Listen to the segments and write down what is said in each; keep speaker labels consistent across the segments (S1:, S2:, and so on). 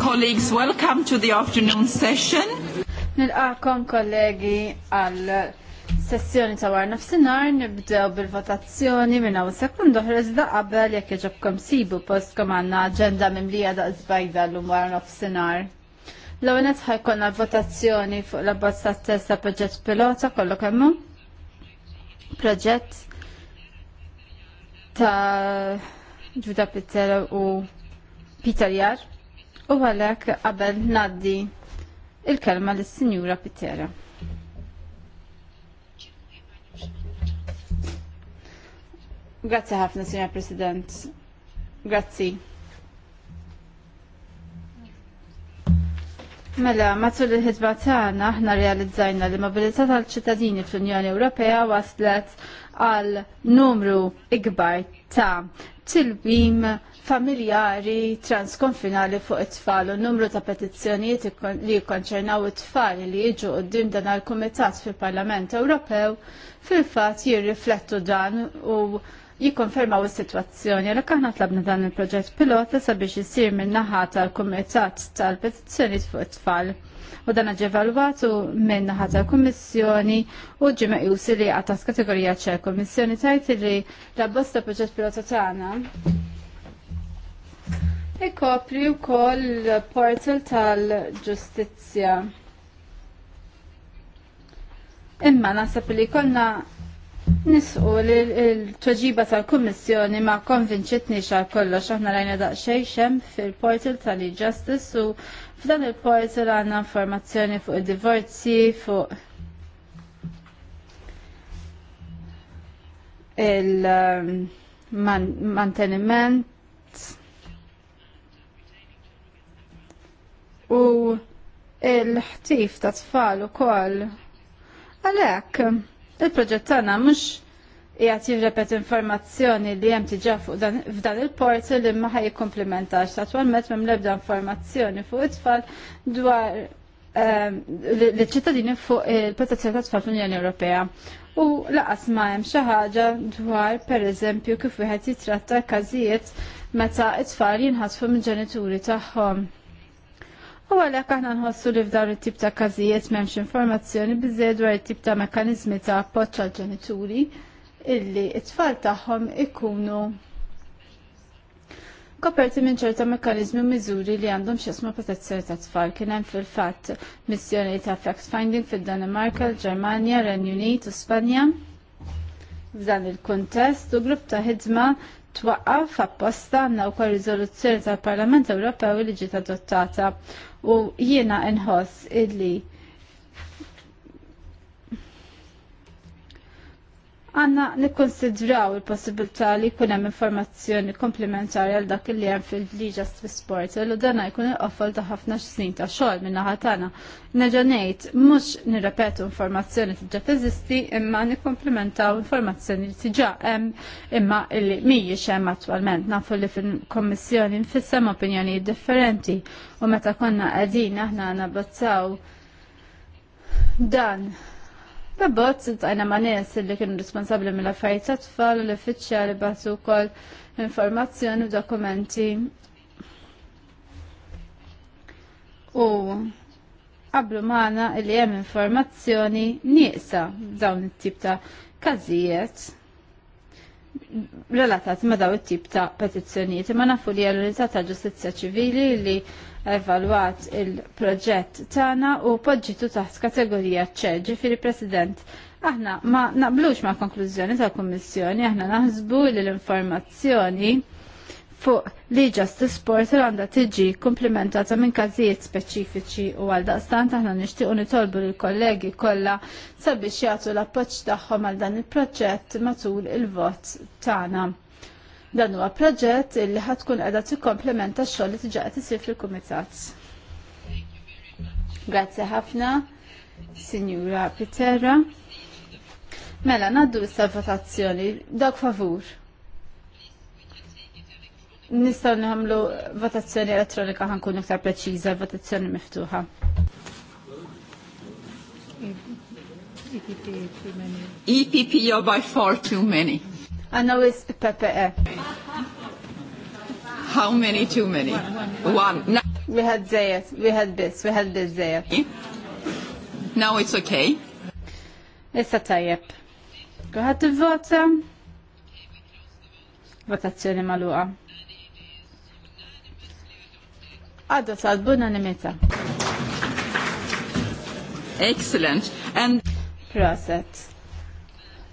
S1: Colleagues, welcome to the afternoon session.
S2: Nilqakom kollegi għal sessjoni ta' war nafsinhar nibdew bil-votazzjoni minn hawn sekundu oħra iżda qabel jekk iġobkom sibu postkom għandna aġenda mimlija da' l llum war nofsinhar. L-ewwel qed ħajkolna votazzjoni fuq l-abbozza stessa proġett pilota kollu kemmu? proġett ta' ġuda Pizzella u Peter Jar u għalek qabel naddi il-kelma l-Sinjura Pizzera. Grazie ħafna, Signor President. Grazzi. Mela, matul il-ħidba tagħna aħna realizzajna li mobilità tal-ċittadini fl-Unjoni Ewropea waslet għal numru ikbar ta' tilbim familjari transkonfinali fuq it-tfal u numru ta' petizzjonijiet li jikkonċernaw it-tfal li jiġu qoddim dan għal kumitat fil-Parlament Ewropew fil-fatt jirriflettu dan u jikkonfermaw is-sitwazzjoni għalhekk aħna tlabna dan il-proġett pilota sabiex jisir min-naħa tal-Kumitat tal-Petizzjonijiet fuq it-tfal u dan ġevalwatu minn ħata kummissjoni u ġimma jusi li għatas kategorija ċe kummissjoni tajt li l-abbosta proġett pilota tagħna. Ikopri wkoll portal tal-ġustizzja. Imma nasab li konna Nisqu li l-tweġiba tal-Kummissjoni ma konvinċitni xa kollox aħna rajna daqsxejn xem fil-portal tal-Justice u F'dan il-portal għandna informazzjoni fuq id-divorzi, fuq il-manteniment um, u il-ħtif ta' tfal u koll. Għalek, il-proġett tagħna mhux jgħat jirrepet informazzjoni li jem tiġa f'dan il port li maħa jikomplementax. Attualment mem lebda informazzjoni fuq it-tfal dwar ehm, li ċittadini fuq il-protezzjoni ta' tfal fl-Unjoni Ewropea. U laqas ma hemm xi ħaġa dwar pereżempju kif wieħed jitratta każijiet meta t-tfal jinħasfu minn ġenituri tagħhom. U għalhekk aħna nħossu li f'dawn it-tip ta' każijiet m'hemmx informazzjoni biżżejjed dwar it-tip ta' mekkaniżmi ta' appoġġ għal ġenituri illi it-tfal tagħhom ikunu koperti minn ċerta mekkanizmi u miżuri li għandhom x'isma' protezzjoni ta' tfal kien hemm fil-fatt missjoni ta' fact finding fil danimarka l-Ġermanja, Renju Unit u Spanja. F'dan il-kuntest u grupp ta' ħidma twaqqaf apposta għandna wkoll riżoluzzjoni tal-Parlament Ewropew li ġiet adottata u jiena inħoss illi għanna nikkonsidraw il-possibilità li jkun hemm informazzjoni komplementari għal dak li hemm fil-liġa sport u dana jkun il-qofol ta' ħafna snin ta' xogħol minn naħa tagħna. Neġa' ngħid mhux nirrepetu informazzjoni li ġa teżisti imma nikkomplementaw informazzjoni li tiġa hemm imma li mhijiex hemm attwalment. Nafu li fil-Kommissjoni nfissem opinjoni differenti u meta konna qegħdin aħna nabbozzaw dan Babbot, għajna ma' nis li kienu responsabli mill-affarijiet ta' tfal u l-uffiċjali batu wkoll informazzjoni u dokumenti. U għablu magħna li hemm informazzjoni nieqsa f'dawn it-tip ta' każijiet relatat ma daw it-tip ta' petizzjonijiet. Ma nafu li l unità ta' Ġustizzja Ċivili li evalwat il-proġett tagħna u poġġitu taħt kategorija ċe, ġifieri President. Aħna ma naqblux ma' konklużjoni tal kummissjoni, aħna naħsbu li l-informazzjoni fuq li Justice Portal għandha tiġi komplementata minn każijiet speċifiċi u għal daqstant aħna nixtiequ nitolbu lill kollegi kollha sabiex jagħtu l-appoġġ tagħhom għal dan il-proġett matul il-vot tagħna. Dan huwa proġett li ħatkun tkun qiegħda tikkomplementa x-xogħol li tiġa qed isir fil komitat Grazzi ħafna, Sinjura Pitera. Mela, naddu issa votazzjoni, dak favur. Nistaw nħamlu votazzjoni elettronika ħankun iktar preċiża, votazzjoni miftuħa. EPP are e by far too many. know it's PPE. How many too many? One. One. We had Zayat, we had this, we had this Zayat. Now it's okay. Issa Go ahead to vote. Votazzjoni maluqa. għadda tal-bunanimità. Excellent. And Proset.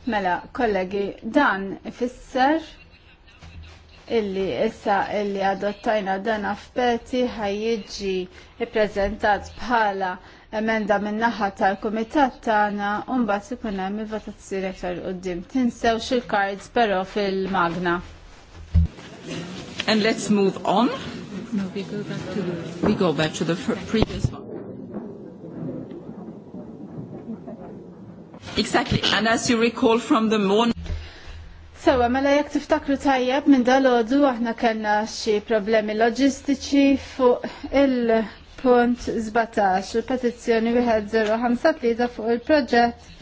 S2: Mela, kollegi, dan ifisser illi issa illi adottajna dan affetti ħajjiġi ippreżentat bħala emenda min-naħa tal-kumitat tagħna u mbagħad ikun hemm il-votazzjoni aktar quddiem. Tinsew xil-cards però fil-magna.
S1: And let's move on.
S2: No, we go back to the, we go back to the previous one.
S1: Exactly, and as you recall from the morning...
S2: Sewa, mela jek tiftakru tajjeb minn dal-ħodu aħna kellna xi problemi loġistiċi fuq il-punt 17, il-petizzjoni 1053 fuq il-proġett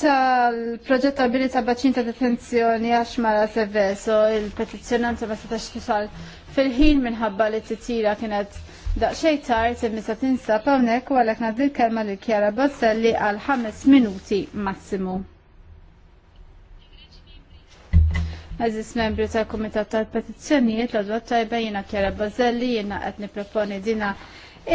S2: tal-proġett abilita baċin ta' detenzjoni għax mara seveso il-petizjonanta ma setax tisal fil-ħin minħabba li t-tira kienet daqxej tard imma se tinsab hawnhekk u għalek ngħaddi kelma lil Kjara Bazzelli għal ħames minuti massimu. Aziz membri tal-Kumitat tal-Petizzjonijiet l-Adwa Tajba jiena Kjara Bazzelli jiena qed nipproponi dina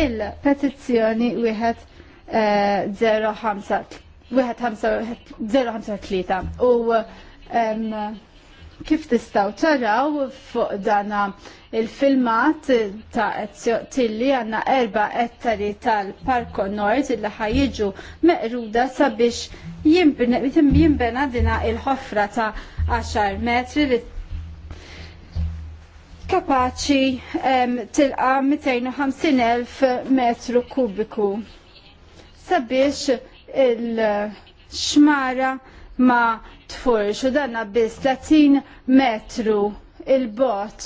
S2: il-petizzjoni wieħed 05 eh, 053 u kif tistaw taraw fuq dana il-filmat ta' Tilli għanna erba ettari tal-Parko Nord illi ħajġu meqruda sabiex jimbena dina il-ħofra ta' 10 metri li kapaċi tilqa 250.000 metru kubiku sabiex il-xmara ma tfurx u danna biss 30 metru il-bot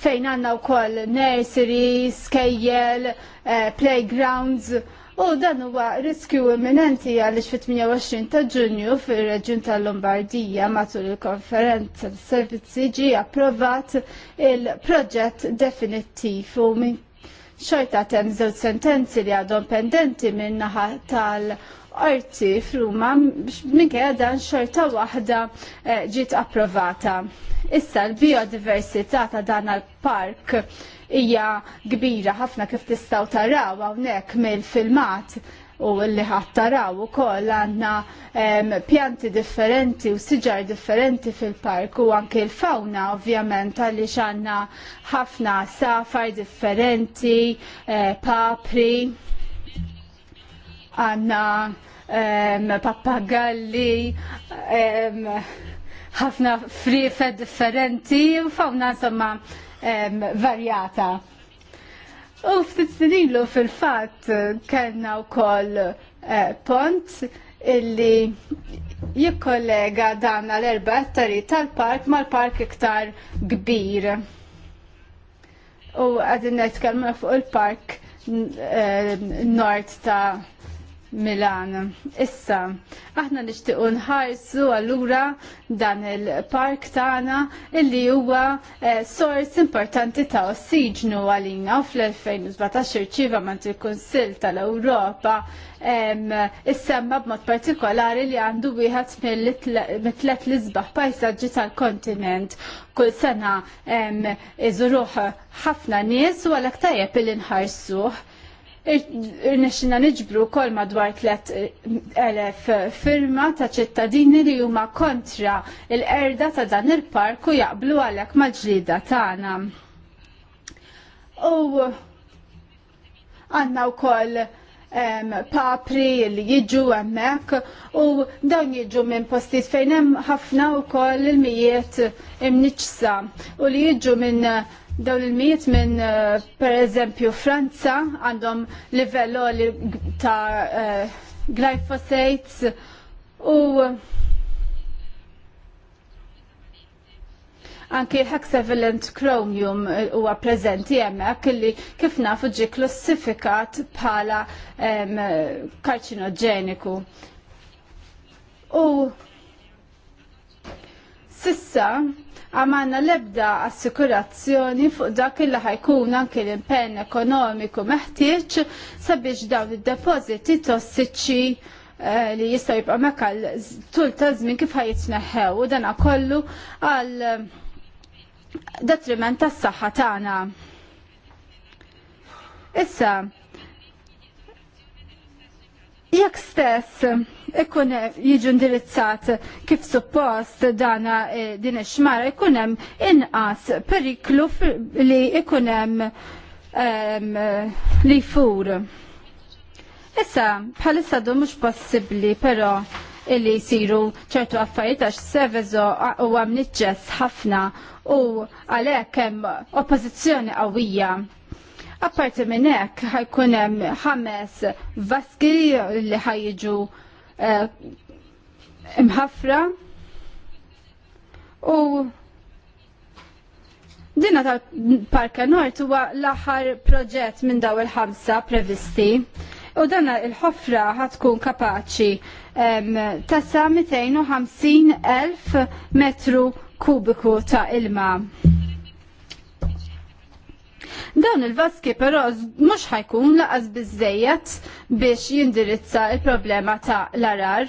S2: fejn għanna u koll nursery, skejjel, eh, playgrounds u dan huwa riskju imminenti għalix fit-28 ta' ġunju fil-reġjun tal-Lombardija matul il-konferenza tal-servizzi ġi approvat il-proġett definittiv u minn xorta tem żewġ sentenzi li għadhom pendenti minn naħa tal- orti fruma minkejja dan xorta waħda eh, ġiet approvata. Issa l-biodiversità ta' dan il-park hija kbira ħafna kif tistgħu taraw hawnhekk mill-filmat u li taraw u koll għanna pjanti differenti u siġar differenti fil-park u anke l-fauna ovvjament għalli xanna ħafna safar differenti, eh, papri għanna pappagalli, ħafna frife differenti u fawna insomma varjata. U ftit snilu fil-fat kellna wkoll eh, pont illi jikkollega dan l-erba ettari tal-park mal-park iktar kbir. U għadin netkellmu fuq il-park eh, nord ta' Milan. Issa, aħna nixtiequ nħarsu allura dan il-park tagħna illi huwa eh, sors importanti ta' ossiġnu għalina u fl-2017 ċiva mant il-Kunsill tal-Ewropa issemma b'mod partikolari li għandu wieħed mit-tlet l-isbaħ pajsaġġi tal-kontinent. Kull sena iżuruh ħafna nies u għalhekk tajjeb il-inħarsuh irnexxina niġbru kol madwar 3000 eh, eh, firma ta' ċittadini li huma kontra l-erda ta' dan il parku jaqblu għalhekk mal-ġlida tagħna. U għandna wkoll kol papri li jiġu hemmhekk u dawn jiġu minn postijiet fejn hemm ħafna wkoll il-mijiet imniċsa u li jiġu minn Dawn il-miet minn eh, per eżempju Franza għandhom livello li ta' uh, eh, glyfosates u eh, anki l-hexavalent chromium huwa preżenti hemmhekk illi kif nafu ġie klassifikat bħala karċinoġeniku. U sissa għamanna lebda assikurazzjoni fuq dak illi ħajkun anke l-impenn ekonomiku meħtieġ sabiex dawn id-depożiti tossiċi eh, li jistaw jibqa' mekka tul ta' żmien kif ħajitneħħew u dan kollu għal eh, detriment tas-saħħa tagħna. Issa, Jekk stess ikun jiġu indirizzat kif suppost dana eh, din ix-xmara ikun hemm inqas periklu li ikun hemm li jfur. Issa bħalissa du mhux possibbli però illi jisiru ċertu affarijiet għax Sevezo huwa mniċċess ħafna u għalhekk hemm oppożizzjoni qawwija Apparti minn hekk ħajkun hemm ħames vaski li ħajġu eh, imħafra u Dinna tal-Parka Nord huwa l-aħħar proġett minn daw il-ħamsa previsti. U danna il-ħofra ħatkun kapaċi tassa 250.000 metru kubiku ta' ilma. Dawn il-vaski però mhux ħajkun laqas biżejjed biex jindirizza il-problema ta' l-arar.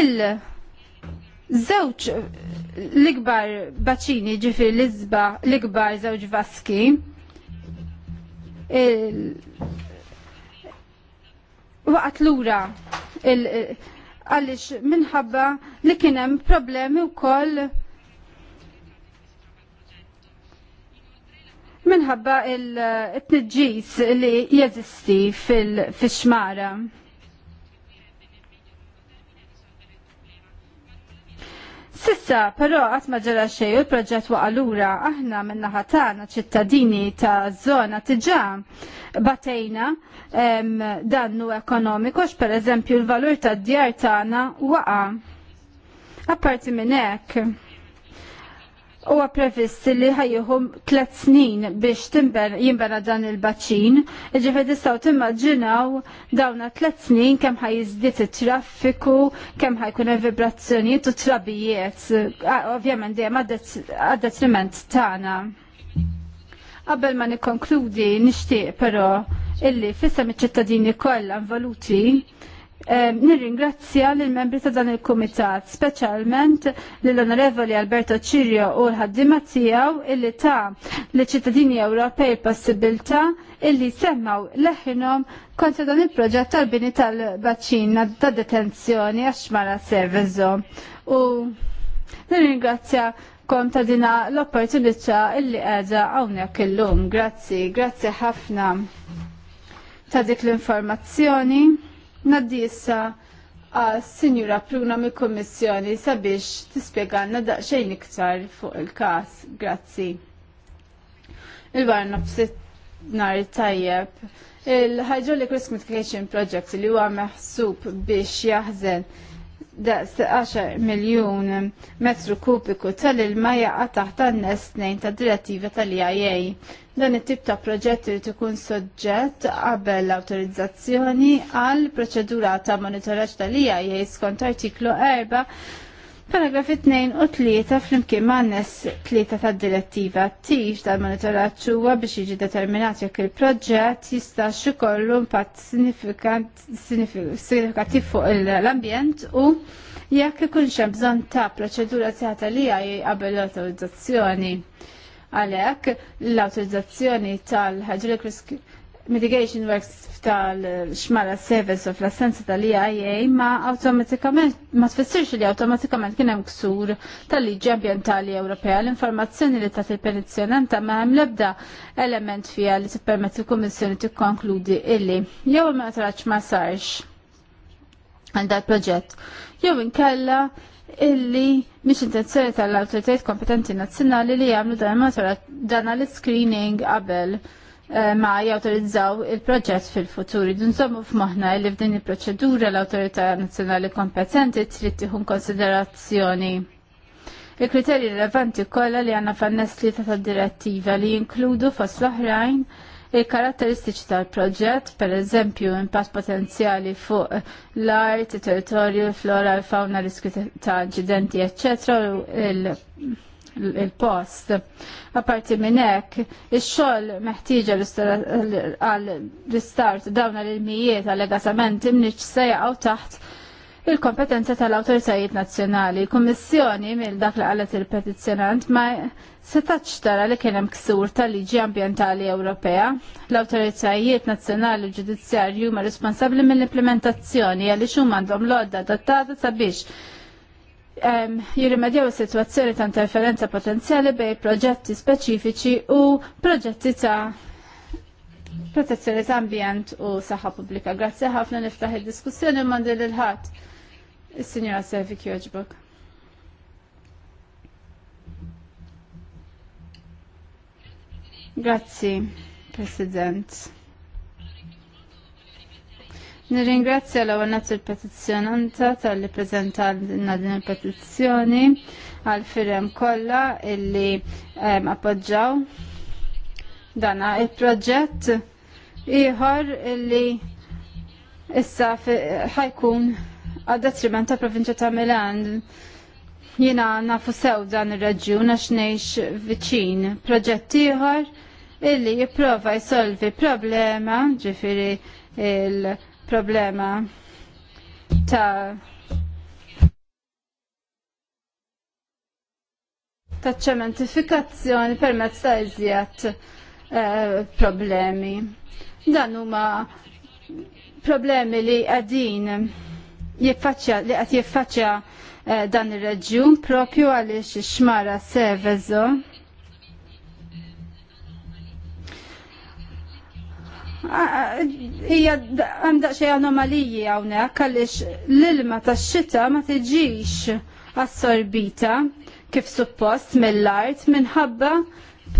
S2: Il-żewġ l-ikbar baċini ġifir l-izba l-ikbar żewġ vaski waqt lura għalix minħabba li kienem problemi u koll minħabba il-tniġġis li jeżisti fil-xmara. Sissa, però qatt ma ġara u l-proġett waqalura aħna min-naħa tagħna ċittadini ta' żona tiġà batejna dannu ekonomiku x'pereżempju l-valur tad-djar tagħna waqa'. Apparti minn hekk huwa previst li ħajjuhum tliet snin biex timber jimbera dan il-baċin, ġifed tistgħu timmaġinaw dawna tliet snin kemm ħajjiżdied it-traffiku, kemm ħajkun hemm vibrazzjonijiet u trabijiet, ovvjament dejjem għad-detriment tagħna. Qabel ma nikkonkludi nixtieq però illi fissa iċ-ċittadini kollha involuti Ehm, nirringrazzja lill membri ta' dan il-Kumitat, speċjalment lill-Onorevoli Alberto Cirio u l-ħaddima tiegħu illi ta' li ċittadini Ewropej possibilità illi semmaw leħinhom kontra dan il-proġett tal-bini tal-baċina ta' detenzjoni għax mara servizzo. U nirringrazzja kom ta' dina l-opportunità illi għedha hawnhekk illum. Grazzi, grazzi ħafna ta' dik l-informazzjoni. Naddisa issa sinjura Pruna mill-Kummissjoni sabiex tispjegana daqsxejn iktar fuq il-każ. Grazzi. Il-varna b'sitt nar tajjeb. Il-Hydraulic Risk Mitigation Project li huwa meħsub biex jaħżen daqs 10 miljun metru kubiku tal-ilma jaqa taħt għannes nejn ta' direttiva tal-IAA. Dan it-tip ta' proġett irid ikun soġġett qabel l-awtorizzazzjoni għal proċedura ta' monitoraġġ tal-IAA skont artiklu 4 Paragrafi 2 u 3 flimkien ma' nes 3 ta' direttiva tiġ tal-monitorat huwa biex jiġi determinat jekk il-proġett jista' kollu impatt sinifikattiv fuq l-ambjent u jekk ikun hemm bżonn ta' proċedura tagħta li għaj qabel l-autorizzazzjoni. Għalhekk l-autorizzazzjoni tal-ħaġrik riskju mitigation works tal-xmara service of l-assenza tal-IIA ma automatikament, ma tfessirx li automatikament kienem ksur tal-liġi ambientali Ewropea l-informazzjoni li ta' il penizjonanta ma' hemm lebda element fija li tippermetti l-Kummissjoni tikkonkludi illi jew ma traċ ma sarx għal dal proġett jew inkella illi mhix intenzjoni tal-awtoritajiet kompetenti nazzjonali li jagħmlu dan dan l-screening qabel Eh, ma jawtorizzaw il-proġett fil-futur. Dunżommu f'moħna li f'din il-proċedura l-autorità nazzjonali kompetenti trid tieħu konsiderazzjoni il-kriterji rilevanti kollha li għandna fan li ta' direttiva li jinkludu fost l-oħrajn il-karatteristiċi tal-proġett, per eżempju impatt potenzjali fuq l-art, il-territorju, il-flora, il-fauna, riskju ta' incidenti, eccetera, il il-post. Aparti minn hekk, ix-xogħol meħtieġa għal ristart dawn l-ilmijiet għal legasamenti imniċ se jaqgħu taħt il-kompetenza tal-autoritajiet nazzjonali. Kummissjoni mill dak li qalet il-petizzjonant ma setax tara li kien hemm ksur tal-liġi ambjentali Ewropea. L-awtoritajiet nazzjonali ġudizzjarju ġudizzjarji huma responsabbli mill-implementazzjoni għaliex huma għandhom l odda adattata sabiex jirrimedjaw is-sitwazzjoni ta' interferenza potenzjali bej proġetti speċifiċi u proġetti ta' protezzjoni ta' ambjent u saħħa pubblika. Grazie ħafna niftaħ id-diskussjoni mandi lil ħadd. Is-Sinjora Sevi Kjoġbok. Grazzi, President. Nirringrazzja l ewwel għanat il-petizzjonanta tal-li prezentalna din il-petizzjoni għal-firem kolla illi ehm, appoġġaw dana il-proġett iħor illi issa ħajkun għad-detriment ta' provinċja ta' Milan jina nafu sew dan il-raġun għax neħx viċin proġett iħor illi jiprofa jisolvi problema ġifiri il- problema ta' ta' ċementifikazzjoni permezz ta' iżjed eh, problemi. Dan huma problemi li għadin jiffaċċja li qed jiffaċċja eh, dan ir-reġjun propju għaliex ix-xmara Sevezo hija hemm daqsxejn anomaliji hawnhekk għaliex l-ilma tax-xita ma tiġix assorbita kif suppost mill-art minħabba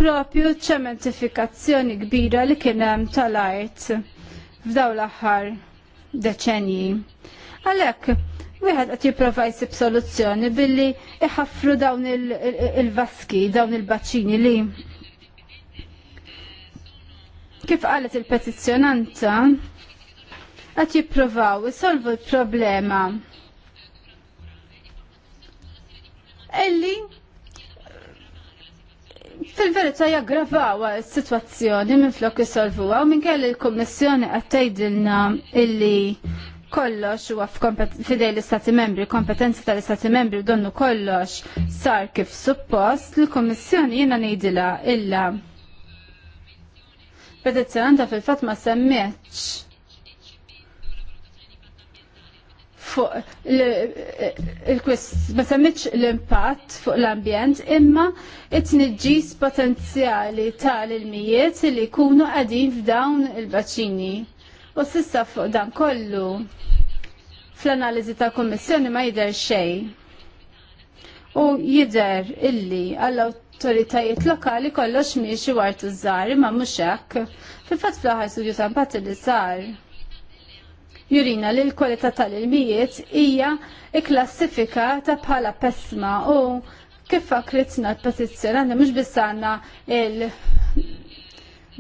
S2: propju ċementifikazzjoni kbira li kien hemm tal-art f'daw l-aħħar deċenji. Għalhekk, wieħed qed jipprova jsib soluzzjoni billi iħaffru dawn il-vaski, dawn il-baċċini li kif qalet il-petizzjonanta, għat jiprovaw, isolvu il-problema. Elli fil-verità jaggravaw s-situazzjoni minn flok jisolvu u minn kelli il kommissjoni għattajdilna illi kollox huwa fidej l-Istati Membri, kompetenzi tal-Istati Membri u donnu kollox sar kif suppost, l-Kommissjoni jena nejdila illa petizzjonanta fil-fatt ma semmieċ. fuq il-kwist ma semmieċ l-impatt fuq l-ambjent imma it-tniġġis potenzjali tal-ilmijiet li jkunu għadin f'dawn il-baċini. U s'issa fuq dan kollu fl-analiżi ta' kummissjoni ma jidher xejn. U jidher illi għall l-autoritajiet lokali kollox miexi wartu żgħar imma mhux hekk. Fil-fatt fl-aħħar studju ta' impatt li sar jurina li l-kwalità tal-ilmijiet hija ikklassifikata bħala pesma u kif fakritna l-petizzjonanti mhux biss għandna il-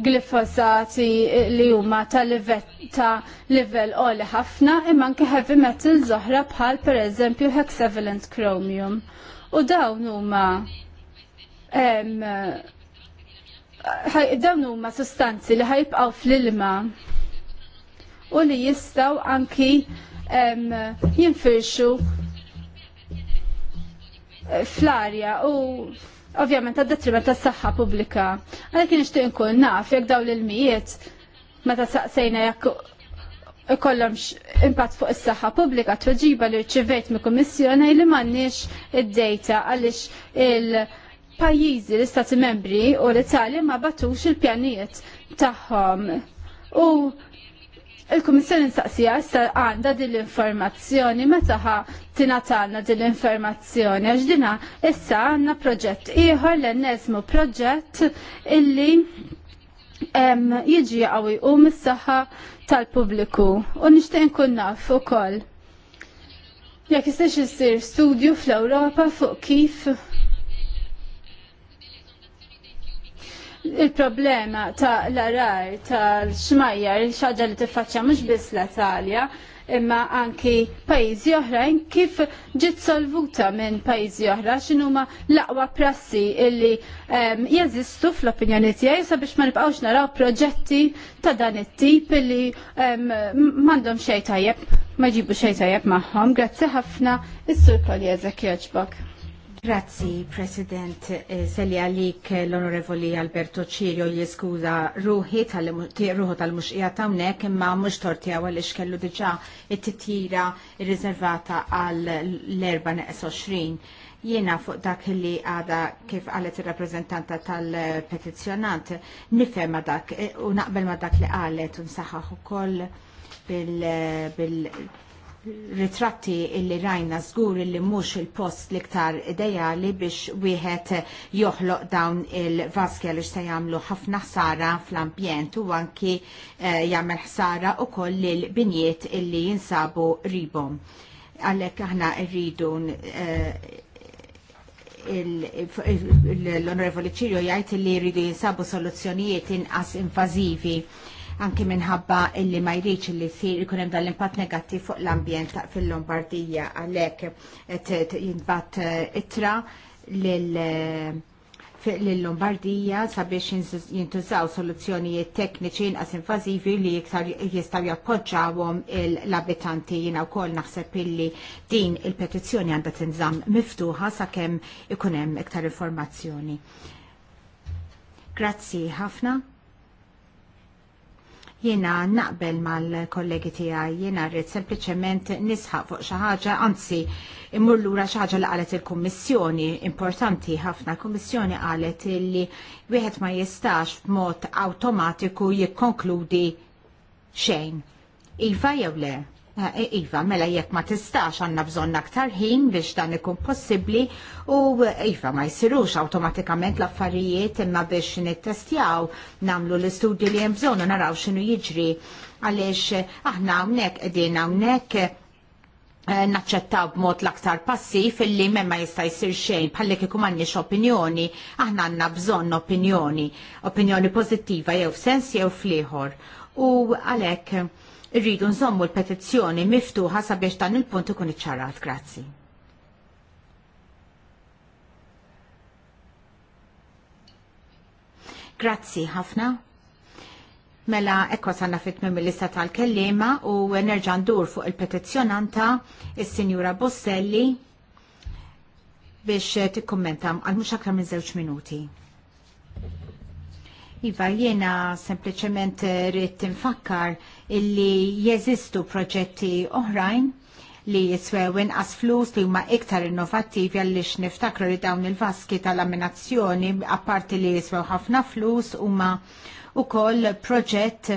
S2: glifosati li huma ta' livell qoli ħafna imma anke heavy metal zoħra bħal pereżempju hexavalent chromium. U dawn huma dawn huma sostanzi li ħajbqaw fl-ilma u li jistgħu anki jinfirxu eh, fl-arja u ovvjament għad detriment tas saħħa pubblika. Għalhekk nixtieq nkun naf jekk dawn l-ilmijiet meta saqsejna jekk ikollhomx impatt fuq is-saħħa pubblika tweġiba li rċivejt mill-Kummissjoni li m'għandniex id-dejta għaliex il- pajjiżi l-Istati Membri u l-Italja ma batux il-pjanijiet tagħhom. U il-Kummissjoni nistaqsija issa għandha din l-informazzjoni meta ħa tingħatalna din l-informazzjoni għax dinha issa għandna proġett ieħor l-ennesmu proġett illi jiġi għawi u mis-saħħa tal-pubbliku u nixtieq nkun naf ukoll. Jekk jistax isir studju fl-Ewropa fuq kif il-problema ta' l-arar tal-xmajjar xaġa li tiffaċċja mhux biss l-Italja imma anki pajjiżi oħrajn kif ġiet solvuta minn pajjiżi oħra x'inhuma l-aqwa prassi illi ehm, jeżistu fl-opinjoni tiegħi sabiex ma nibqgħux naraw proġetti ta' dan it-tip illi ehm, m'għandhom xej tajjeb ma jġibu xej tajjeb magħhom. Grazzi ħafna is-sur Koljezek jogħġbok.
S1: Grazzi, President. Eh, Selli għalik eh, l-Onorevoli Alberto Cirio jiskuza ruħi tal-ruħu tal-muxqija tawnek imma mux torti għal kellu diġa it-titira riservata gal l-24. Jiena fuq dak li għada kif għalet il-rappresentanta tal-petizjonant nifem ma dak eh, u naqbel ma dak li għalet un saħħaħu koll bil-, bil ritratti illi rajna zgur illi mhux il-post l-iktar ideali biex wieħed joħloq dawn il-vaskja li se jagħmlu ħafna ħsara fl-ambjent u anki eh, jagħmel ħsara wkoll lill binjiet illi jinsabu ribhom. Għalhekk aħna rridu eh, l-Onorevoli Ċirjo jgħid li jridu jinsabu soluzzjonijiet inqas invażivi anki minħabba illi ma jriċ illi sir ikun hemm dal-impatt negattiv fuq l-ambjent fil-Lombardija għalhekk jinbat eh, itra lil eh, l-Lombardija sabiex jintużaw soluzzjonijiet tekniċi inqas invażivi li iktar jistgħu jappoġġawhom l-abitanti jiena wkoll naħseb illi din il-petizzjoni għandha tinżamm miftuħa sakemm ikun hemm iktar informazzjoni. Grazzi ħafna. Jiena naqbel mal-kollegi tiegħi, jiena rrid sempliċement nisħaq fuq xi ħaġa, anzi immur lura xi ħaġa li qalet il-Kummissjoni importanti ħafna. Il-Kummissjoni qalet li wieħed ma jistax b'mod awtomatiku jikkonkludi xejn. Iva jew le? Eh, iva, mela jekk ma tistax għanna bżonn aktar ħin biex dan ikun possibbli u Iva ma jsirux awtomatikament l-affarijiet imma biex nittestjaw namlu l-istudju li hemm bżonn naraw x'inhu jiġri għaliex eh, aħna hawnhekk qegħdin hawnhekk eh, naċċettaw b'mod l-aktar passiv illi memma jista' jsir xejn bħalli kieku m'għandniex opinjoni, aħna għandna bżonn opinjoni, opinjoni pożittiva jew f'sens jew f'lieħor. U għalhekk Irridu nżommu l-petizzjoni miftuħa sabiex dan il-punt ikun iċċarat. Grazzi. Grazzi ħafna. Mela ekkos għanna fitmim mill-lista tal-kellima u nerġa' ndur fuq il-petizzjonanta is-Sinjura Bosselli biex tikkommenta għal mhux aktar minn żewġ minuti. Iva, jiena sempliciment rrit tinfakkar illi jeżistu proġetti oħrajn li jiswew inqas flus li huma iktar innovattivi għaliex niftakru li dawn il-vaski tal-amminazzjoni apparti li jiswew ħafna flus huma ukoll proġett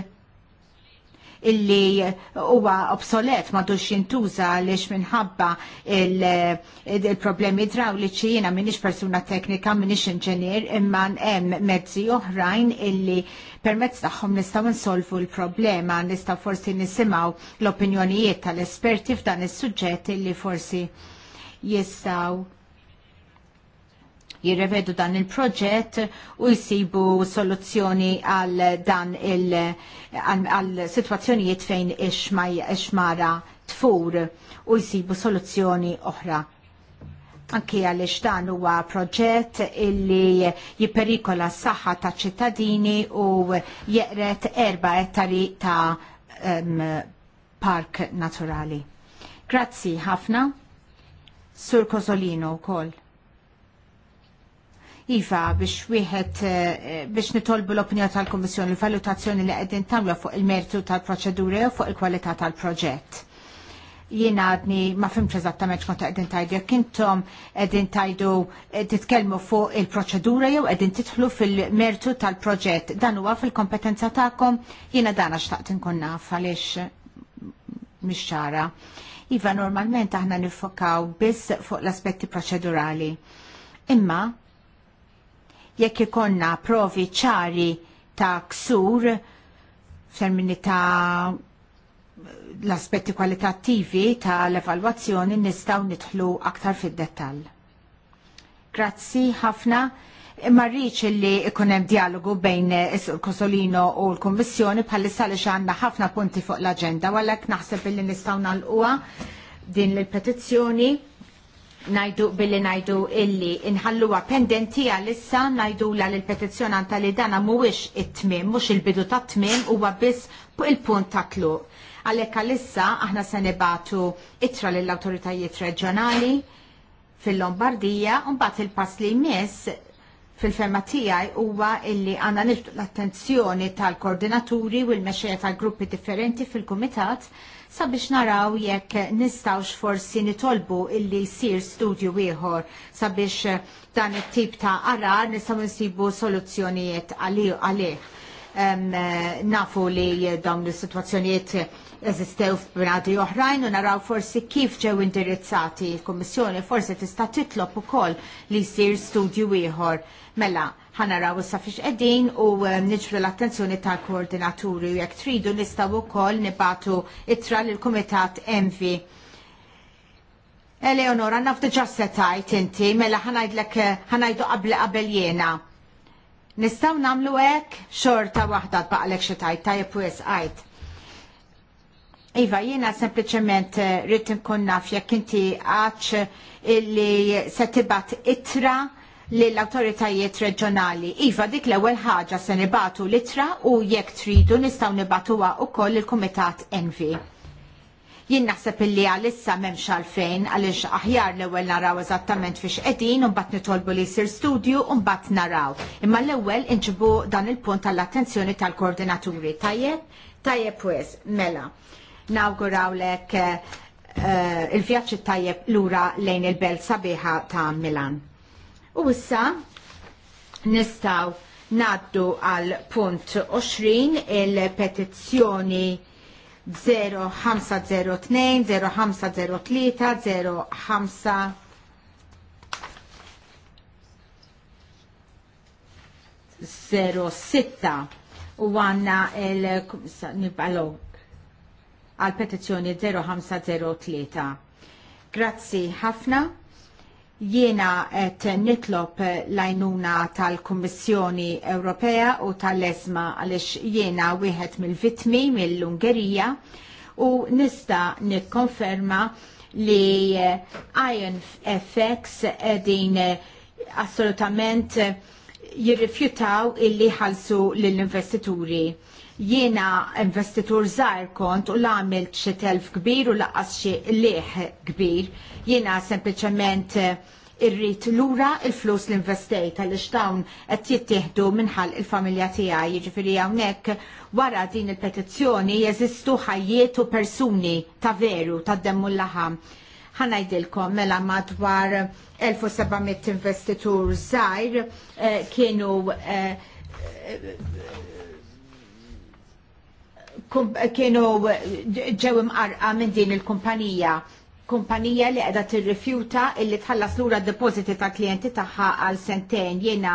S1: illi huwa obsolet ma dux jintuża għaliex minħabba il-problemi idrawliċi jiena minix persuna teknika, minix inġenier, imma hemm mezzi oħrajn illi permezz tagħhom nistgħu nsolvu l-problema, nistgħu forsi nisimgħu l-opinjonijiet tal-esperti f'dan is-suġġett illi forsi jistgħu jirrevedu dan il-proġett u jsibu soluzzjoni għal dan il-situazzjonijiet fejn ix tfur u jsibu soluzzjoni oħra anki għalix dan huwa proġett illi jiperikola s-saħħa ta' ċittadini u jeqret erba ettari ta' um, park naturali. Grazzi ħafna. Sur Kozolino u koll. Iva, biex wieħed eh, eh, biex nitolbu l-opinjoni tal-Kommissjoni l-valutazzjoni li qegħdin tagħmlu fuq il-mertu tal-proċeduri u fuq il-kwalità tal-proġett. Jien għadni ma fimx eżattament xkont qegħdin tajdu jekk intom qegħdin tajdu eh, titkellmu fuq il-proċedura jew qegħdin titħlu fil-mertu tal-proġett. Dan huwa fil-kompetenza tagħkom jiena dan għax taqt inkun naf għaliex mhix ċara. Iva normalment aħna nifokaw biss fuq l-aspetti proċedurali. Imma jekk ikonna provi ċari ta' ksur f'termini ta' l-aspetti kwalitattivi ta' l-evalwazzjoni nistaw nidħlu aktar fid-dettall. Grazzi ħafna. Imma rriċ li ikunem dialogu bejn Kosolino u l-Kommissjoni bħalissa li għandna ħafna punti fuq l-agenda, għalek naħseb li nistaw nal din l-petizzjoni najdu billi najdu illi inħalluwa pendenti għalissa najdu la l għanta li dana muwix it-tmim, mux il-bidu ta' tmim u għabis il-punt ta' tlu. Għalek għalissa aħna se nibatu itra l-autoritajiet reġjonali fil-Lombardija un bat il-pass li jmiss fil-ferma tijaj huwa illi għanna niftu l-attenzjoni tal-koordinaturi u l-mexxejja tal-gruppi differenti fil-komitat sabiex naraw jekk nistawx forsi nitolbu illi jsir studju ieħor sabiex eh, dan it-tip ta' arar nistgħu nsibu soluzzjonijiet għalih. Um, nafu li dawn is-sitwazzjonijiet eżistew f'bnadi oħrajn u naraw forsi kif ġew indirizzati l-Kummissjoni forsi tista' titlob ukoll li jsir studju ieħor. Mela, ħanaraw issa fiex qegħdin u ehm, niġbru l-attenzjoni tal-koordinaturi u jekk tridu nistgħu wkoll nibatu ittra lil kumitat MV. Eleonora, naf diġà setajt inti, mela ħanajdlek eh, ħanajdu qabel qabel jiena. Nistgħu nagħmlu hekk xorta waħda tbaqalek xi tajt tajjeb u jesqajt. Iva, jiena sempliciment eh, rrit nkun naf jekk inti għax illi se tibat itra l awtoritajiet reġjonali. Iva dik l-ewwel ħaġa se nibatu litra u jekk tridu nistgħu nibatuha wkoll il-Kumitat Envi. Jien naħseb illi għalissa m'hemmx għalfejn għaliex aħjar l-ewwel naraw eżattament fiex qegħdin u mbagħad nitolbu li jsir studju u mbagħad naraw. Imma l-ewwel inġibu dan il-punt tal-attenzjoni tal-koordinaturi. Tajjeb? Tajjeb wis, mela. Nawgurawlek eh, eh, il-vjaġġ tajjeb lura lejn il-belt sabiħa ta' Milan. U issa nistaw naddu għal punt 20 il-petizzjoni 0502, 0503, 05 06 u għanna il-nibalog petizzjoni 0503. Grazzi ħafna jiena qed nitlob l-għajnuna tal-Kummissjoni Ewropea u tal-ESMA għaliex jiena wieħed mill-vitmi mill-Ungerija u nista nikkonferma li Iron FX edin assolutament jirrifjutaw illi ħalsu l-investituri. Jiena investitur zaħir kont u l-għamil xitelf kbir u laqqas xie liħ kbir Jiena sempliċement eh, irrit lura il-flus l-investejt għal dawn qed jittieħdu minħal il-familja tijaj jiġifieri hawnhekk wara din il-petizzjoni jeżistu ħajjiet u persuni ta' veru ta' demmu l-laħam. Ħanajdilkom mela madwar 1700 investitur żgħir eh, kienu eh, kienu ġew imqarqa minn din il-kumpanija kumpanija li qiegħda tirrifjuta illi tħallas lura d-depożiti ta' klijenti tagħha għal sentejn jiena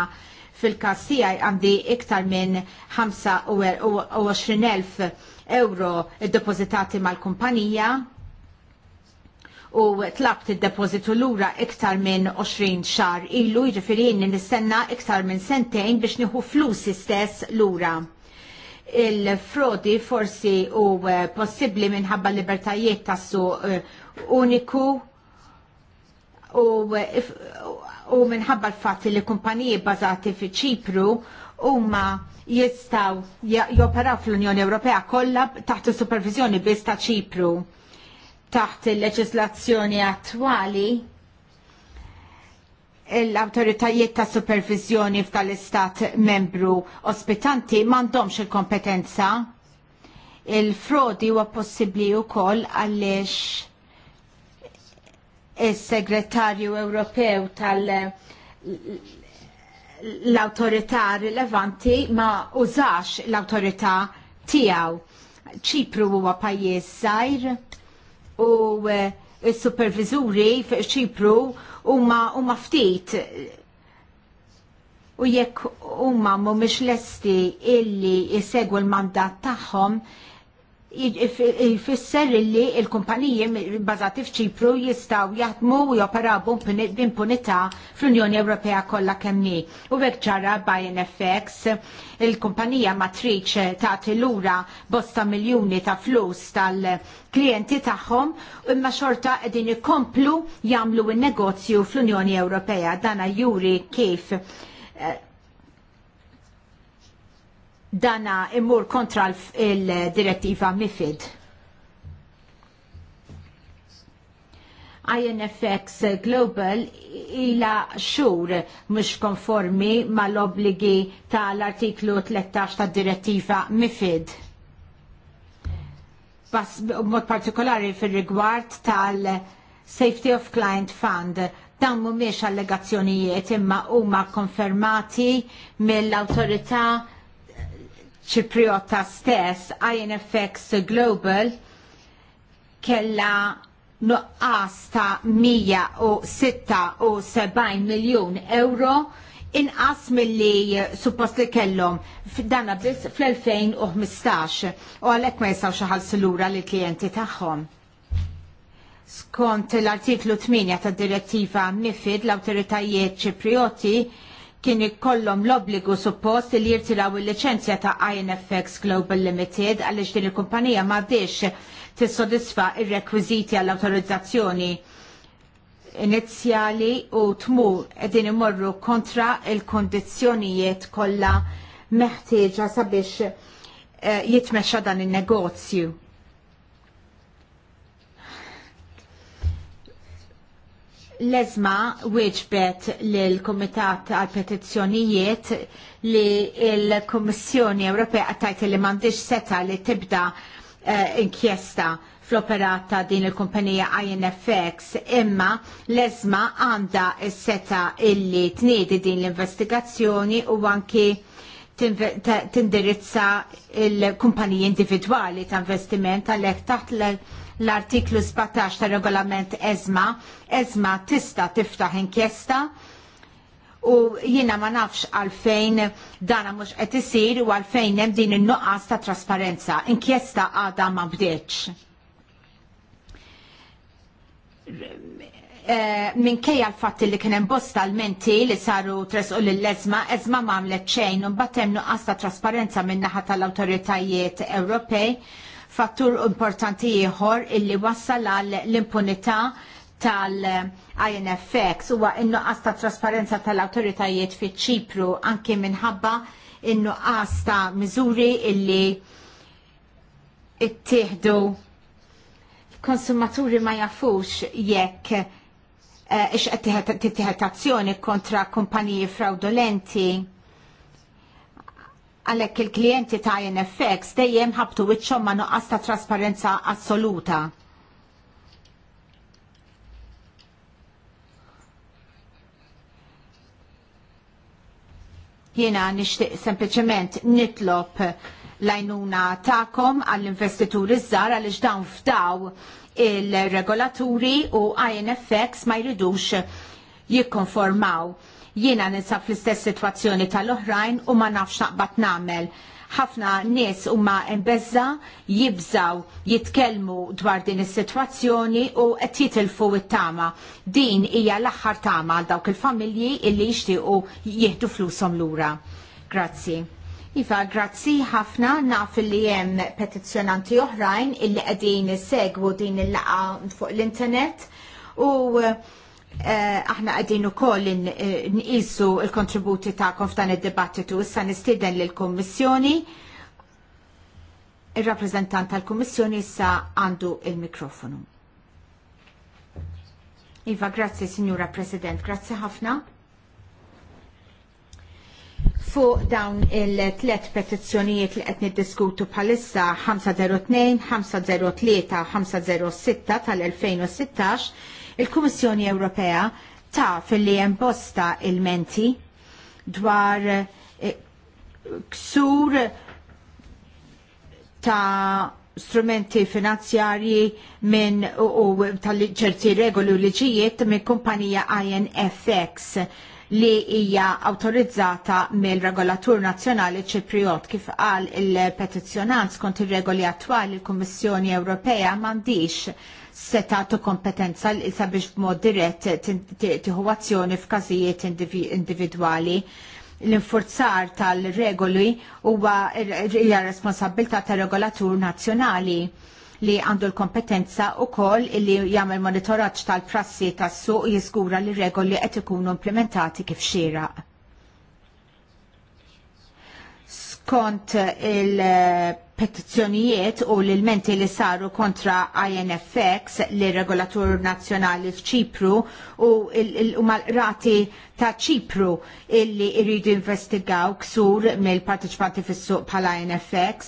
S1: fil kassija tiegħi għandi iktar minn 25,000 er- euro ddepozitati mal-kumpanija u tlabt id-depozitu lura iktar minn 20 xar ilu jiġifieri nistenna iktar minn sentejn biex nieħu flus istess lura il-frodi forsi u eh, possibbli minħabba libertajiet tassu eh, uniku u, eh, u minħabba l fat li kumpaniji bazati fi ċipru huma jistaw joperaw fl-Unjoni Ewropea kollha taħt is-supervizjoni biss ta' ċipru taħt il-leġislazzjoni attwali l-autoritajiet ta' supervizjoni f'dal-istat membru ospitanti mandomx il-kompetenza il-frodi huwa possibbli wkoll għaliex is-segretarju Ewropew tal- l-autorità rilevanti ma użax l-autorità tiegħu. ċipru huwa pajjiż żgħir u eh, s-superviżuri f'ċipru huma ftit u jekk huma mhumiex lesti illi jsegwu l-mandat tagħhom jfisser li il-kumpaniji bazati f'ċipru jistaw jaħdmu u joperabu b'impunità fl-Unjoni Ewropea kollha kemmi. U hekk ġara NFX, il-kumpanija matriċ tagħti lura bosta miljuni ta' flus tal klienti tagħhom imma xorta qegħdin ikomplu jagħmlu il negozju fl-Unjoni Ewropea. Dana juri kif eh, dana immur kontra il-direttiva MIFID. INFX Global ila xur mux konformi mal-obligi tal-artiklu 13 ta' direttiva MIFID. Bas mod partikolari fil-rigward tal-Safety of Client Fund dawn mhumiex allegazzjonijiet imma huma konfermati mill-awtorità ċipriota stess, INFX Global, kella nuqqas ta' 176 miljon euro inqas mill-li suppost li kellhom f'dana biss fl-2015 u għalhekk ma jistgħu xaħal silura li klijenti tagħhom. Skont l-artiklu 8 tad direttiva MIFID l-awtoritajiet ċiprioti kien ikollhom l-obbligu suppost li jirtiraw il-liċenzja ta' INFX Global Limited għaliex din il-kumpanija m'għaddiex tissodisfa ir-rekwiżiti għall-awtorizzazzjoni inizjali u tmur qegħdin imorru kontra il kondizjonijiet kollha meħtieġa sabiex eh, jitmexxa dan in-negozju l-ezma wieġbet l-Komitat għal petizzjonijiet li l komissjoni Ewropea għattajt li mandiġ seta li tibda uh, inkjesta fl-operata din il-kumpanija INFX imma l-ezma għanda s-seta illi tniedi din l-investigazzjoni u anki tindirizza il kumpanija individuali ta' investiment għal-ek taħt l l-artiklu 17 tar regolament ezma, ezma tista tiftaħ inkjesta u jiena ma nafx għalfejn dana mhux qed isir u għalfejn hemm din in-nuqqas ta' trasparenza. Inkjesta għadha ma bdetx. Eh, minkejja l fatti li kien hemm bosta l-menti li saru tresqu lill-eżma, eżma m'għamlet xejn u mbagħad hemm nuqqas ta' trasparenza min-naħa tal-awtoritajiet Ewropej Fattur importanti ieħor illi wassal għal l-impunità tal-INFX huwa in-nuqqas ta' trasparenza tal-awtoritajiet fi ċipru anke minħabba in-nuqqas ta' miżuri illi ittieħdu konsumaturi ma jafux jekk eh, ix qed tittieħed azzjoni kontra kumpaniji fraudolenti għalhekk il-klijenti ta' INFX dejjem ħabtu wiċċhom ma' nuqqas ta' trasparenza assoluta. Jiena nixtieq sempliċement nitlob l-għajnuna tagħkom għall-investituri żgħar għaliex dawn fdaw il-regolaturi u INFX ma jridux jikkonformaw Jiena ninsab fl-istess sitwazzjoni tal-oħrajn u ma nafx naqbad nagħmel. Ħafna nies huma mbeżza jibżaw jitkellmu dwar din is-sitwazzjoni u qed jitilfu it-tama. Din hija l-aħħar tama għal dawk il-familji illi jixtiequ jieħdu flushom lura. Grazzi. Iva, grazzi ħafna naf li jem petizjonanti oħrajn illi qegħdin segwu din il-laqa fuq l-internet u Eh, aħna għadin u koll eh, nqisu il-kontributi ta' f'dan id-dibattitu. Issa nistiden l-Kommissjoni. Il-rappresentant tal-Kommissjoni issa għandu il-mikrofonu. Iva, grazzi, Signora President, grazzi ħafna. Fuq dawn il-tlet petizzjonijiet li qed niddiskutu bħalissa 502, 503, 506 tal-2016 Il-Kummissjoni Ewropea taf li hemm bosta il-menti dwar eh, ksur ta' strumenti finanzjarji minn u tal-ċerti regoli u liġijiet minn kumpanija INFX li hija awtorizzata mill regolatur nazjonali ċipriot kif qal il-petizzjonant skont ir-regoli attwali l-Kummissjoni Ewropea m'għandix setatu kompetenza li sabiex b'mod dirett tieħu azzjoni f'każijiet individwali l-infurzar tal-regoli huwa hija responsabilità tar-regolatur nazzjonali li għandu l-kompetenza u koll li jagħmel monitoraġġ tal-prassi tas-suq jiżgura li regoli qed ikunu implementati kif xieraq. kont il-petizzjonijiet u l-ilmenti li saru kontra INFX li regolatur nazjonali f'ċipru u l-rati ta' ċipru illi irridu investigaw ksur mill-parteċipanti fis-suq bħala INFX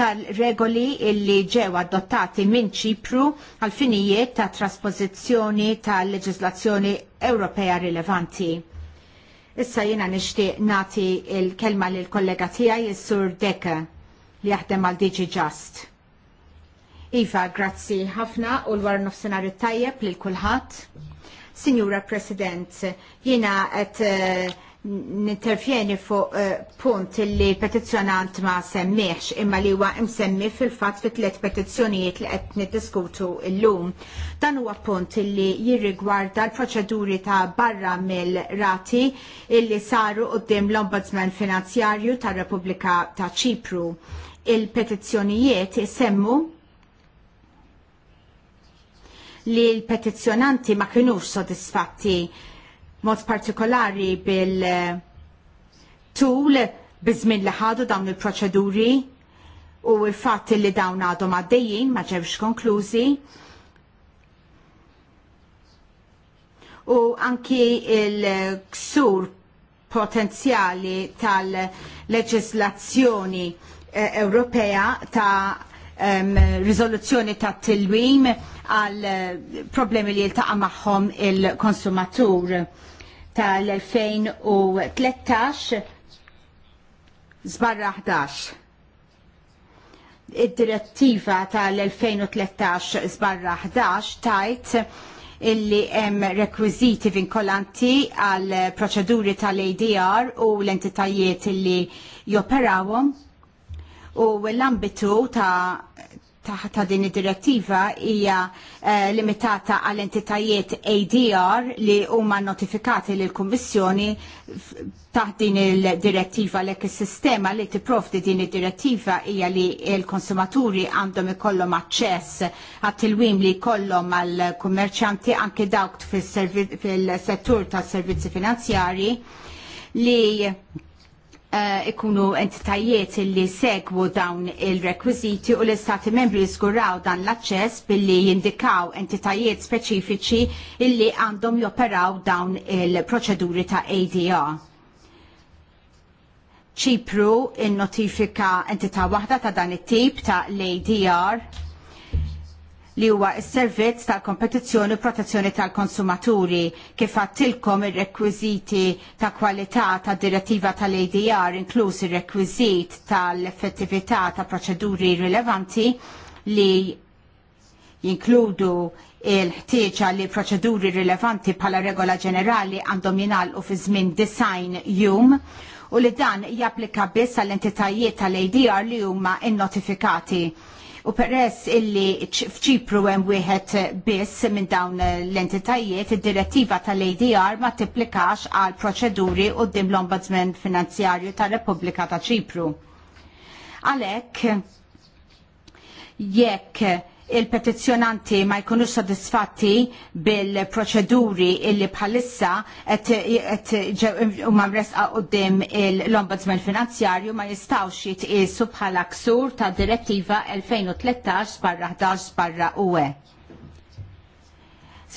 S1: tal-regoli illi ġew adottati minn ċipru għal finijiet ta' trasposizzjoni tal-leġislazzjoni Ewropea rilevanti. Issa jiena nixtieq nagħti l kelma lill kollega tiegħi il sur Deka li jaħdem għal Digi Just. Iva, grazzi ħafna u l-war nofsenar tajjeb lil kulħadd. Signora President, jiena qed eh, ninterfjeni fuq eh, punt li petizzjonant ma semmiħx imma li huwa imsemmi fil-fatt fi tliet petizzjonijiet li qed niddiskutu llum. Dan huwa punt li jirrigwarda l-proċeduri ta' barra mill-rati illi saru qudiem l-Ombudsman Finanzjarju tar-Repubblika ta' Ċipru. Il-petizzjonijiet semmu li l-petizzjonanti ma kienux sodisfatti mod partikolari bil-tul eh, bizmin li ħadu dawn il-proċeduri u il fatti li dawn għadhom għaddejjin ma ġewx konklużi. U anki il-ksur potenzjali tal-leġislazzjoni eh, Ewropea ta' um, rizoluzzjoni ta' tilwim għal eh, problemi li jiltaqa magħhom il-konsumatur tal-2013 zbarra 11 id-direttiva tal-2013 zbarra 11 tajt illi hemm rekwiżiti vinkolanti għal proċeduri tal-ADR u l-entitajiet illi joperawhom u l-ambitu ta' ta' din id-direttiva hija eh, limitata għal entitajiet ADR li huma notifikati lil kummissjoni taħt din id direttiva l is-sistema li tipprovdi din id-direttiva hija li l-konsumaturi għandhom ikollhom aċċess għat-tilwim li jkollhom għal kummerċanti anke dawk fil-settur tas servizzi finanzjarji li Eh, ikunu entitajiet li segwu dawn il-rekwiziti u l-istati membri jizguraw dan l-access billi jindikaw entitajiet speċifiċi illi għandhom joperaw dawn il-proċeduri ta' ADR. ċipru in-notifika entita' waħda ta' dan it-tip ta' l-ADR li huwa s-servizz tal-kompetizzjoni u protezzjoni tal-konsumaturi kif għattilkom ir-rekwiżiti ta' kwalità tad direttiva tal-ADR inkluż ir-rekwiżit tal-effettività ta' proċeduri rilevanti li jinkludu il-ħtieġa li proċeduri rilevanti bħala regola ġenerali għandhom jingħalqu fi żmien design jum u li dan japplika biss għall entitajiet tal-ADR li huma innotifikati. notifikati U peress illi fċipru hemm wieħed biss minn dawn l-entitajiet, id-direttiva tal-ADR ma tipplikax għal proċeduri dim l-Ombudsman Finanzjarju tar-Repubblika ta' Ċipru. Għalhekk jekk il-petizjonanti ma jkunux sodisfatti bil-proċeduri illi bħalissa huma mresqa qudiem l-Ombudsman Finanzjarju ma jistawx jitqiesu bħala ksur ta' Direttiva 2013/11/UE.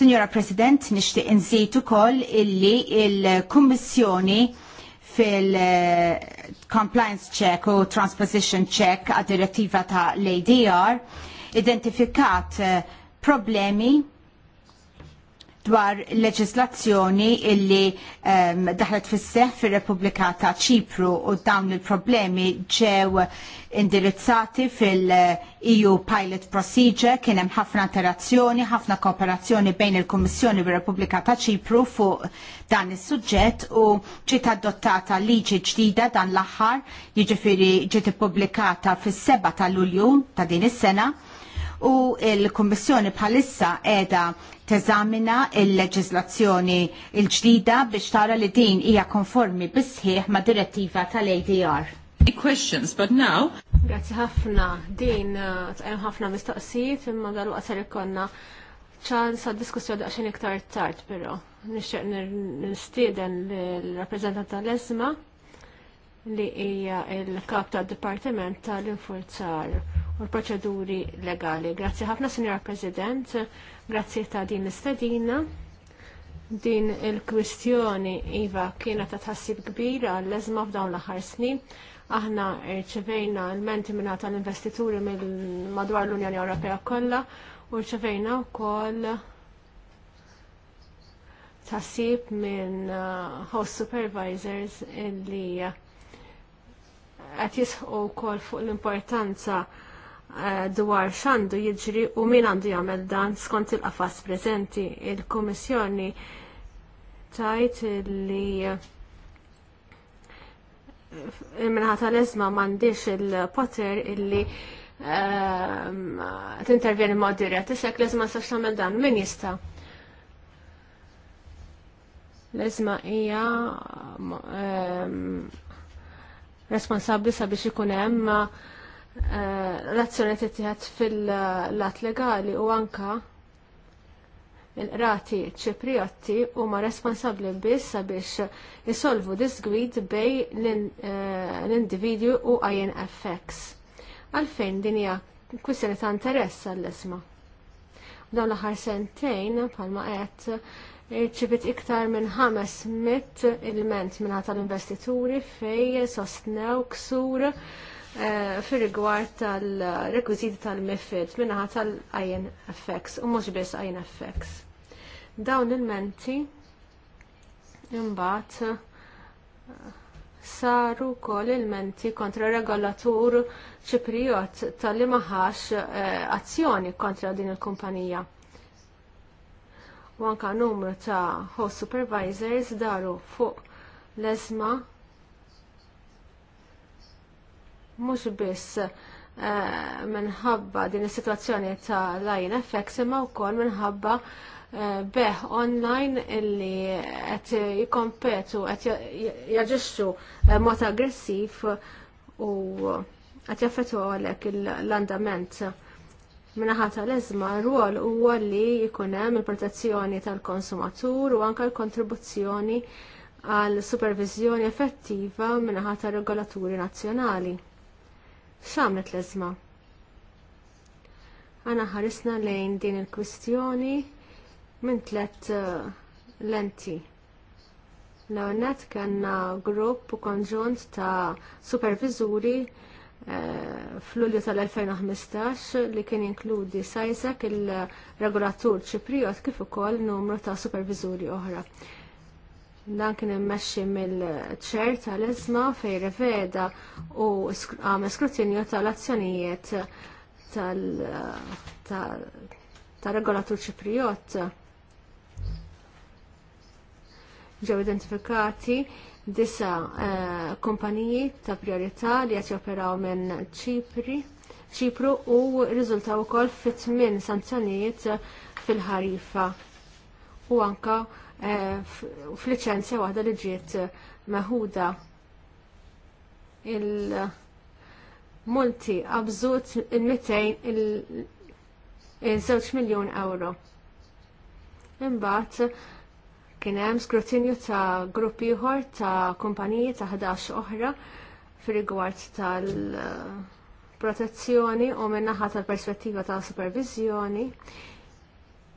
S1: Signora President, nixtieq inżid ukoll illi il-Kummissjoni fil-compliance check u transposition check għad direttiva ta' l-ADR identifikat eh, problemi dwar leġislazzjoni illi um, daħlet fis-seħ fir-Repubblika ta' Ċipru u dawn il-problemi ġew indirizzati fil-EU Pilot Procedure kien hemm ħafna interazzjoni, ħafna kooperazzjoni bejn il-Kummissjoni u Repubblika ta' Ċipru fuq dan is-suġġett u ġiet adottata liġi ġdida dan l-aħħar, jiġifieri ġiet ippubblikata fis-7 ta' Lulju ta' din is-sena u l-Kummissjoni bħalissa qiegħda teżamina il-leġislazzjoni il-ġdida biex tara li din hija konformi bisħieħ ma' direttiva tal-ADR. Questions, but now...
S3: Grazie ħafna, din uh, tqajm ħafna mistoqsijiet imma dalu qasar ikonna ċans għad diskussjoni daqsxejn iktar tard però. Nixtieq nistieden l-rappreżentant tal-eżma li hija l-kap tad-Dipartiment tal-Infurzar u l-proċeduri legali. Grazzi ħafna, Sinjor President, grazie ta' din l-istadina. Din il-kwistjoni, Iva, kienet ta' tħassib kbir għall-ezma f'dawn l-aħħar snin. Aħna rċevejna l-menti minna tal-investituri mill-madwar l-Unjoni Ewropea kollha u rċevejna wkoll tasib minn uh, host supervisors illi uh, qed jisħu wkoll fuq l-importanza Eh, dwar x'għandu jiġri u min għandu jagħmel dan skont il-qafas preżenti. Il-Kummissjoni tajt li minħata l-ezma m'għandix il-poter illi ehm, t-intervjeni ma' dirja, t-isek l-ezma s tagħmel dan, min jista? L-ezma hija ehm, responsabbli sabiex ikun hemm Eh, l-azzjoni tittieħed fil-lat legali u anka il-qrati ċipriotti huma responsabbli biss sabiex isolvu disgwid bej l eh, individu u INFX. Għalfejn din hija ta' interess għall-isma. Dawn l-aħħar sentejn bħalma qed ċibit iktar minn 500 il-ment minn tal-investituri fej sostnew ksur Eh, fil-rigward tal-rekwiziti tal-mifid minnaħa tal-INFX u mux biss INFX. Dawn il-menti imbagħad eh, saru kol il-menti kontra regolatur ċipriot tal-li maħax eh, azzjoni kontra din il-kumpanija. U anka numru ta' host supervisors daru fuq l-ezma mhux biss eh, minħabba din is-sitwazzjoni ta' lajn effects imma wkoll minħabba eh, beħ online illi qed jikkompetu qed jaġixxu eh, mod aggressiv u qed jaffetu għalhekk l-andament minnaħa tal-ezma r-ruol huwa li jkun hemm il-protezzjoni tal-konsumatur u anke l-kontribuzzjoni għal supervizjoni effettiva minħabba tal-regolaturi nazzjonali xamlet l-ezma. Għana ħarisna lejn din il-kwistjoni minn tlet uh, lenti. L-għonet kanna grupp u konġunt ta' supervizuri uh, fl-Ulju tal-2015 li kien inkludi Sajsek il-regolatur ċipriot kif ukoll numru ta' supervizuri oħra dan kien immexxi mill-ċer tal iżma fej reveda u għam skrutinju tal-azzjonijiet tal-regolatur ċipriot. Ġew identifikati disa eh, kumpaniji ta' priorità li qed joperaw minn ċipri, ċipru u riżultaw ukoll fit-tmien sanzjonijiet fil-ħarifa u anka fl-licenzja waħda li ġiet meħuda il-multi abżut il-200 il-2 miljon euro. Imbagħad kien hemm skrutinju ta' gruppi ieħor ta' kumpaniji ta' 11 oħra fir-rigward tal-protezzjoni u min-naħa tal-perspettiva ta' supervizjoni.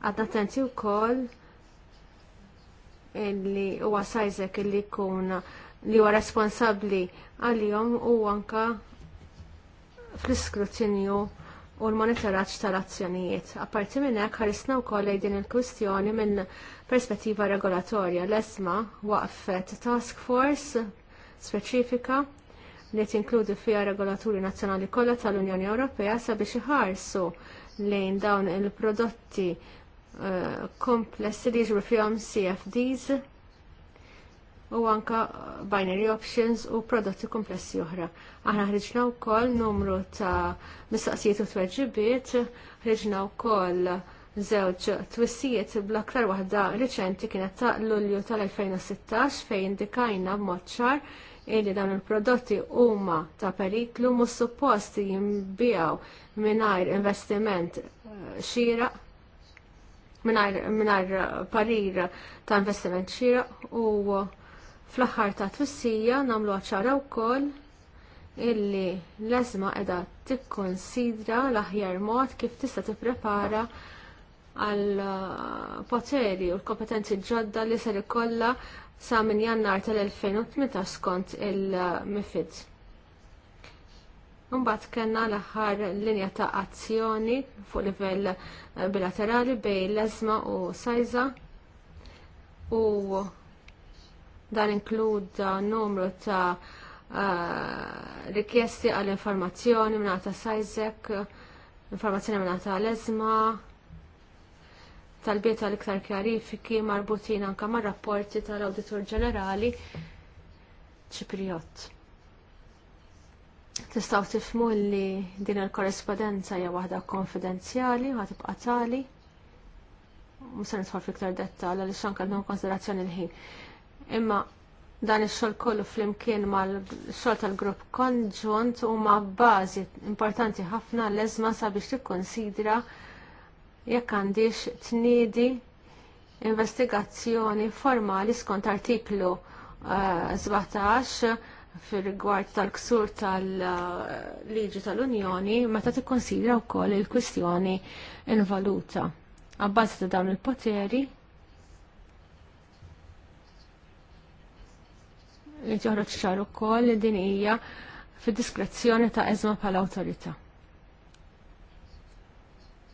S3: Għadna attenti wkoll li huwa sajzek li jkun li huwa responsabbli għalihom u anka fl-iskrutinju u l monitoraċ tal-azzjonijiet. Apparti minn hekk ħarisna wkoll din il-kwistjoni minn perspettiva regolatorja. L-esma waqfet task force speċifika li tinkludi fiha regolaturi nazzjonali kollha tal-Unjoni Ewropea sabiex iħarsu lejn dawn il-prodotti kompless li jġru fihom CFDs u anka binary options u prodotti komplessi oħra. Aħna ħriġna wkoll numru ta' mistaqsijiet u tweġibiet, ħriġna wkoll żewġ twissijiet bl-aktar waħda riċenti kienet ta' Lulju tal-2016 fejn indikajna b'mod ċar illi dawn il-prodotti huma ta' periklu mhux supposti jinbijaw mingħajr investiment eh, xieraq minar parir ta' investiment xira u fl axar ta' twissija namlu u wkoll illi l edha tikkonsidra l-aħjar mod kif tista' tipprepara għal uh, poteri u l-kompetenzi ġodda li ser ikollha sa minn jannar tal-2018 skont il-MIFID. Uh, Mbagħad kellna l-aħħar linja ta' azzjoni fuq livell eh, bilaterali bejn l-ezma u sajza u dan inkluda eh, numru ta' uh, rikjesti għal informazzjoni minna ta' sajzek, informazzjoni minna ta' l-ezma, tal biet tal iktar kjarifiki marbutin anka mar rapporti tal-Auditor Ġenerali Ċipriot. Tistaw tifmu li din il-korrespondenza hija waħda konfidenzjali u ħatibqa tali. se nidħol fiktar dettall għaliex anke għandhom konsiderazzjoni l-ħin. Imma dan ix-xogħol kollu flimkien mal-xogħol tal-grupp konġunt huma bażi importanti ħafna l-eżma sabiex tikkonsidra jekk għandix tniedi investigazzjoni formali skont artiklu uh, eh, 17 fil-rigward tal-ksur tal-liġi tal-Unjoni meta tikkonsidra wkoll il-kwistjoni il-valuta. Abbażi ta' dawn il-poteri li ġoħroġ ċar ukoll li din hija fid-diskrezzjoni ta' ezma pal awtorità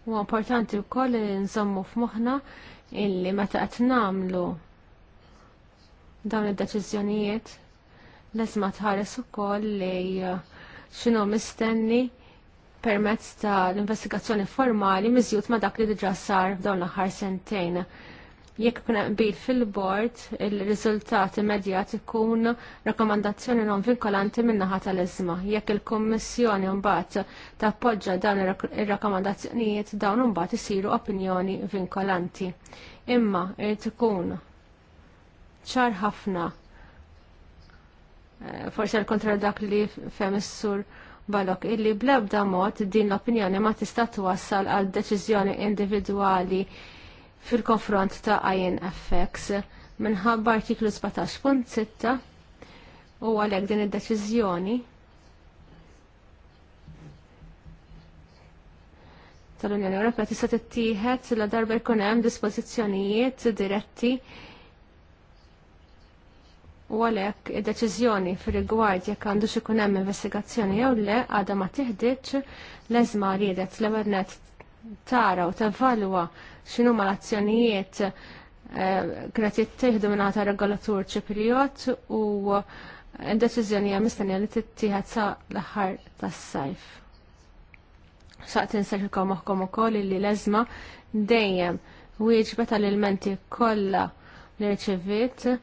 S3: Huwa importanti wkoll li nżommu f'moħħna illi meta qed nagħmlu dawn id-deċiżjonijiet Lezma tħares ukoll li eh, x'inhu mistenni permezz ta' l-investigazzjoni formali mizjut ma' dak li diġà sar f'dawn l-aħħar sentejn. Jekk bil fil-bord, il-riżultat immedjat ikun rakkomandazzjoni non vinkolanti min-naħa tal-iżma. Jekk il-Kummissjoni mbagħad tappoġġa dawn ir-rakkomandazzjonijiet dawn imbagħad isiru opinjoni vinkolanti. Imma irid ikun ċar ħafna forse l-kontra dak li femissur sur balok illi blabda mod din l-opinjoni ma tista' twassal għal deċiżjoni individwali fil-konfront ta' INFX minħabba artiklu 17.6 u għalek din id-deċiżjoni tal-Unjoni Ewropea tista' tittieħed la darba jkun hemm dispożizzjonijiet diretti u għalhekk id-deċiżjoni fir-rigward jekk għandux ikun hemm investigazzjoni jew le għadha ma tiħdiġ leżma riedet l-ewwel tara u tevalwa x'inhu l-azzjonijiet kienet eh, jittieħdu minn għata regolatur Ċipriot u eh, deċizjoni hija mistennija li tittieħed sa l-aħħar tas-sajf. Saqt insejħilkom moħħkom ukoll li leżma dejjem wieġbet l ilmenti kollha li rċevit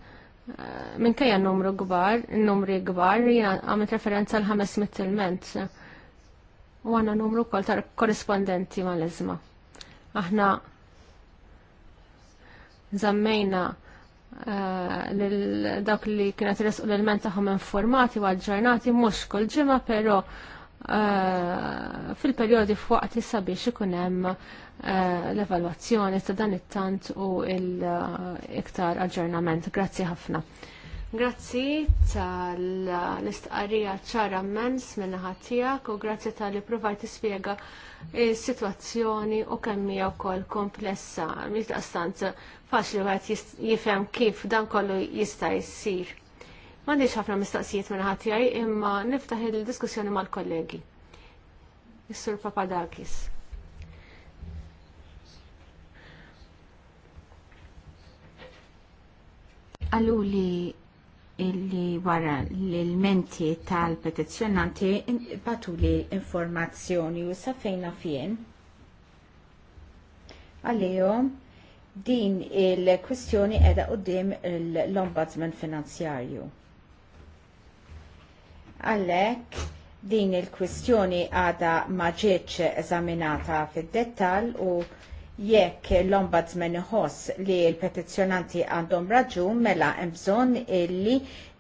S3: minkejja numru gbar, numri gbar, jina referenza l-500 il-ment. U għanna numru kol tar korrispondenti ma l-izma. Aħna zammejna eh, dak li kienet resqu l-ment taħħom informati u għadġarnati mux kol ġima, pero eh, fil-periodi f'waqt sabiex ikun hemm Eh, l-evalwazzjoni ta' dan it-tant u l-iktar aġġornament. Grazzi ħafna. Grazzi tal-istqarrija ċara mens minna tiegħek u grazzi tal-li provaj tispjega s-sitwazzjoni u kemm hija wkoll komplessa. Mil-taqstanz faċli għet jifhem kif dan kollu jista' jsir. M'għandix ħafna mistaqsijiet minna ħadd tiegħi imma niftaħ il-diskussjoni mal-kollegi. Is-Sur Papadakis.
S1: Għallu li illi wara l-menti tal-petizjonanti batu li informazzjoni u safejna fien. Għalijom, din il-kwestjoni edha dim l-Ombudsman Finanzjarju. Għallek, din il-kwestjoni għada maġieċ eżaminata fid-dettal u Jekk l-Ombudsman iħoss li l-petizzjonanti għandhom raġun mela hemm bżonn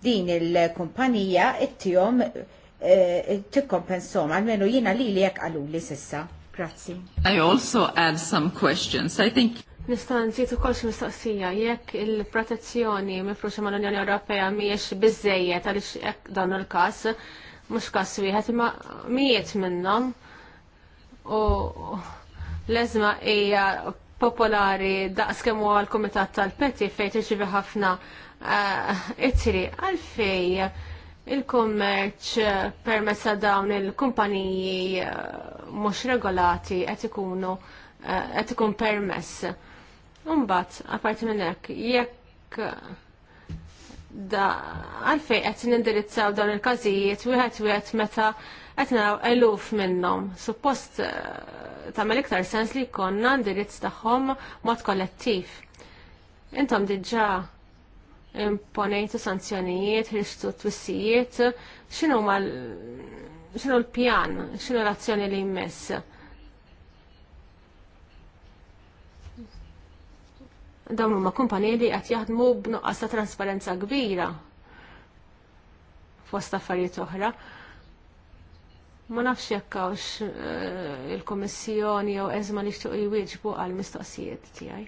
S1: din il-kumpanija ittihom eh, t-kompensom, għalmenu jina li li għalu li sissa. Grazzi. I also add some questions. I think
S3: Nistan zietu ukoll mistoqsija jekk il-protezzjoni ma mal-Unjoni Ewropea mhijiex bizzejiet għaliex hekk dan il-każ mhux kas wieħed imma mijiet minnhom u l-ezma hija popolari daqs kemm huwa kumitat tal-Peti fejn iġivi ħafna eh, ittri għalfej il-kummerċ permezz dawn il-kumpaniji eh, mhux regolati qed ikunu eh, qed ikun permess. Imbagħad, apart minn hekk, jekk da għalfej qed nindirizzaw dawn il-każijiet wieħed wieħed meta qed naraw eluf minnhom. Suppost eh, tagħmel iktar sens li jkollna ndirizz tagħhom mod kollettiv. Intom diġà imponejtu sanzjonijiet, ħristu twissijiet, xinu mal x'inhu l-pjan, x'inhu l-azzjoni li jmiss. dawn huma kumpaniji li qed jaħdmu b'nuqqas ta' trasparenza kbira fost affarijiet oħra. Ma nafx jekkawx uh, eh, il-Komissjoni jew eżma li xtuq jwieġbu għal mistoqsijiet tiegħi.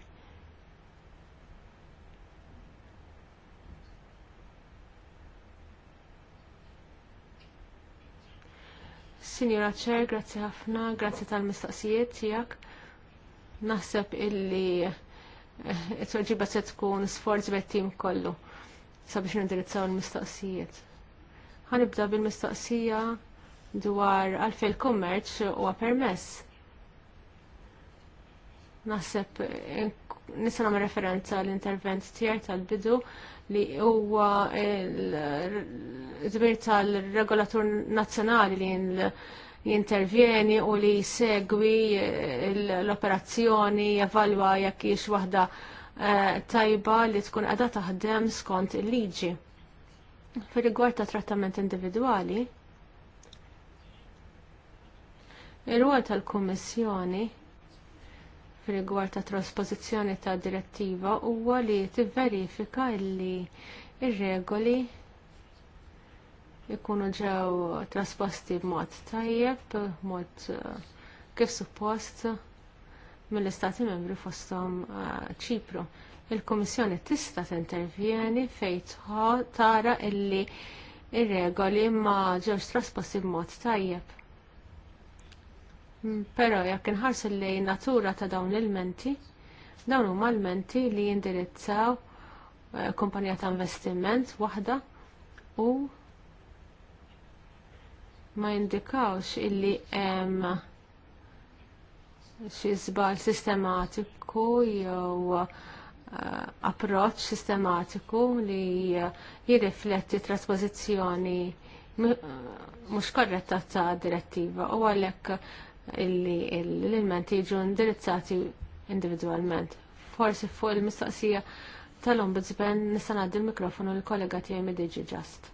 S3: Signora Ċer, grazzi ħafna, grazzi tal-mistoqsijiet tiegħek. Naħseb illi eh, it-tweġiba se tkun sforz bet-tim kollu sabiex nindirizzaw il-mistoqsijiet. Ħanibda bil-mistoqsija dwar għalfejn il-kummerċ huwa permess. Naħseb nisa nagħmel referenza l-intervent tijer tal-bidu li huwa l-dbir tal-regolatur nazzjonali li jintervjeni u li segwi l-operazzjoni, javalwa jekk hix waħda eh, tajba li tkun għada taħdem skont il-liġi. Fir-rigward ta' trattament individwali, Ir-rwol tal-Kummissjoni rigward ta' trasposizzjoni ta' direttiva huwa li tivverifika li ir-regoli ikunu ġew trasposti b'mod tajjeb, b'mod eh, kif suppost mill-Istati Membri fosthom eh, ċipru. Il-Kummissjoni tista' tintervjeni fejn tara illi ir-regoli ma ġewx trasposti b'mod tajjeb. Mm, però jekk inħarsu lejn natura ta' dawn il-menti, dawn huma l-menti li jindirizzaw eh, kumpanija ta' investiment waħda u ma jindikawx illi hemm xi żball sistematiku jew eh, approċċ sistematiku li eh, jirrifletti trasposizzjoni mhux korretta ta' direttiva u għalhekk illi l-ilment jiġu indirizzati individualment. Forsi fuq il-mistoqsija tal-ombudsman nista' ngħaddi l-mikrofonu l-kollega tiegħi Mediġi Just.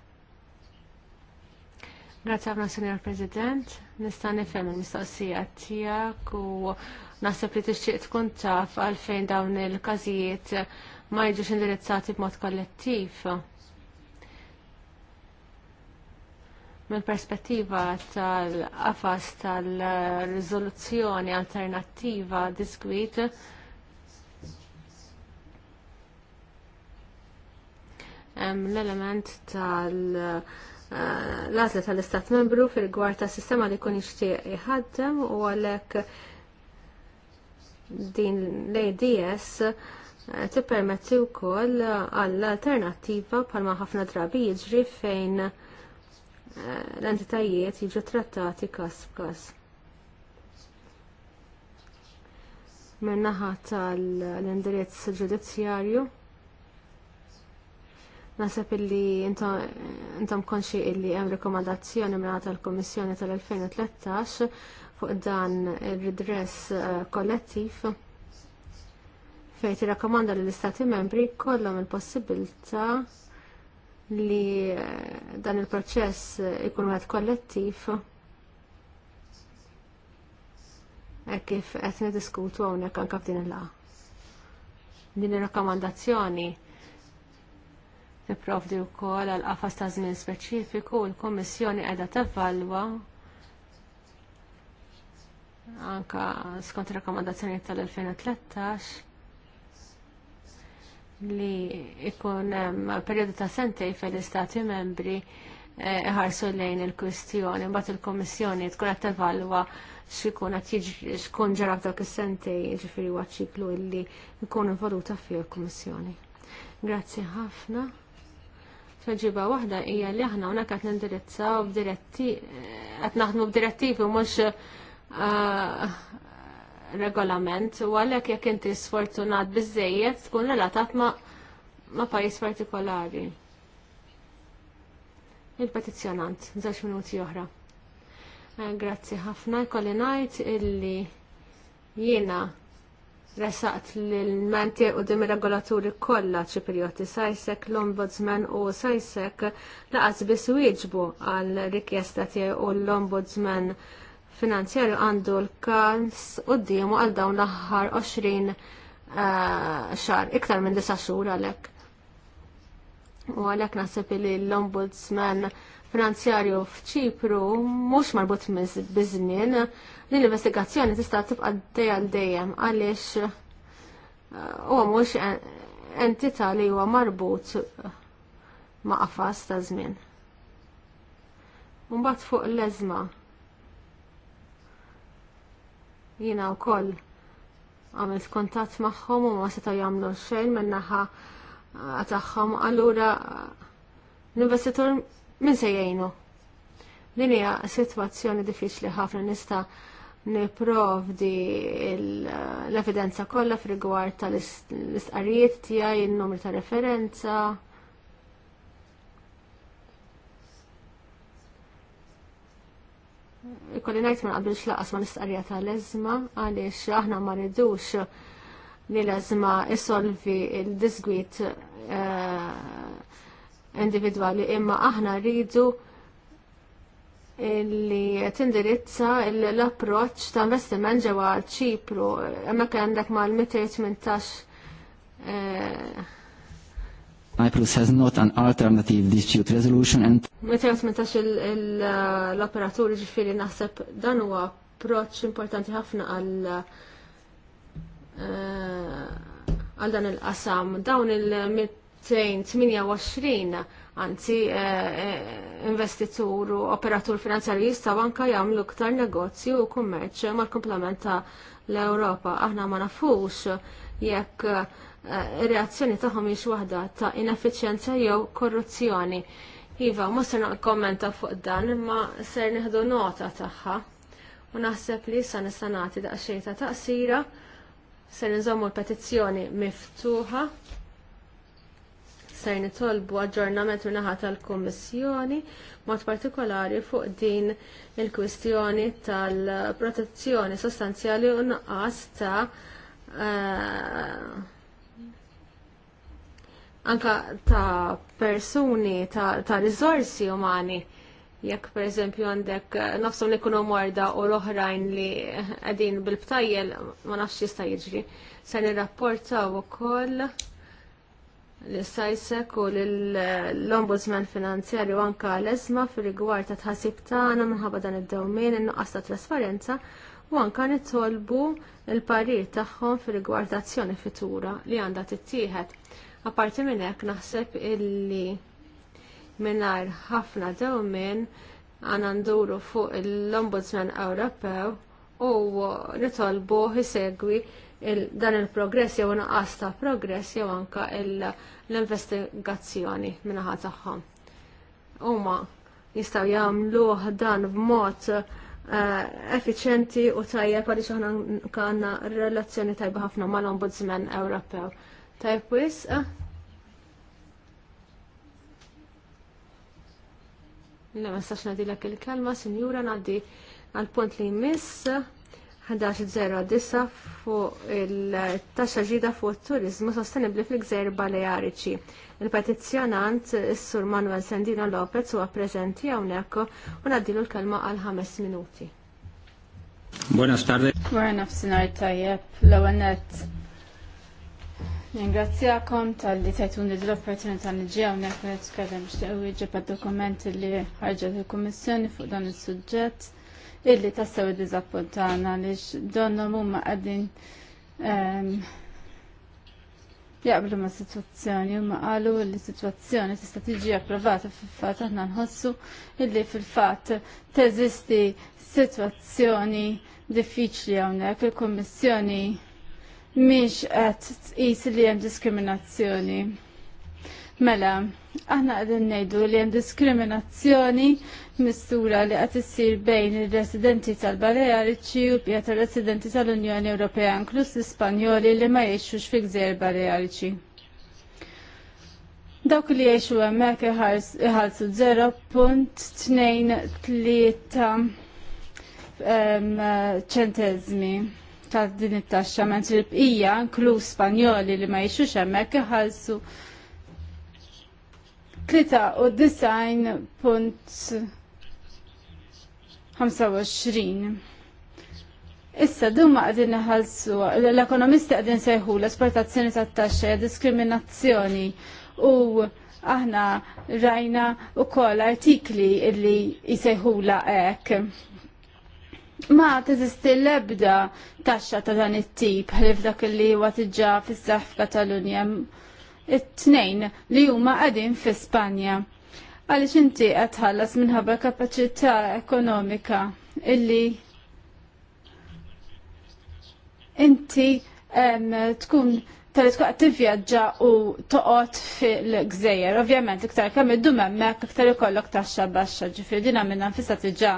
S3: Grazie ħafna Signor President. Nista' nifhem il-mistoqsija tiegħek u naħseb li tixtieq tkun taf għalfejn dawn il-każijiet ma jiġux indirizzati b'mod kollettiv mill perspettiva tal-qafas tal-rizoluzzjoni alternattiva diskwit l-element tal- eh, l-għazla tal-istat membru fil-gwar sistema li kun ixtieq iħaddem u għalek din l-ADS eh, tippermetti wkoll għall-alternattiva bħalma ħafna drabi jiġri fejn l-entitajiet jiġu trattati każ b'każ. Min-naħa tal-indirizz ġudizzjarju Nasab illi intom konxi illi hemm rekomandazzjoni mra tal kummissjoni tal-2013 fuq dan il-redress eh, kollettiv fejn tirrakkomanda lill istati membri kollhom il-possibilità li eh, dan il-proċess ikun għed kollettiv e kif qed diskutu hawnhekk anke f'din il-laqa. Din ir-rakkomandazzjoni u wkoll għal qafas ta' żmien speċifiku u l-Kummissjoni qiegħda tevalwa anka skont ir rakkomandazzjoni tal-2013 li ikun periodu ta' sentej fil-istati membri eh, ħarsu lejn il-kwistjoni, mbagħad il-Kommissjoni tkun qed tevalwa x'ikun qed jiġri x'kun ġara f'dak is-sentej, jiġifieri huwa ċiklu illi jkun involuta fih il-Kummissjoni. Grazzi ħafna. Tweġiba waħda hija li aħna hawnhekk qed nindirizzaw b'diretti eh, qed naħdmu b'direttivi mhux eh, regolament u għalhekk jekk inti sfortunat bizzejiet tkun relatat ma, ma pajis partikolari. Il-petizzjonant, zaċ minuti oħra. Eh, grazzi ħafna, jkolli ngħid illi jiena resaqt l-menti u dim regolaturi kollha ċiprioti sajsek l-ombudsman u sajsek laqas biss wieġbu għal rikjesta tiegħu u l-ombudsman finanzjarju għandu l-kans u d-diemu għal dawn l-aħħar 20 eh, xar, iktar minn disa xhur għalhekk. U għalhekk naħseb li l-ombudsman finanzjarju f'ċipru mhux marbut biż-żmien, l-investigazzjoni tista' tibqa' dejja għal dejjem għaliex eh, huwa mhux entità li huwa marbut ma' qafas ta' żmien. Mbagħad fuq l-eżma' Jiena wkoll għamilt skontat magħhom u ma seta' jagħmlu xejn min-naħa eh, tagħhom allura eh, l-investitur min se jgħinu. Din hija sitwazzjoni diffiċli ħafna nista' niprovdi l-evidenza kollha f'rigward tal-istqarijiet tiegħi, n numri ta' referenza. ikolli ngħid ma naqbilx laqas ma ta' tal-eżma għaliex aħna ma rridux li l ezma isolvi il-disgwit eh, individwali imma aħna rridu li tindirizza l-approċ ta' investiment ġewwa ċipru, hemmhekk għandek mal-218
S2: IPLUS has not an alternative dispute resolution and
S3: Meta jgħat l-operatur ġifiri naħseb dan huwa approċċ importanti ħafna għal eh, għal dan il-qasam dawn il-228 anzi eh, investitur u operatur finanzjarju jistaw anka jagħmlu iktar negozju u kummerċ mal-komplement l-Ewropa. Aħna ma nafux jekk Eh, reazzjoni tagħhom mhix waħda ta' inefficienza jew korruzzjoni. Iva, ma ser kommenta fuq dan, imma ser nieħdu nota tagħha. U naħseb li issa nista' nagħti xejta ta' sira, ser nżommu l-petizzjoni miftuħa, ser nitolbu aġġornament naħa tal-Kummissjoni, mod partikolari fuq din il-kwistjoni tal-protezzjoni sostanzjali u nqas ta' uh, anka ta' persuni, ta', ta rizorsi umani. Jekk per eżempju għandek eh, nafsom li kunu morda u l-oħrajn li għedin bil-btajjel, ma nafx jista' jiġri. Se nirrapportaw ukoll l-sajsek u l-ombudsman finanzjarju anka l-ezma fil-rigward ta' tħassib tagħna minħabba dan id-dewmien in-nuqqas ta' trasparenza u anka nitolbu l-parir tagħhom fil-rigward azzjoni fitura li għandha tittieħed Apparti minn hekk naħseb illi mingħajr ħafna dewmien għan nduru fuq l-Ombudsman Ewropew u nitolbu jisegwi dan il-progress jew naqas ta' progress jew anka l-investigazzjoni minnaħa tagħhom. Huma jistgħu jagħmluh dan b'mod eh, effiċenti u tajjeb għaliex aħna għandna relazzjoni tajba ħafna mal-Ombudsman Ewropew. Tajb wisq. Ah. Illa ma di lak il-kelma, sinjura naddi għal-punt li jmiss 11.09 fuq il taxa ġida fuq turizmu sostenibli fil-gżejjer Baleariċi. Il-petizzjonant is-Sur Manuel Sendino Lopez huwa preżenti hawnhekk u nadilu l-kelma għal ħames minuti. Buenas tardes. Buenas tardes. Buenas tardes.
S2: Ningrazzjakom tal-li tajtun li l-opportunità nġiegħu nek li nitkellem xtieq jiġib dokumenti li ħarġet il-Kummissjoni fuq dan is-suġġett illi tassew iddiżappuntana għaliex donna huma qegħdin ehm, jaqblu ma' situazzjoni u ma' qalu li situazzjoni tista' tiġi approvata fil-fatt aħna nħossu illi fil-fatt teżisti situazzjoni diffiċli hawnhekk il-Kummissjoni miex qed tqis li hemm diskriminazzjoni. Mela, aħna qegħdin ngħidu li hemm diskriminazzjoni mistura li qed issir bejn ir-residenti tal-Baleariċi u l-bieta residenti tal-Unjoni Ewropea inklus l-Ispanjoli li ma jgħixux fi gżejjer Baleariċi. Dawk li jgħixu hemmhekk iħalsu 0.23 ċentezmi. Um, ta' din it-taxxa mentri l-bqija, inkluż Spanjoli li ma jiexux hemmhekk iħallsu tlita u design punt 25. Issa, dumma għadin iħallsu l-ekonomisti għadin sejħu l-esportazzjoni ta' taxxa hija diskriminazzjoni u aħna rajna u artikli illi jisejħu la' ma teżisti l-ebda taxxa ta' dan it-tip li f'dak li huwa tiġa fis-saħ f'Katalunja it-tnejn li huma qegħdin fi Spanja. Għaliex inti qed tħallas minħabba kapaċità ekonomika illi inti tkun tal tkoq tivvjaġġa u toqgħod fil-gżejjer. Ovvjament iktar kemm iddum hemmhekk iktar ikollok taxxa baxxa, ġifieri din għamilna nfisha diġà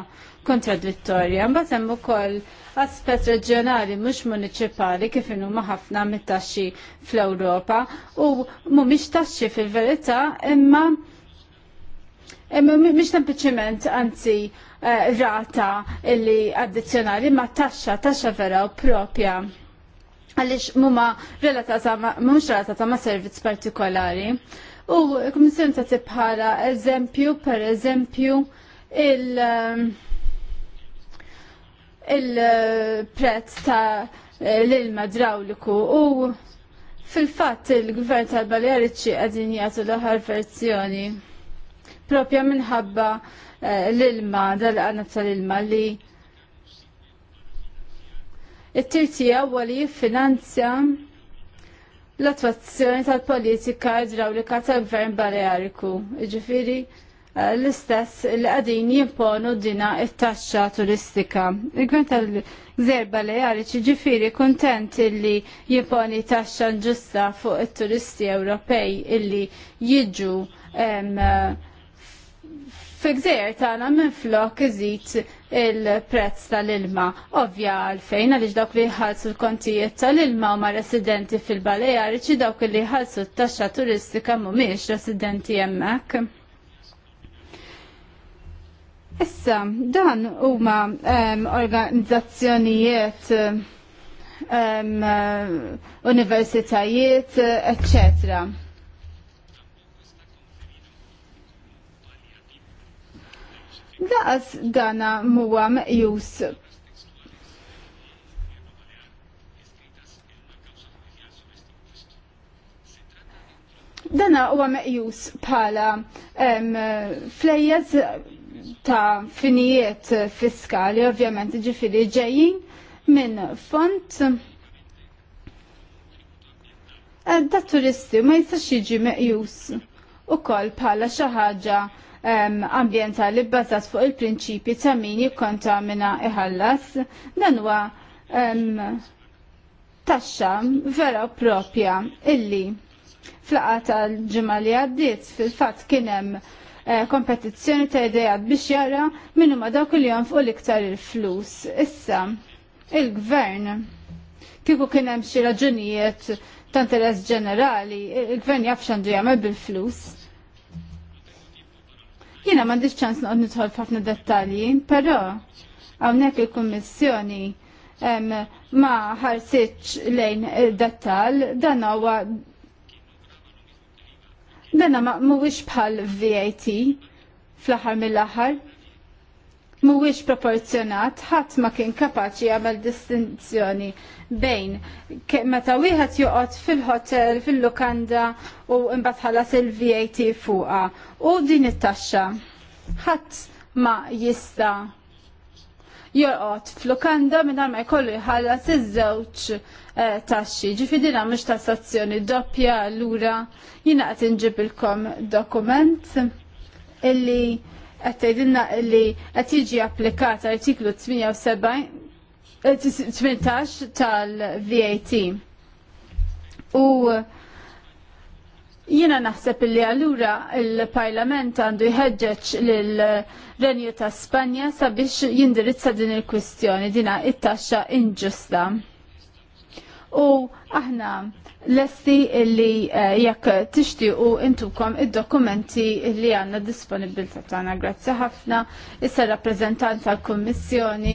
S2: kontradittorja. Mbagħad hemm ukoll aspett reġjonali mhux muniċipali kif huma ħafna mit-taxxi fl-Ewropa u mhumiex taxxi fil-verità imma Mhix tempiċiment, anzi eh, rata illi addizzjonali ma taxxa taxxa vera u propja għalix ma' relatata relata ta' ma' servizz partikolari. U kumissjoni ta' tibħala eżempju, per eżempju, il- um, il-prezz uh, ta' l-ilma drawliku u fil-fatt il-gvern tal-Baljariċi għadin jgħatu l-ħar verzjoni propja minħabba uh, l-ilma, dal-għana tal-ilma li it tirti huwa li jiffinanzja l-attuazzjoni tal-politika idrawlika tal-Gvern Baleariku, ġifiri l-istess li għadin jimponu dina it-taxxa turistika. Il-Gvern tal-Gżer Balearici ġifiri kontent illi jimponi taxxa ġusta fuq it-turisti Ewropej illi jiġu fi gżer tagħna minn flok iżid il-prezz tal-ilma. Ovvja għalfejn għaliex dawk li jħallsu l-kontijiet tal-ilma ma' residenti fil-Baleariċi dawk li jħallsu t-taxxa turistika mhumiex residenti hemmhekk. Issa, dan huma um, organizzazzjonijiet um, universitajiet, eccetera daqas dana muwa meqjus dana huwa meqjus bħala flejjeż ta' finijiet fiskali, ovvjament ġifiri ġejjin minn font eh, da turisti ma jistax jiġi meqjus ukoll bħala xi ħaġa ambjentali bbażat fuq il-prinċipji ta' min jikkontamina iħallas dan huwa taxxa vera propja illi flaqa tal-ġimgħa li għaddiet fil-fatt kien hemm eh, kompetizzjoni ta' idejat biex jara minn huma dawk li jonfqu l-iktar il-flus. Issa, il-gvern kieku kien hemm xi raġunijiet ta' interess ġenerali, il-gvern jaf x'għandu jagħmel bil-flus. Jiena m'għandix ċans noqgħod nidħol f'ħafna dettalji, però hawnhekk il-Kummissjoni ma ħarsitx lejn dettal dan huwa Danna ma mhuwiex bħal VAT fl-aħħar mill-aħħar mhuwiex proporzjonat ħadd ma kien kapaċi jagħmel distinzjoni bejn meta wieħed joqgħod fil-hotel, fil-lukanda u mbagħad ħalas il-VAT fuqha u din it-taxxa. Ħadd ma jista' jorqod f'lukanda mingħajr ma jkollu jħallas iż-żewġ eh, taxxi. Ġifieri mhux tassazzjoni doppja allura jiena qed inġibilkom dokument illi qed tgħidilna li qed jiġi applikat artiklu 18 eh, tal-VAT. U jiena naħseb li allura il-Parlament għandu jħeġġeġ l renju ta' Spanja sabiex jindirizza din il-kwistjoni dina it-taxxa inġusta u aħna lesti li eh, jekk u intukom id-dokumenti li għanna disponibilta tagħna. Grazzi ħafna, issa rappresentant tal-Kummissjoni.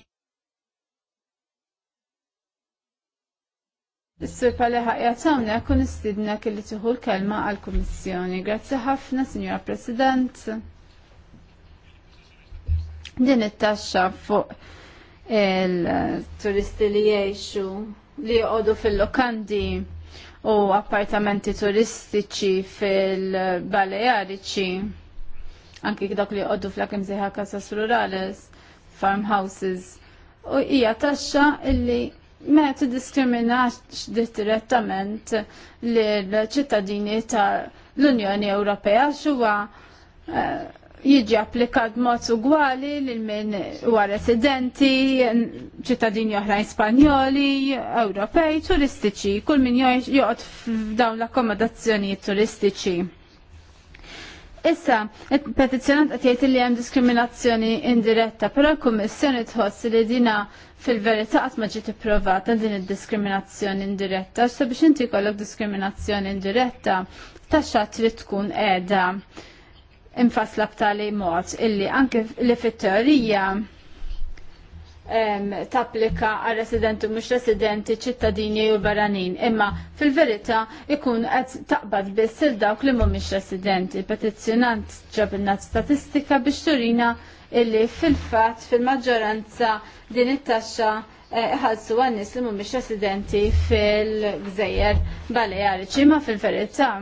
S2: Is-sur Paleħa jgħatawna kun istidna kelli tieħu l-kelma għall-Kummissjoni. Grazzi ħafna, Signora President. Din it-taxxa fuq il-turisti li jgħixu li joqogħdu fil-lokandi u appartamenti turistiċi fil-Baleariċi anki dak li joqogħdu fl-akim zeħa kasas rurales, farmhouses. U hija taxxa illi ma tiddiskriminax direttament l ċittadini tal-Unjoni Ewropea xuwa eh, jiġi applikat mod ugwali lil min huwa residenti, ċittadini oħrajn Spanjoli, Ewropej, turistiċi, kull min joqgħod f'dawn l-akkomodazzjonijiet turistiċi. Issa, il-petizjonant qed jgħid li hemm diskriminazzjoni indiretta, però l-Kummissjoni tħoss li dina fil-verità qatt ma ġiet ipprovata din id-diskriminazzjoni indiretta, sa biex inti jkollok diskriminazzjoni indiretta, taxxa trid tkun qiegħda infasla b'tali mod illi anke li fit-teorija tapplika għal residenti mhux residenti ċittadini u l-baranin, imma fil-verità ikun qed taqbad biss il dawk li mhumiex residenti. Petizzjonant ġabilna statistika biex turina illi fil-fatt fil-maġġoranza din it-taxxa eh, ħalsu għannis li mhumiex residenti fil-gżejjer Baleariċi ma fil-verità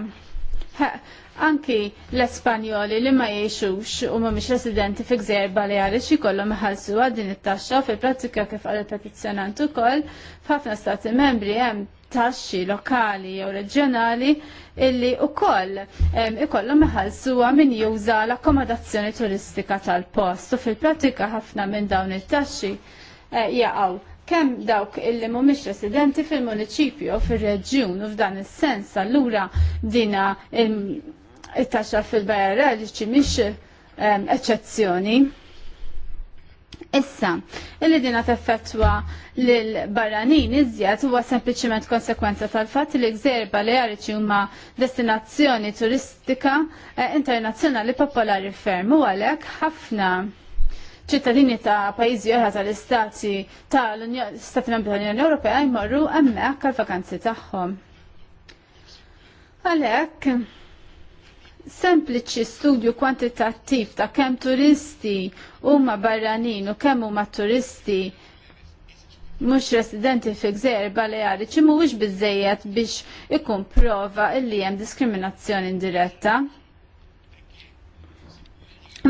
S2: Anki l-Espanjoli li ma jiexux u ma miex residenti fi gżer Baleari kollu maħalsu din it-taxxa fil-prattika kif għal il-petizzjonant ukoll f'ħafna stati membri hemm taxxi lokali jew reġjonali illi wkoll ikollhom iħallsuha min juża l-akkomodazzjoni turistika tal-post u fil-prattika ħafna minn dawn it-taxxi eh, jaqgħu kemm dawk illi mhumiex residenti fil-municipju u fir-reġjun u f'dan is-sens allura dina il it-taxxa fil-BRL mhix ehm, eċċezzjoni. Issa, illi dina teffettwa l-barranin iżjed huwa sempliċiment konsekwenza tal-fatt li gżerba li għariċi huma destinazzjoni turistika eh, internazzjonali popolari ferm u għalhekk ħafna ċittadini ta' pajjiżi oħra tal-istati tal-Stati Membri tal-Unjoni Ewropea jmorru hemmhekk għal-vakanzi tagħhom. Għalhekk, sempliċi studju kwantitattiv ta' kemm turisti huma barranin u kemm huma turisti mhux residenti fi gżejjer Baleariċi mhuwiex biżejjed biex ikun prova illi hemm diskriminazzjoni indiretta.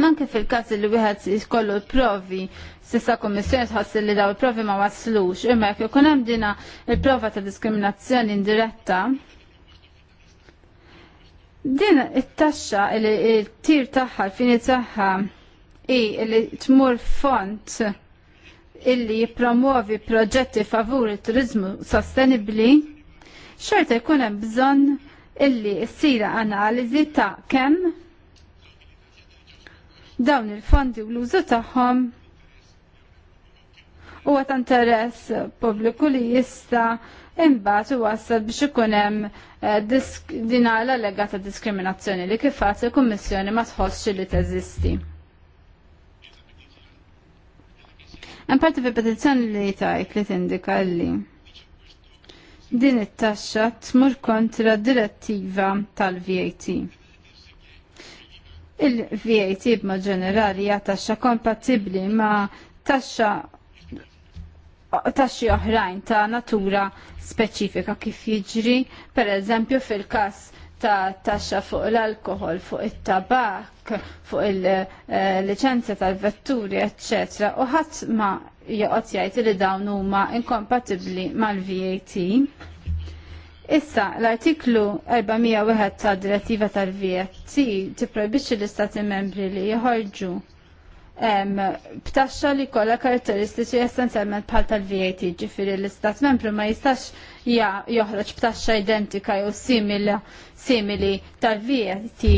S2: Manke fil-każ li wieħed jkollu l-provi sissa kommissjoni tħassil li daw il-provi ma waslux, imma jekk ikun hemm dina il-prova ta' diskriminazzjoni indiretta, Din it-taxxa li t tir tagħha l-fini tagħha i li tmur font illi jipromuovi proġetti favur it-turizmu sostenibbli, xorta jkun hemm bżonn illi ssira analiżi ta' kemm dawn il-fondi u l-użu tagħhom u għat interess pubbliku li jista' imbagħad għasab biex ikun hemm eh, l allegata diskriminazzjoni li kif kifat il-Kummissjoni ma tħossx li teżisti. Hemm parti fil-petizzjoni li tajt li tindika li din it-taxxa tmur kontra direttiva tal-VAT. Il-VAT b'mod ġenerali hija taxxa kompatibbli ma' taxxa taxxi oħrajn ta' natura speċifika kif jiġri, per eżempju fil-kas ta' taxxa fuq l-alkohol, fuq it-tabak, fuq il-licenza eh, tal-vetturi, eccetera, u ħadd ma joqgħod jgħid li dawn huma inkompatibbli mal-VAT. Issa, l-artiklu 401 ta' direttiva tal-VAT tipprojbixxi l-istati membri li jħorġu b'taxxa li kollha karatteristiċi essenzjalment bħal tal-VAT, ġifieri l-Istat membru ma jistax joħroġ b'taxxa identika jew simili, simili tal-VAT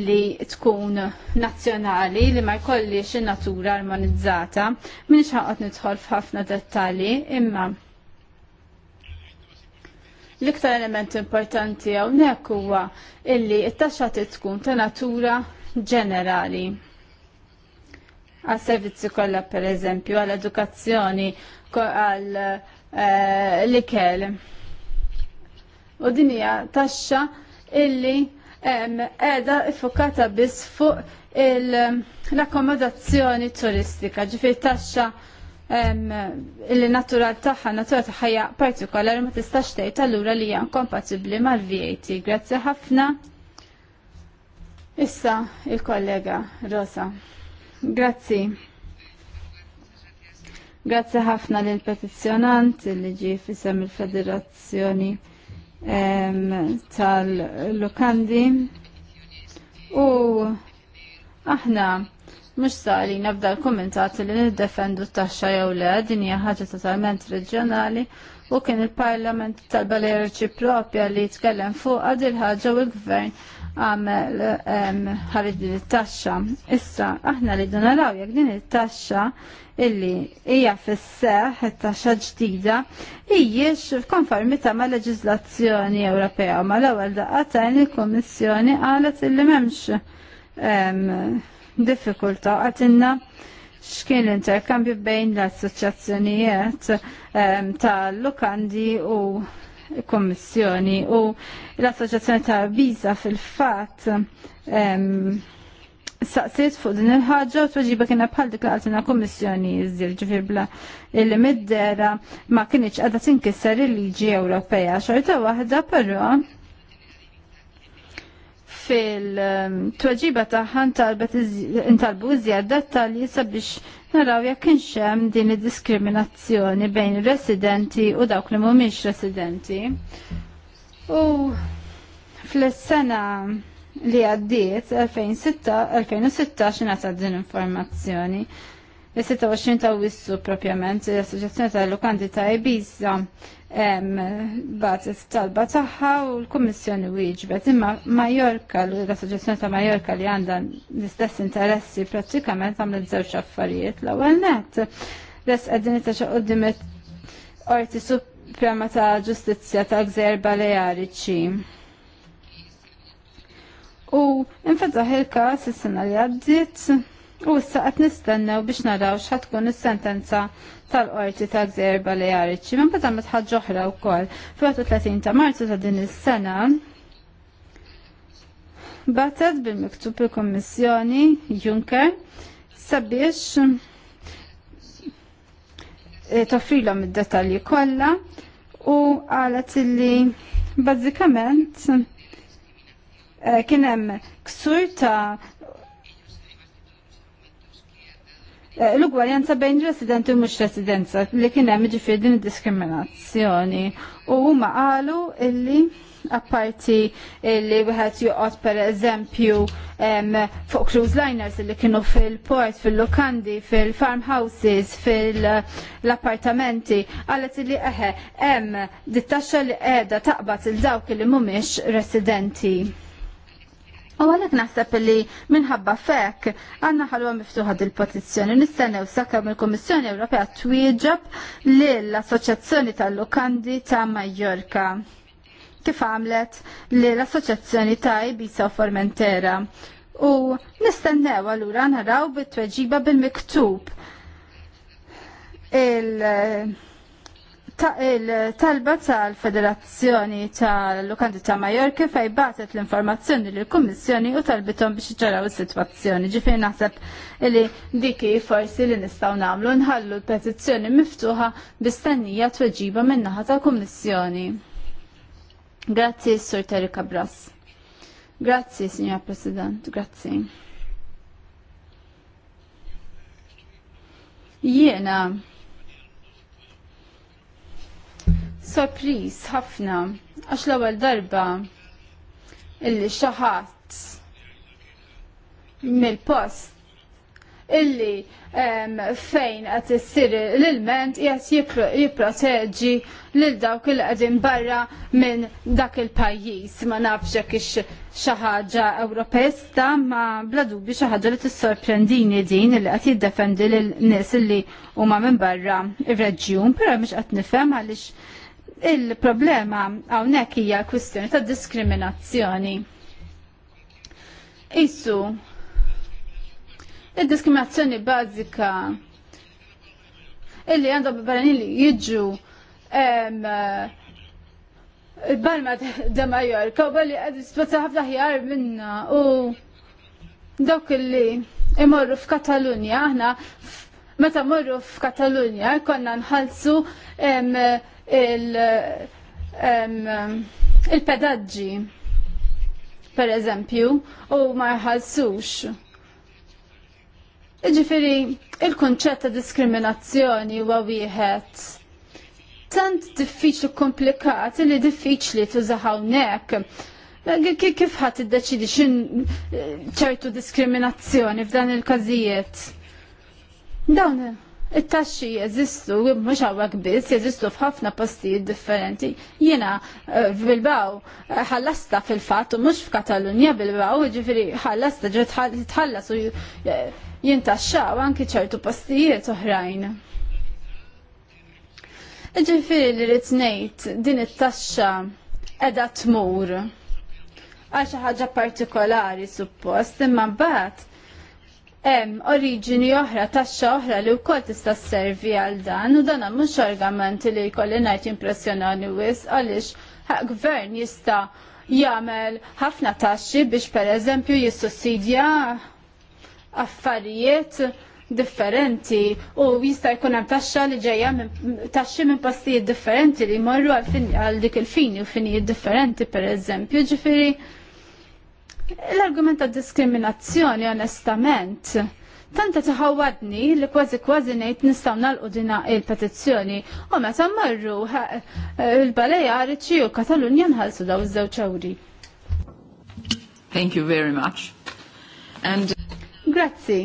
S2: li tkun nazzjonali li ma jkollix in-natura armonizzata. Minix ħaqgħod nidħol f'ħafna dettalji imma L-iktar element importanti hawnhekk huwa illi t-taxxa tkun ta' natura ġenerali għal servizzi eh, kollha pereżempju għall edukazzjoni għal l-ikel. U din hija taxxa illi qiegħda iffokata biss fuq l-akkomodazzjoni turistika, ġifir taxxa illi natural tagħha natural taħħa partikolari ma tistax tgħid allura li hija kompatibbli mal-VAT. Grazzi ħafna. Issa il-kollega Rosa. Grazzi. Grazzi ħafna lil petizzjonant li ġi fisem il-Federazzjoni tal-Lukandi u aħna Mux sali nabda l-kommentat li niddefendu t-taxxa jew le din hija ħaġa totalment reġjonali u kien il-Parlament tal balerġi propja li jitkellem fuq għad il-ħaġa u l-Gvern għamel ħarid din it-taxxa. Issa, aħna li naraw jekk din it-taxxa illi hija fis-seħ it-taxxa ġdida hijiex f'konformità ma' leġiżlazzjoni Ewropea ma l-ewwel daqatajn il-Kummissjoni qalet illi m'hemmx diffikultà għatinna xkien l-interkambju bejn l-assoċjazzjonijiet tal-lukandi u kommissjoni u l-Assoċjazzjoni ta' Biza fil-fatt saqsiet fuq din il-ħagġa u tweġiba kiena bħal dik laqatina kummissjoni iżjed ġifir bla il middera ma kienx qiegħda tinkisser il-liġi Ewropea. Xorta waħda però fil-tweġiba taħħan talbet intalbu iżjed dettalji sabiex naraw jekk kienx hemm din id-diskriminazzjoni bejn residenti u dawk li mhumiex residenti. U fl-sena li għaddiet 2016 ingħata din informazzjoni. il 26 ta' wissu propjament l-Assoċjazzjoni tal-Lukanti ta' Ibiza batet talba taħħa u l-Kommissjoni wieġbet imma Majorka, l-Assoċjazzjoni ta' Majorka li għandha l-istess interessi prattikament għamlet żewġ affarijiet l-ewwel net. Res qegħdin itaxa qudiemet Orti Suprema ta' Ġustizzja ta' Gżer Baleariċi. U infettaħ il-każ is-sena li għaddiet U issa qed nistennew biex naraw x'ħatkun is-sentenza tal-qorti ta' Gżer Baleariċi. Minn bada ma tħadd oħra wkoll fl ta' Marzu ta' din is-sena batet bil-miktub il-Kommissjoni Juncker sabiex eh, toffrilhom id-detalji kollha u qalet illi bażikament eh, kien hemm ksur ta' Eh, l-ugwaljanza bejn residenti u mhux residenza li kien hemm ġifier din id-diskriminazzjoni. U huma qalu illi apparti li wieħed joqgħod pereżempju fuq cruise liners li kienu fil-port, fil-lokandi, fil-farmhouses, fil-appartamenti, qalet illi eħe hemm dit-taxxa li qiegħda taqbad il dawk li mhumiex residenti. U għalek naħseb li minħabba fek għanna ħalwa miftuħa dil-petizzjoni. Nistennew sakra mill-Kommissjoni Ewropea twieġab l-Assoċjazzjoni tal-Lukandi ta' Majorka. Kif għamlet l-Assoċjazzjoni ta' Ibiza u Formentera. U nistennew għallura naraw bit-tweġiba bil-miktub. Il- il-talba tal-Federazzjoni tal-Lukanti ta' Majorki fej batet l-informazzjoni li l-Kommissjoni u talbitom biex iċaraw is-sitwazzjoni. Ġifej naħseb li diki forsi li nistaw namlu nħallu l-petizzjoni miftuħa bistennija tweġiba minnaħa tal-Kommissjoni. Grazzi, Sur Terri Bras. Grazzi, Signor President. Grazzi. Jiena. Yeah, Sorpriz ħafna għax l-ewwel darba illi xaħat mill-post illi fejn qed issir l-ilment qed jipproteġi lil dawk il qegħdin barra minn dak il-pajjiż. Ma nafx hekk xi ħaġa Ewropesta ma bla dubju xi ħaġa li tissorprendini din illi qed jiddefendi lil nies illi huma minn barra ir-reġjun, però mhux qed nifhem għaliex Il-problema hawnhekk hija kwistjoni ta' diskriminazzjoni. Isu, id-diskriminazzjoni bażika illi għandhom barani li jiġu il barma da Majorka u balli għad jispazza ħafna ħjar minna u dawk li imorru f'Katalunja, aħna meta morru f'Katalunja konna nħalsu il-pedaġġi per eżempju u ma jħallsux. Iġifiri, il-konċett ta' diskriminazzjoni huwa wieħed tant diffiċli komplikat li diffiċli tużaw hawnhekk. Kif ħadd deċidi xin eh, ċertu diskriminazzjoni f'dan il-każijiet? Dawn it-taxxi jeżistu, mhux hawnhekk biss, jeżistu f'ħafna postijiet differenti. Jiena eh, Bilbaw eh, ħallasta fil-fatt u mhux f'Katalunja Bilbaw, jiġifieri ħallasta ġiet tħallas u eh, jintaxxaw anke ċertu postijiet oħrajn. Ġifiri li ritnejt din it-taxxa edha tmur għal xi ħaġa partikolari suppost imma mbagħad hemm oriġini oħra taxxa oħra li wkoll tista' sservi għal dan u dan mhux argument li jkolli ngħid impressjonani wis għaliex gvern jista' jagħmel ħafna taxxi biex pereżempju jissussidja affarijiet differenti u jista' jkun hemm taxxa li ġejja taxxi minn postijiet differenti li jmorru għal dik il-fini u finijiet differenti pereżempju ġifieri L-argument ta' diskriminazzjoni, onestament, tanta taħawadni li kważi kważi nejt nistaw nalqu dina il-petizzjoni u meta marru il-Balejariċi u Katalunja nħalsu daw iż-żewġ awri. Thank you very much. And Grazzi.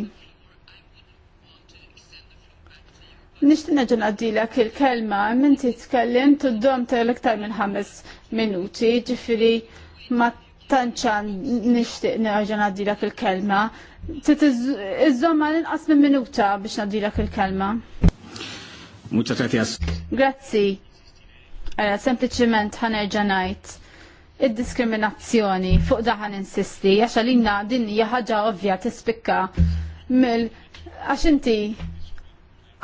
S2: Nishtin neġan għaddilak il-kelma, minn titkellim tuddom ta' l-iktar minn ħames minuti, ġifiri ma tanċan nishtiq nerġa' nadilak il-kelma. Iżomma l-inqas minn minuta biex nadilak il-kelma.
S3: Muchas gracias.
S2: Grazzi. Għara, eh, sempliciment ħanerġa' ngħid id-diskriminazzjoni fuq daħan insisti, għax għalina din hija ħaġa ovvja tispikka mill għax inti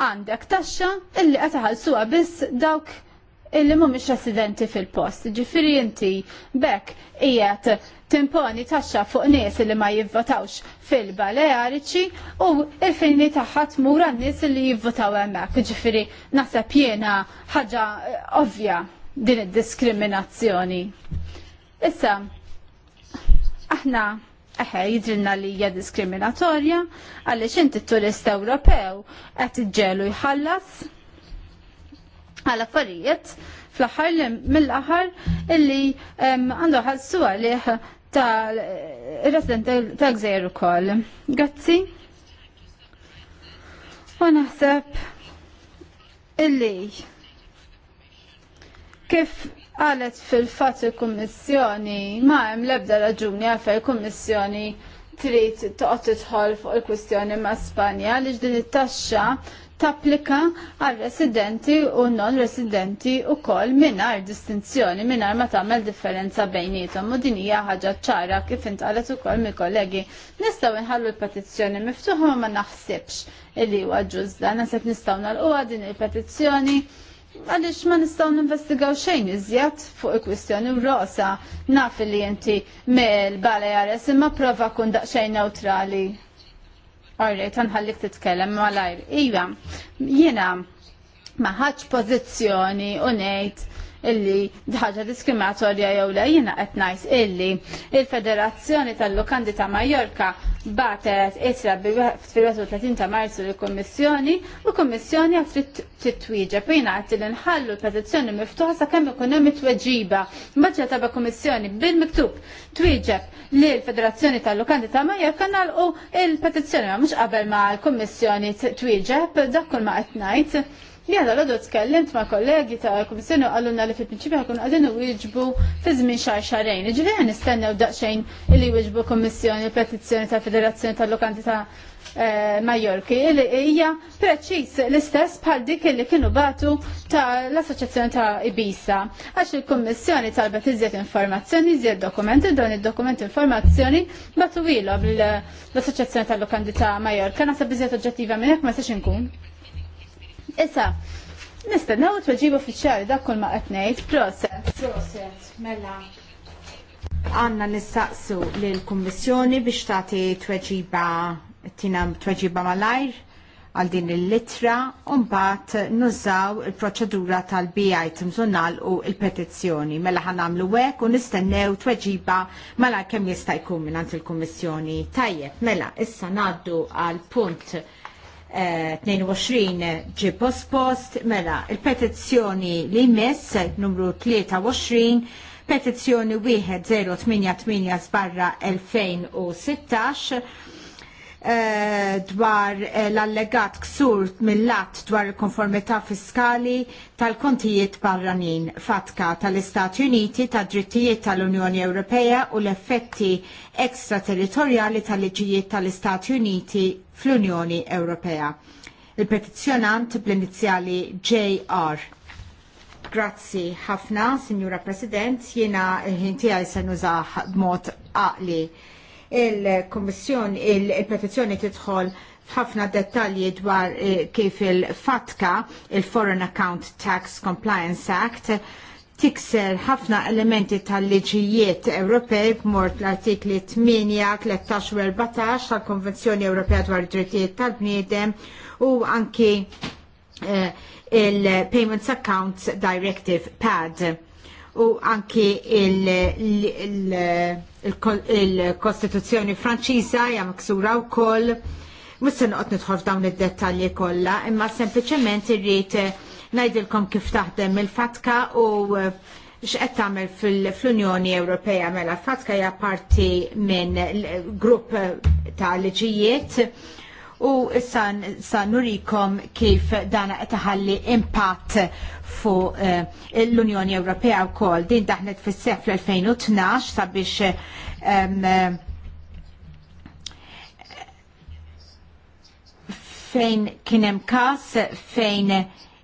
S2: għandek taxxa illi qed suwa biss dawk illi mhumiex residenti fil-post. Ġifiri inti bekk qiegħed timponi taxxa fuq nies li ma jivvotawx fil-Baleariċi u il finni tagħha mura nies li jivvotaw hemmhekk. Ġifiri, naħseb jiena ħaġa eh, ovvja din id-diskriminazzjoni. Issa, aħna eħe jidrinna li hija diskriminatorja għaliex inti turist Ewropew qed iġġelu jħallas għal affarijiet fl-aħħar mill-aħħar illi għandu ħassu għalih tal-resident ta' gżejr ukoll. Grazzi. U naħseb illi kif għalet fil-fat il-Kommissjoni ma hemm l-ebda raġuni għalfej il-Kommissjoni trid toqgħod tidħol fuq il-kwistjoni ma' Spanja għaliex din it-taxxa tapplika għal residenti u non residenti u kol minar distinzjoni minar ma tagħmel differenza bejnietom u din hija ħaġa ċara kif intqalet ukoll mill kollegi nistgħu nħallu l-petizzjoni miftuħa ma naħsibx illi huwa ġużda naħseb nistgħu nagħlquha din il-petizzjoni għalix ma nistaw ninvestigaw xejn iżjed fuq il-kwistjoni u rosa naf li inti mill-Baleares imma prova kun daqxejn neutrali Għarri, tanħallik titkellem malajr. Iva, jiena maħħaċ pozizjoni unejt illi ħaġa diskriminatorja jew le jina qed ngħid illi il-Federazzjoni tal-Lukandi ta' Majorka batet isra fil-31 ta' Marzu l-Kummissjoni u l-Kummissjoni għad titwieġeb jiena qed inħallu l-petizzjoni miftuħa sakemm ikun hemm it-tweġiba. Mbagħad taba' Kummissjoni bil-miktub twieġeb li l-Federazzjoni tal-Lukandi ta' Majorka nagħlqu il-petizzjoni ma mhux qabel ma l-Kummissjoni twieġeb dak kull ma qed ngħid li għadha l-għadu tkellimt ma' kollegi ta' komissjoni għalluna li fil-prinċipju għakun għadin u wieġbu fi żmien xar xarajn. Ġifieri għan nistennew daqsxejn li wieġbu u petizzjoni ta' Federazzjoni tal-Lokanti ta' eh, Majorki li hija preċis l-istess bħal dik li kienu batu ta' l-Assoċjazzjoni ta' Ibisa. Għax il-Kummissjoni talbet iżjed informazzjoni, iżjed dokumenti, dawn id-dokumenti informazzjoni batu ilhom l-Assoċjazzjoni tal-Lokandi ta' Majorka. Nasab iżjed oġġettiva minn hekk ma sex inkun. Issa, nistennaw
S1: t-tweġibu fiċċari dak kol ma għatnejt, proset. Proset, mela. Għanna nistaqsu l-Kommissjoni biex tagħti tweġiba tina t-raġiba malajr għal din il-litra unbat nużaw il-proċedura tal-BI timżunnal u il-petizzjoni. Mela ħanamlu wek u nistennew tweġiba mela kemm jista' jkun minn il-Kummissjoni. Tajjeb, mela issa naddu għal punt 22 eh, ġi post mela il-petizzjoni li mess numru 23 petizzjoni 1088 sbarra 2016 dwar eh, l-allegat ksur mill-lat dwar il-konformità fiskali tal-kontijiet barranin fatka tal-Istati Uniti ta' drittijiet tal-Unjoni Ewropea u l-effetti ekstraterritorjali tal-liġijiet tal-Istati Uniti fl-Unjoni Ewropea. Il-petizzjonant bl-inizjali JR. Grazzi ħafna, Signora President, jiena ħintijaj se nużaħ b'mod għaqli. Il-Kommissjoni, il-petizzjoni tidħol ħafna dettalji dwar eh, kif il-FATCA, il-Foreign Account Tax Compliance Act, tikser ħafna elementi tal-liġijiet Ewropej b'mort l-artikli 8, 13 u 14 tal-Konvenzjoni Ewropea dwar id-drittijiet tal-bniedem u anki eh, il-Payments Accounts Directive PAD u anki il-Kostituzzjoni Franċiża hija maksura wkoll. Mhux se noqgħod nidħol f'dawn id-dettalji kollha, imma sempliċement irrid Ngħidilkom kif taħdem il-fatka u eh, x'qed tagħmel fl-Unjoni Ewropea mela fatka hija parti minn grupp eh, ta' liġijiet u issa sa nurikom kif dan qed iħalli impatt fuq eh, l-Unjoni Ewropea wkoll. Din daħnet fis-sef l-2012 sabiex fejn kien hemm każ fejn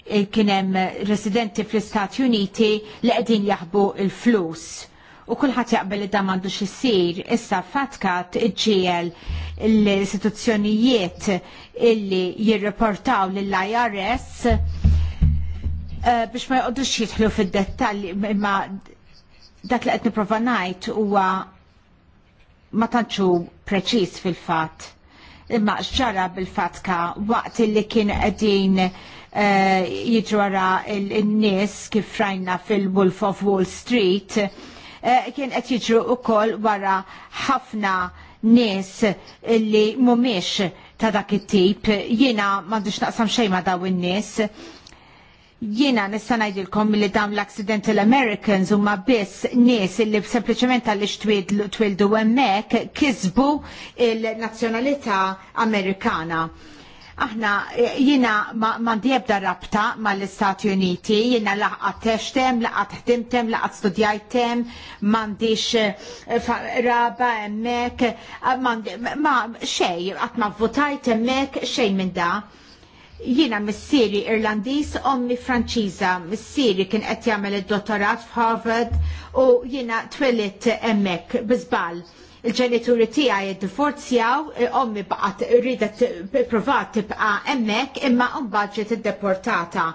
S1: Eh, kienem residenti fl-Istati Uniti li qegħdin jaħbu il-flus u kullħat jaqbel li dan m'għandux isir issa fatkat iġiel l-istituzzjonijiet illi jirreportaw lill-IRS eh, biex ma jqogħdux jidħlu fid-dettalji imma dak li qed nipprova ngħid huwa ma tantxu preċiż fil-fatt imma xġara bil-fatka waqt li kien qegħdin Eh, jitru għara n-nies kif rajna fil-Wolf of Wall Street eh, kien qed jiġru wkoll wara ħafna nies li mhumiex ta' dak it-tip, jiena m'għandux naqsam xejn ma' daw in-nies. Jiena nista' ngħidilkom li dawn l-accidental Americans huma biss nies li sempliċement għaliex twildu hemmhekk kisbu il-nazzjonalità Amerikana Aħna jina mandi ebda rabta mal-Istati Uniti, jina laqat teċtem, ħtimtem, ħdimtem, laqat studjajtem, mandiċ eh, raba emmek, eh, ma xej, għatma votajt emmek, xej minn da. Jina missieri Irlandis, ommi Franċiża, missieri kien qed jagħmel id-dottorat f'Harvard u jina twellit hemmhekk bizbal il-ġenituri tiegħi iddivorzjaw, eh, ommi baqgħet ridet provat tibqa' emmek imma mbagħad ġiet deportata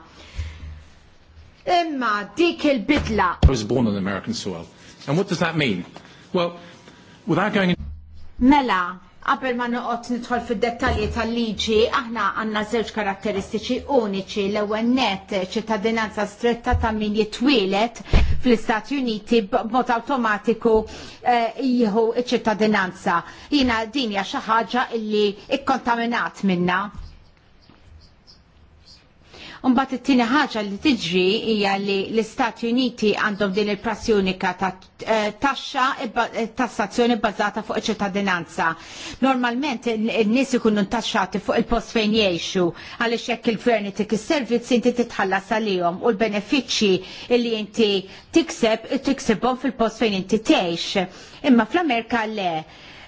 S1: Imma dik il-bidla.
S3: I was born on American soil. And what does that mean? Well, without going in...
S1: Mela, Qabel ma noqgħod nidħol fid-dettalji tal-liġi, aħna għandna żewġ karatteristiċi uniċi l-ewwel net ċittadinanza stretta ta' min jitwielet fl-Istati Uniti b'mod awtomatiku eh, jieħu ċ-ċittadinanza. Jiena din hija xi ħaġa illi ikkontaminat minna Unbat it-tieni ħaġa li tiġri hija li l-Istati Uniti għandhom din il-prassi unika ta' eh, taxxa eh, tassazzjoni bbażata fuq iċ-ċittadinanza. Normalment in-nies ikunu ntaxxati fuq il-post fejn jgħixu għaliex hekk il-gvern tik is servizzi inti titħallas għalihom u l-benefiċċji li inti tikseb tiksebhom fil-post fejn inti tgħix. Imma fl-Amerika le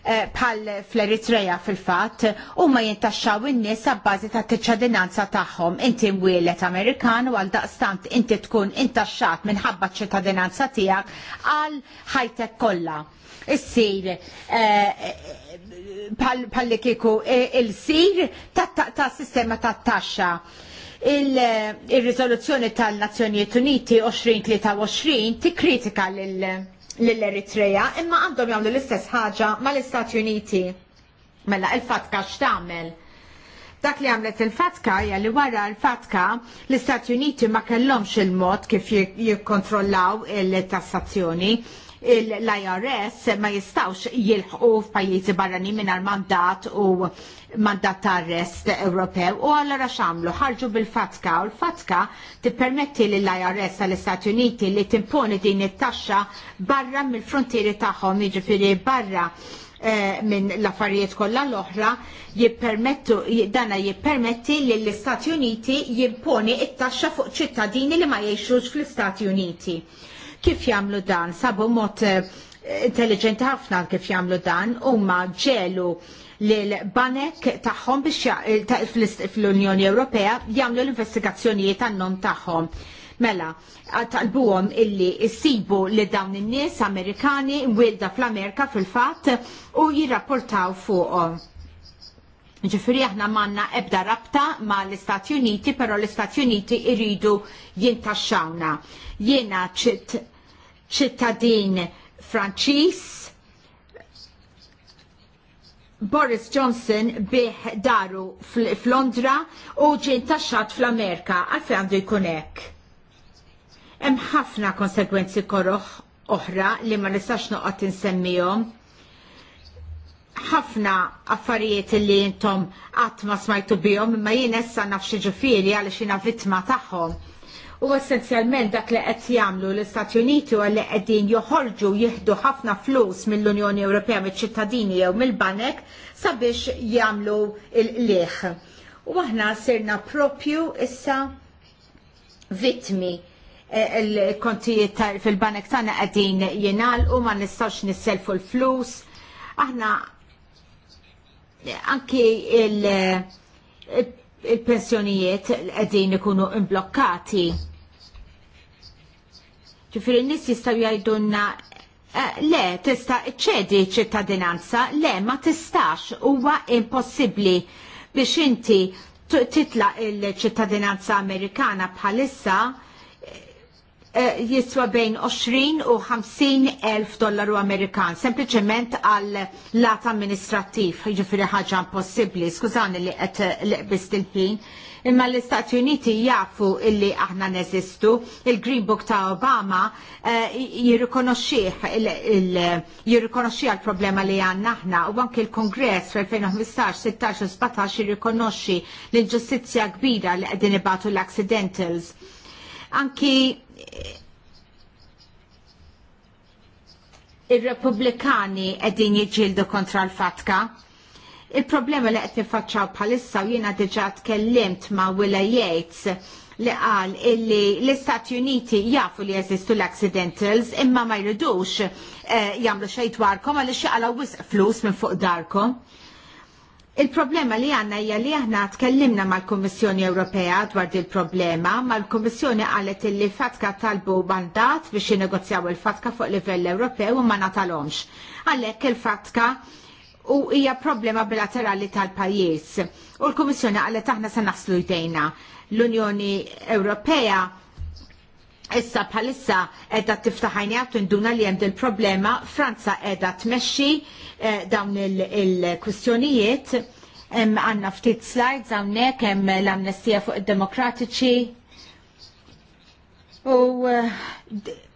S1: bħal eh, fl-Eritrea fil-fat u ma jintaxxaw in-nies għabbażi ta' t-ċadinanza tagħhom. Inti mwielet Amerikan u għal daqstant inti tkun intaxxat minħabba ċ-ċittadinanza tiegħek għal ħajtek kollha. Issir bħal eh, kieku eh, il-sir ta' sistema ta' taxxa il-rizoluzzjoni tal-Nazzjonijiet Uniti 2023 tikkritika lil l-Eritrea imma għandhom jagħmlu l-istess ħaġa mal-Istati Uniti. Mela il-fatka x'tagħmel? Dak li għamlet il-fatka hija li wara l-fatka l-Istati Uniti ma kellhomx il-mod kif jikkontrollaw il-tassazzjoni l-IRS ma jistawx jilħqu f'pajjiżi barrani mingħajr mandat u mandat ta' arrest Ewropew u allura xamlu ħarġu bil-fatka u l-fatka tippermetti lill irs tal-Istati Uniti li timponi din it-taxxa barra mill-frontieri tagħhom jiġifieri barra eh, minn l-affarijiet kollha l-oħra jippermettu dana jippermetti li l-Istati Uniti jimponi it-taxxa fuq ċittadini li ma jgħixux fl-Istati Uniti. Kif jagħmlu dan? Sabu mod eh, intelligenti ħafna kif jagħmlu dan huma ġelu l-banek tagħhom biex eh, fl-Unjoni Ewropea jagħmlu l-investigazzjonijiet għannom tagħhom. Mela, talbuhom illi issibu li dawn in-nies Amerikani wilda fl-Amerika fil-fatt u jirrapportaw fuqhom. Ġifiri aħna manna ebda rabta ma l-Istati Uniti, pero l-Istati Uniti irridu jintaxxawna. Jiena ċitt ċittadin Franċiż Boris Johnson bih daru f'Londra u ġie taxxat fl-Amerika għalfejn għandu jkun hekk. Hemm ħafna konsegwenzi koroħ oħra li ma nistax noqgħod insemmihom. Ħafna affarijiet li intom qatt ma smajtu bihom imma jien issa naf xi ġifieri għaliex jiena vittma tagħhom U essenzjalment dak li qed jagħmlu l-Istati Uniti u li qegħdin joħorġu jieħdu ħafna flus mill-Unjoni Ewropea mill-ċittadini jew mill-banek sabiex jagħmlu l-leħ. U aħna sirna propju issa vitmi e, l kontijiet fil-banek tagħna qegħdin jingħalqu ma nistax nisselfu l-flus. Aħna anki il-pensjonijiet qegħdin ikunu imblokkati Ġifiri n-nis jistaw jajdunna eh, le, tista ċedi ċittadinanza, le, ma tistax, huwa impossibli biex inti titla il-ċittadinanza Amerikana bħalissa eh, jiswa bejn 20 u 50 elf dollaru Amerikan, sempliciment għal lat amministrativ, ġifiri ħaġa impossibli, skużani li qed leqbist il-ħin, imma l-Istati Uniti jafu illi aħna neżistu, il-Green Book ta' Obama eh, jirrikonoxxih għal-problema li għanna aħna u anke l-Kongress fil 2015 16 u jirrikonoxxi l-inġustizzja kbira li qegħdin ibatu l-accidentals. Anki eh, il-Republikani għedin jġildu kontra l-fatka Il-problema li qed nifaċċaw bħalissa u jiena diġa' tkellimt ma' Willa Yates li qal illi l-Istati Uniti jafu li jeżistu l-accidentals imma ma jridux eh, jagħmlu xejn dwarkom għaliex jaqalaw wisq flus minn fuq darkom. Il-problema li għanna hija li aħna tkellimna mal-Kummissjoni Ewropea dwar il problema mal-Kummissjoni qalet illi fatka talbu mandat biex jinegozjaw il-fatka fuq livell Ewropew u ma natalhomx. Għalhekk il-fatka il fatka u hija problema bilaterali tal-pajjiż. U l-Kummissjoni qalet aħna se naslu jdejna. L-Unjoni Ewropea issa bħalissa edha tiftaħajnija tinduna li hemm il-problema Franza edha tmexxi eh, dawn il-kwistjonijiet il hemm għandna ftit slides hawnhekk hemm l-amnestija fuq id-demokratiċi u eh,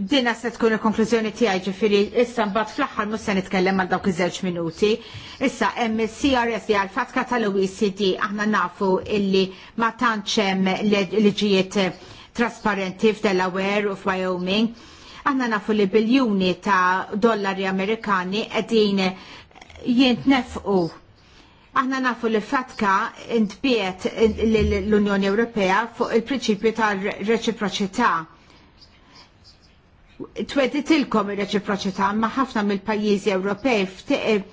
S1: Din se tkun il-konklużjoni tiegħi ġifieri issa mbagħad fl-aħħar mhux se nitkellem għal dawk iż-żewġ minuti. Issa hemm crs li għall-fatka tal-OECD aħna nafu illi ma tantx hemm liġijiet trasparenti f'Delaware u f'Wyoming. Aħna nafu li biljuni ta' dollari Amerikani qegħdin jintnefqu Aħna nafu li fatka intbiet l-Unjoni Ewropea fuq il-prinċipju tal-reċiproċità tweditilkom ir-reċiproċità ma ħafna mill-pajjiżi Ewropej eh,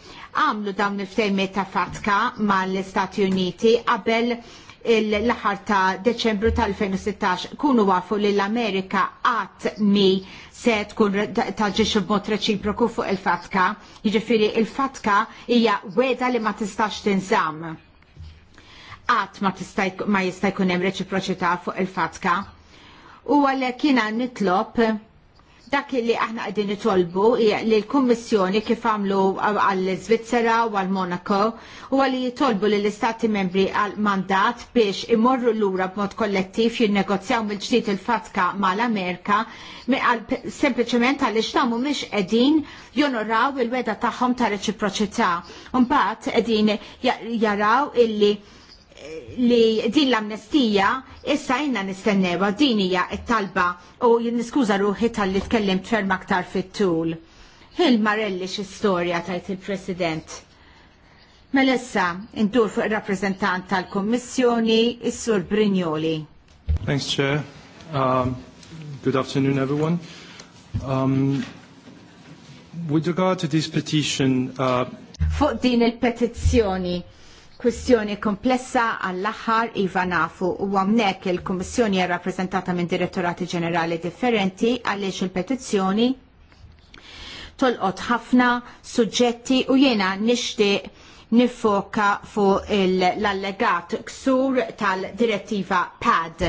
S1: għamlu dawn il-ftejmiet ta' fatka mal-Istati Uniti qabel l-aħħar ta' Deċembru tal-2016 kunu wafu li l-Amerika għat mi se tkun taġġiex b'mod reċiproku fuq il-fatka, jiġifieri il-fatka hija weda li ma tistax tinżamm. Għat ma jista' jkun hemm reċiproċità fuq il-fatka. U għalhekk jiena nitlob Dak li aħna qegħdin nitolbu li l-Kummissjoni kif għamlu għall-Svizzera u għall-Monaco u għalli jitolbu li l-Istati membri għal mandat biex imorru lura b'mod kollettiv jinnegozjaw mill-ġdid il-fatka mal-Amerika sempliċement għaliex tamu miex qegħdin jonoraw il-weda tagħhom ta' reċiproċità. Mbagħad qegħdin jaraw illi li din l-amnestija issa inna nistennewa din hija t-talba u niskuża ruħi tal-li tkellim ferm aktar fit-tul. Hil Marelli x-istorja tajt il-President. Melissa, indur fuq il-rappresentant tal-Kommissjoni, is-Sur Brignoli. Thanks, Chair. Um, good afternoon, everyone. Um, with regard to this petition... Uh... Fuq din il-petizzjoni, kwistjoni komplessa għall-aħħar iva nafu u għamnek il-Kommissjoni rappresentata minn direttorati ġenerali differenti għaliex il-petizzjoni tolqot ħafna suġġetti u jena nixtieq nifoka fuq l-allegat ksur tal-direttiva PAD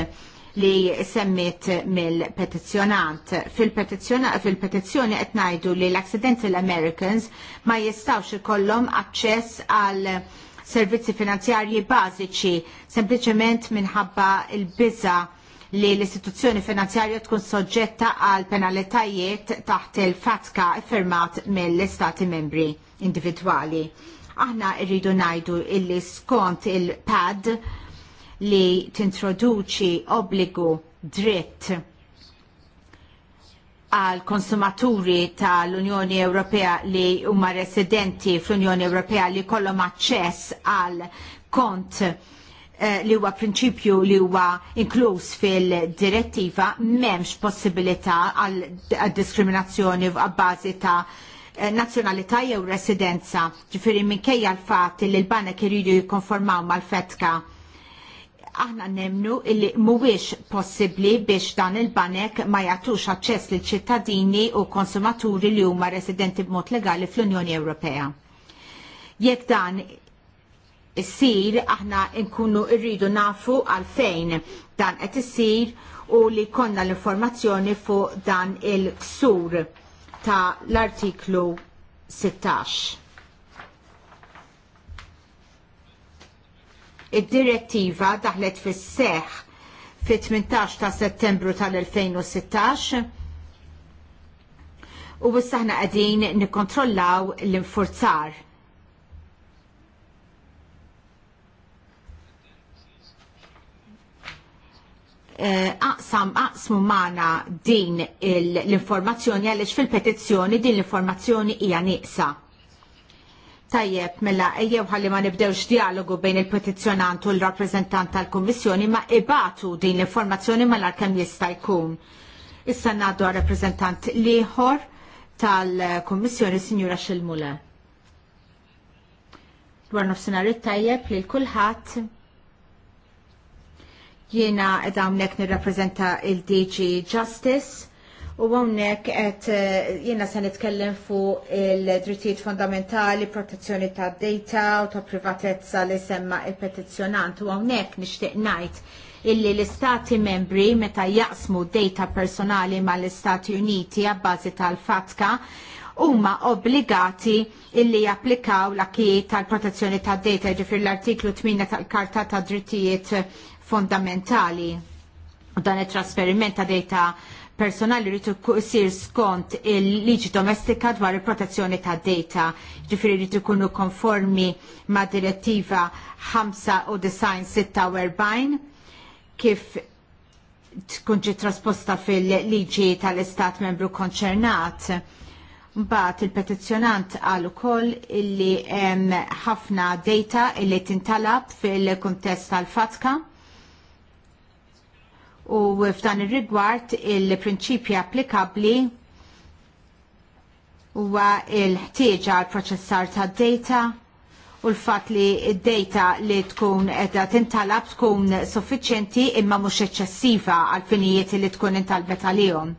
S1: li semmit mill-petizjonant. Fil-petizjoni qed ngħidu li l-Accidental Americans ma jistawx ikollhom aċċess għal servizzi finanzjarji bażiċi sempliċement minħabba il-biża li l-istituzzjoni finanzjarja tkun soġġetta għal penalitajiet taħt il-fatka firmat mill-istati membri individwali. Aħna rridu najdu illi skont il-pad li tintroduċi obbligu dritt għal konsumaturi tal-Unjoni Ewropea li huma residenti fl-Unjoni Ewropea li kollhom aċċess għal kont eh, li huwa prinċipju li huwa inkluż fil-direttiva m'hemmx possibilità għal diskriminazzjoni f'abbażi ta' eh, nazzjonalità jew residenza. Ġifieri minkejja l-fatt li l-banek iridu jikkonformaw mal-fetka Aħna nemnu illi mhuwiex possibbli biex dan il-banek ma jagħtux aċċess lil ċittadini u konsumaturi li huma residenti b'mod legali fl-Unjoni Ewropea. Jekk dan issir aħna nkunu rridu nafu għalfejn dan qed issir u li konna l-informazzjoni fuq dan il-ksur ta' l-artiklu 16. Id-direttiva daħlet fis seħħ fi 18 ta' settembru tal-2016 u wissaħna qegħdin nikkontrollaw l-infurzar. Eh, aqsam aqsmu maħna din l-informazzjoni għalix fil-petizzjoni din l-informazzjoni hija nieqsa. Tajjeb, mela, ejjew ħalli ma nibdewx dialogu bejn il-petizjonant u l-rappresentant tal-Kommissjoni ma ibatu din l-informazzjoni mal kemm jista' jkun. Issa ngħaddu għal rappresentant liħor tal-Kommissjoni Sinjura Xilmule. Dwar nofsinhar tajjeb li kulħadd jiena qed hawnhekk nirrappreżenta il-DG Justice U għonek għet eh, jena se nitkellem fuq il-drittijiet fondamentali, protezzjoni ta' data u ta' privatezza li semma il-petizjonant. U għonek nishtiq najt illi l-istati membri meta jaqsmu data personali ma l-Istati Uniti għabbażi tal-fatka huma obbligati illi japplikaw l-akki tal-protezzjoni ta' data ġifir l-artiklu 8 tal-Karta ta' Drittijiet Fondamentali. U dan it-trasferiment ta' data personali rritu sir skont il-liġi domestika dwar il-protezzjoni ta' data, ġifiri rritu kunu konformi ma' direttiva 95-46 kif tkun ġi trasposta fil-liġi tal-istat membru konċernat. Mbagħad il-petizzjonant qal ukoll illi hemm ħafna data illi tintalab fil-kuntest tal-fatka u f'dan ir-rigward il-prinċipji applikabbli huwa l-ħtieġa għal proċessar ta' data u l fatt li d-data li tkun edha tintalab tkun suffiċjenti imma mhux eċċessiva għal finijiet li tkun intalbet għalihom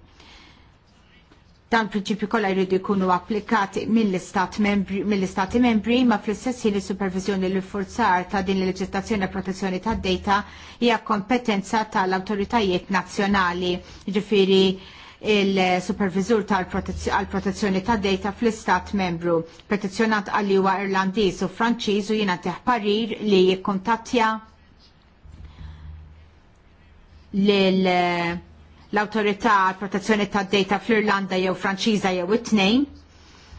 S1: Dan prinċipju kollha jridu jkunu applikati mill-istati membri, mill membri ma fl-istess li supervizjoni l forzar ta' din il-leġislazzjoni protezzjoni ta' data hija kompetenza tal-awtoritajiet nazzjonali, jiġifieri il-supervizur tal-protezzjoni ta' data fl-istat membru. Petizzjonat għalli huwa Irlandiż u Franċiż u jiena parir li jikkontattja lil l-autorità protezzjoni ta' data fl-Irlanda jew Franċiża jew it-tnejn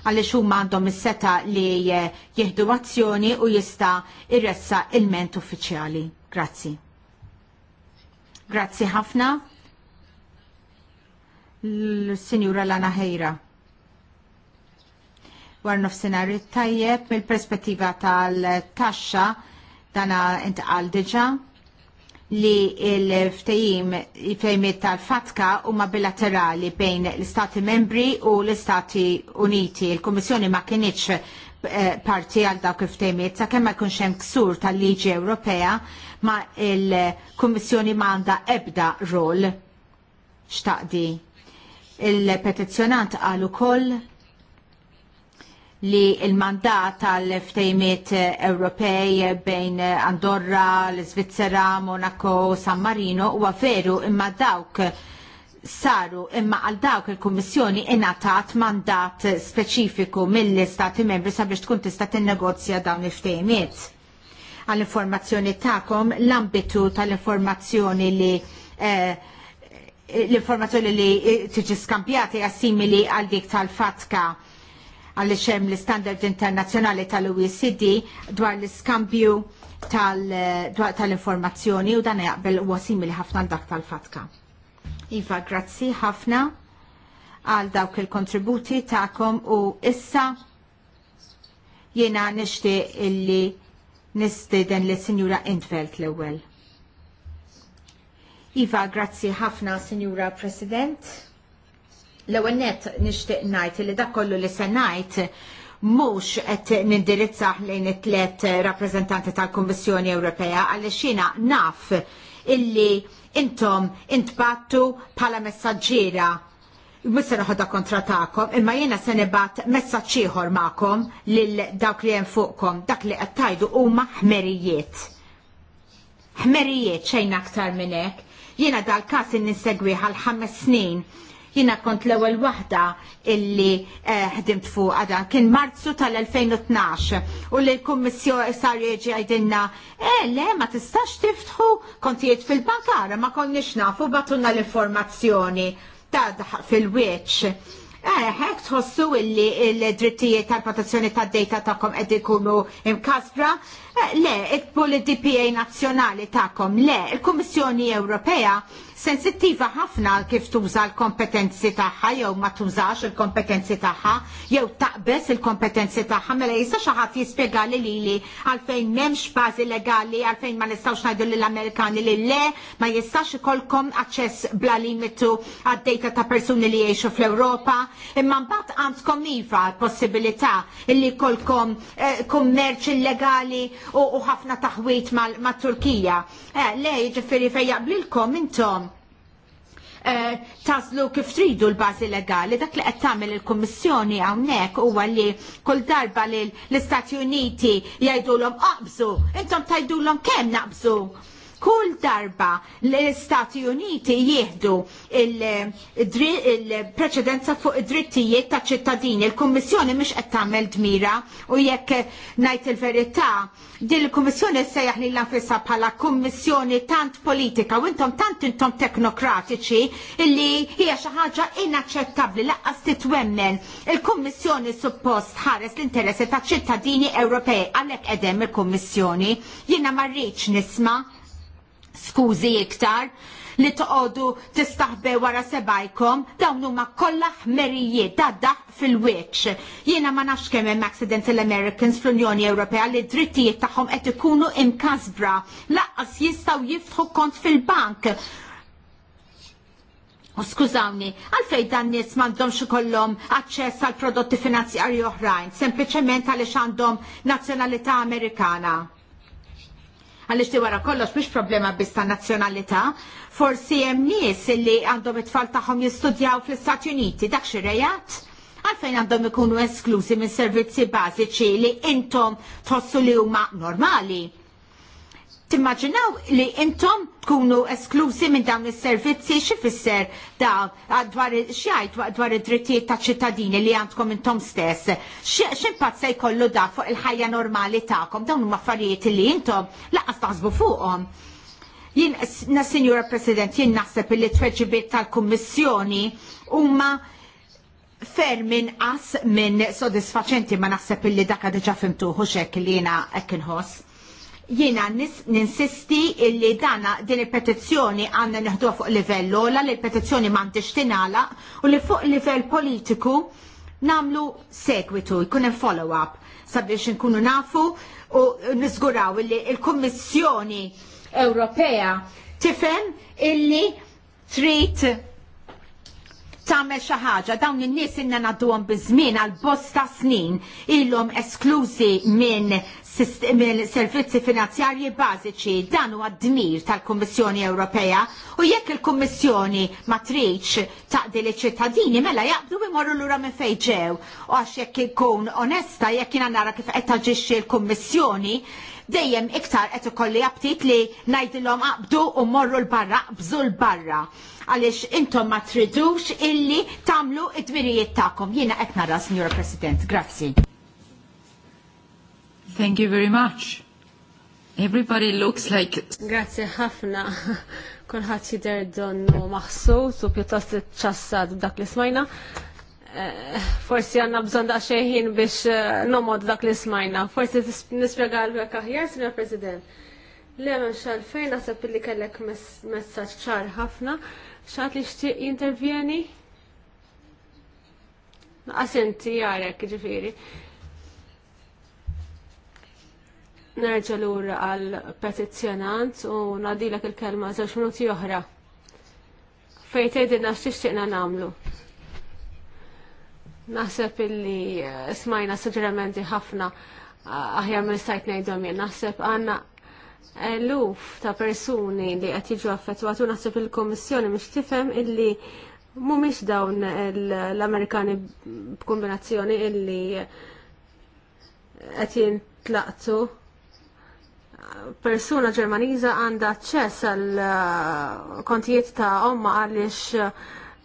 S1: għaliex huma għandhom is-seta li eh, jieħdu azzjoni u jista' irressa il-ment uffiċjali. Grazzi. Grazzi ħafna. L-Sinjura Lana Hejra war nofsinari tajjeb mill-perspettiva tal-taxxa dana intqal diġa li il-ftejim fejmiet tal-fatka huma bilaterali bejn l-Stati membri u l-Stati Uniti. Il-Kommissjoni ma kienieċ eh, parti għal dawk il-ftejmiet sa' kemma ma jkunx hemm ksur tal-Liġi Ewropea ma il-Kommissjoni ma għanda ebda rol xtaqdi. Il-petizzjonant għal ukoll li il-mandat tal-ftejmiet Ewropej bejn Andorra, l-Svizzera, Monaco, San Marino huwa veru imma dawk saru imma għal dawk il-Kummissjoni ingħatat mandat speċifiku mill-Istati membri sabiex tkun tista' tinnegozja dawn il-ftejmiet. Għall-informazzjoni tagħkom l-ambitu tal-informazzjoni li eh, l-informazzjoni li tiġi hija għassimili għal dik tal-fatka għaliex hemm l istandard internazzjonali tal-OECD dwar l-iskambju eh, tal-informazzjoni u dan jaqbel huwa simili ħafna l dak tal-fatka. Iva, grazzi ħafna għal dawk il-kontributi ta'kom u issa jena nishti illi den li Sinjura Intvelt l-ewwel. Iva, grazzi ħafna, Sinjura President. L-ewwel nett nixtieq ngħid li dak kollu li se ngħid mhux qed nindirizzah lejn it-tliet rappreżentanti tal-Kummissjoni Ewropea għaliex jiena naf illi intom intbattu bħala messaġġiera Missa naħodha kontra ta'kom, imma jena se nibat messaċ ieħor ma'kom lil dawk li hemm fuqkom, dak li qed tajdu huma ħmerijiet. Ħmerijiet xejn aktar minn hekk. Jiena dal-każ insegwi għal ħames snin Jina kont l-ewwel waħda illi eh, ħdimt eh, fuq Kien Marzu tal-2012 u li l-Kummissjoni sar jieġi għajdilna e eh, le ma tistax tiftħu kont kontijiet fil-bankara ma konniex nafu batunna l-informazzjoni ta' fil-wieċ. Eħek eh, tħossu illi l drittijiet tal-protezzjoni tad data tagħkom qed ikunu imkasbra? Le, it-pol DPA nazzjonali tagħkom le, il-Kummissjoni Ewropea sensittiva ħafna kif tuża l-kompetenzi tagħha jew ma tużax il-kompetenzi tagħha jew taqbes il-kompetenzi tagħha mela jista' xi ħadd jispjegali lili għalfejn m'hemmx bażi legali għalfejn ma nistgħux ngħidu lill-Amerikani li le ma jistax ikolkom aċċess bla limitu għad dejta ta' persuni li jgħixu fl-Ewropa imma mbagħad għandkom iva l-possibilità li jkollkom eh, kummerċ illegali u ħafna taħwit mat Turkija. Eh, le, jiġifieri fejn jaqblilkom intom Eh, tazlu kif tridu l-bażi legali. Dak li qed tagħmel il-Kummissjoni hawnhekk huwa li kull darba li l-Istati Uniti jgħidulhom aqbżu, intom l-om kemm naqbżu Kull darba l-Stati Uniti jieħdu il-preċedenza fuq id-drittijiet ta' ċittadini. Il-Kummissjoni mhix qed tagħmel dmira u jekk ngħid il-verità din il-Kummissjoni sejjaħ li anfisa bħala Kummissjoni tant politika u intom tant intom teknokratiċi illi hija xi ħaġa inaċċettabbli laqqas titwemmen. Il-Kummissjoni suppost ħares l-interessi ta' ċittadini Ewropej għalhekk qegħdem il-Kummissjoni. Jiena ma rridx nisma' skużi iktar li toqodu tistaħbe wara sebajkom, dawn huma kollha ħmerijiet daħ fil-wiċċ. Jiena ma nafx kemm hemm accidental Americans fl-Unjoni Ewropea li d-drittijiet tagħhom qed ikunu imkasbra laqqas jistgħu jiftħu kont fil-bank. U skużawni, għalfej dan nies m'għandhomx ikollhom aċċess għal prodotti finanzjarji oħrajn, sempliċement għaliex għandhom nazzjonalità Amerikana għaliex li wara kollox biex problema biss ta' nazzjonalità, forsi hemm nies illi għandhom it-tfal tagħhom jistudjaw fl-Istati Uniti dak xi rejat għalfejn għandhom ikunu esklusi minn servizzi bażiċi li intom tħossu li huma normali timmaġinaw li intom tkunu esklużi minn dawn is-servizzi xifisser dawn dwar xjajt dwar id-drittijiet ta' ċittadini li għandkom intom stess. X'impatt se jkollu da fuq il-ħajja normali tagħkom dawn huma affarijiet li intom laqas taħsbu fuqhom. Jien na Sinjura President jien naħseb li tweġibiet tal-Kummissjoni huma ferm minn as minn sodisfaċenti ma naħseb illi dak diġà fimtuħu xek li jiena hekk inħoss. Jiena ninsisti illi dana din il-petizzjoni għandna neħduha fuq livell ola li l-petizzjoni m'għandix tingħalaq u li fuq livell politiku nagħmlu segwitu, jkun hemm follow-up sabiex nkunu nafu u niżguraw illi il-Kummissjoni Ewropea tifhem illi trid tamel xi ħaġa dawn in-nies inna ngħadduhom bi żmien għal bosta snin ilhom esklużi minn mill-servizzi finanzjarji bażiċi dan huwa d-dmir tal-Kummissjoni Ewropea u jekk il-Kummissjoni ma tridx taqdi li ċittadini mela jaqbdu imorru lura minn fejġew ġew u għax jekk ikun onesta jekk jiena nara kif qed taġixxi l-Kummissjoni dejjem iktar qed ikolli aptit li ngħidilhom qabdu u morru l-barra qabżu l-barra għaliex intom ma tridux illi tagħmlu id-dmirijiet tagħkom. Jiena qed nara, Signora President. Grazzi. Thank you very much. Everybody looks like...
S3: Grazie ħafna. Kolħat jider donnu maħsu su pjuttost ċassad dak li smajna. Eh, forsi għanna bżon da xeħin biex eh, nomod dak li smajna. Forsi nispiega għalbek aħjar, Sr. President. Le, xalfejn għasab li kellek messaċ ċar ħafna. Xat li xtiq jintervjeni? Għasinti għarek, ġifiri nerġa' lura għal petizzjonant u nadilek il-kelma żewġ minuti oħra. Fejn tgħidilna x'tixtieqna nagħmlu. Naħseb illi eh, smajna suġġerimenti ħafna eh, aħjar minn stajt ngħidhom jien. Naħseb għandna eh, eluf ta' persuni li qed jiġu affettwati naħseb il-Kommissjoni mux tifem illi mhumiex dawn l-Amerikani b'kombinazzjoni illi qed jintlaqtu persuna ġermaniża għandha aċċess għal uh, kontijiet ta' omma għaliex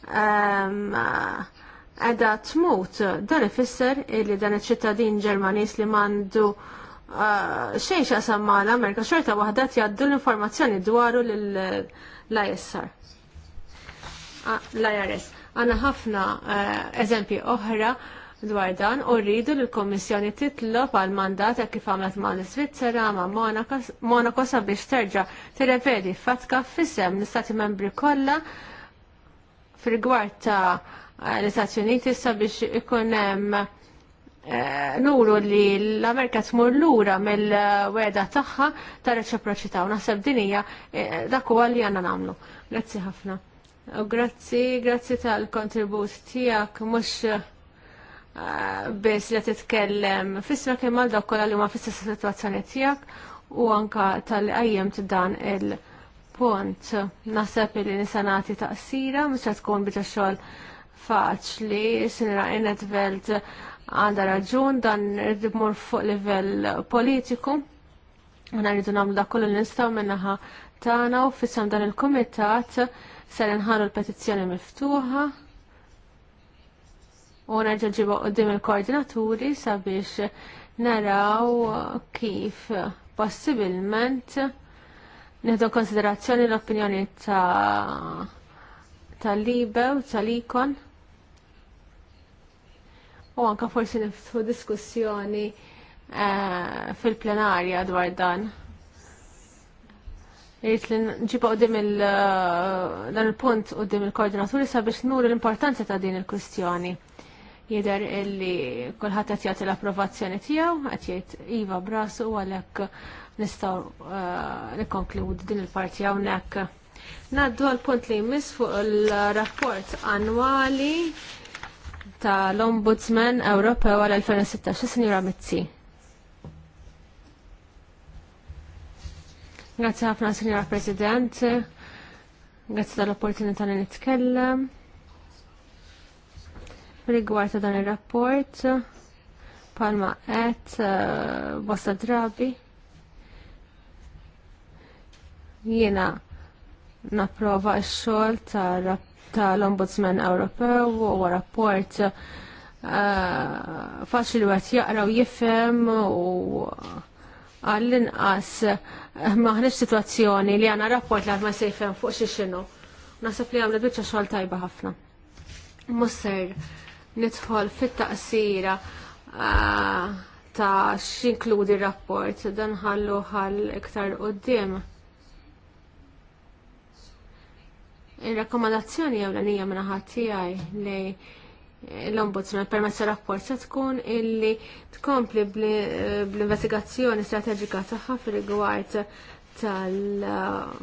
S3: għedha um, tmut dan ifisser li dan iċ-ċittadin Ġermaniż li m'għandu uh, xejn xaqsam ma' l-Amerika xorta waħda jgħaddu l-informazzjoni dwaru l-ISR. L-IRS. Għanna ħafna uh, eżempji oħra dwar dan u rridu li l-Kommissjoni titlob għal mandat kif għamlet ma' l-Svizzera ma' Monaco sabiex terġa' tirrevedi fatka fissem l-Istati membri kollha fil-gwar ta' l-Istati Uniti sabiex ikun hemm eh, nuru li l-Amerika tmur lura mill-weda tagħha ta' reċiproċità u naħseb din hija eh, dak huwa li għandna nagħmlu. Grazzi ħafna. Grazzi, grazzi tal-kontribut tiegħek mhux biss li titkellem fisma kemm għal dawk kollha li huma fis-stessa sitwazzjoni tiegħek u anka tal-qajjem dan il-punt naħseb li nisanati taqsira mhux se tkun biċa xogħol faċli, sinra Enetveld għandha raġun dan irdimur fuq livell politiku. Għana rridu nagħmlu dak kollu li nistgħu minnaħa tagħna u fissam dan il kumitat se nħarru l-petizzjoni miftuħa u nerġa' ġibha qudiem il-koordinaturi sabiex naraw kif possibilment nieħdu konsiderazzjoni l-opinjoni ta' tal-libe u tal-ikon u anka forsi niftu diskussjoni uh, fil-plenarja dwar dan. Irrit li nġiba qdim eh, il-punt qdim il-koordinaturi sabiex nuru l-importanza ta' din il-kwistjoni jidher illi kulħadd qed jagħti l-approvazzjoni tiegħu qed jgħid iva brasu għalhekk nistgħu eh, nikkonkludi din il-parti hawnhekk. Naddu għal punt li jmiss fuq il-rapport annwali tal-Ombudsman Ewropew għal 2016, Sinjura Mizzi. Grazie ħafna, Sinjura President. Grazie tal-opportunità li nitkellem rigward ta' dan ir-rapport palma qed eh, bosta drabi jiena napprova x-xogħol tal-Ombudsman Ewropew u rapport uh, faċli wet jaqra u jifhem u għall-inqas eh, maħnex situazzjoni li għana rapport li għadma sejfem fuq xie xinu. Nasab li għamlu bieċa xol tajba ħafna. Musser, nidħol fit-taqsira ah, ta' x'inkludi r-rapport, dan ħallu ħall iktar qudiem. Il-rakkomandazzjoni ewlenija minn ħadd tiegħi li l-ombudsman permezz rapport se tkun illi tkompli bl-investigazzjoni strateġika tagħha fir-rigward tal-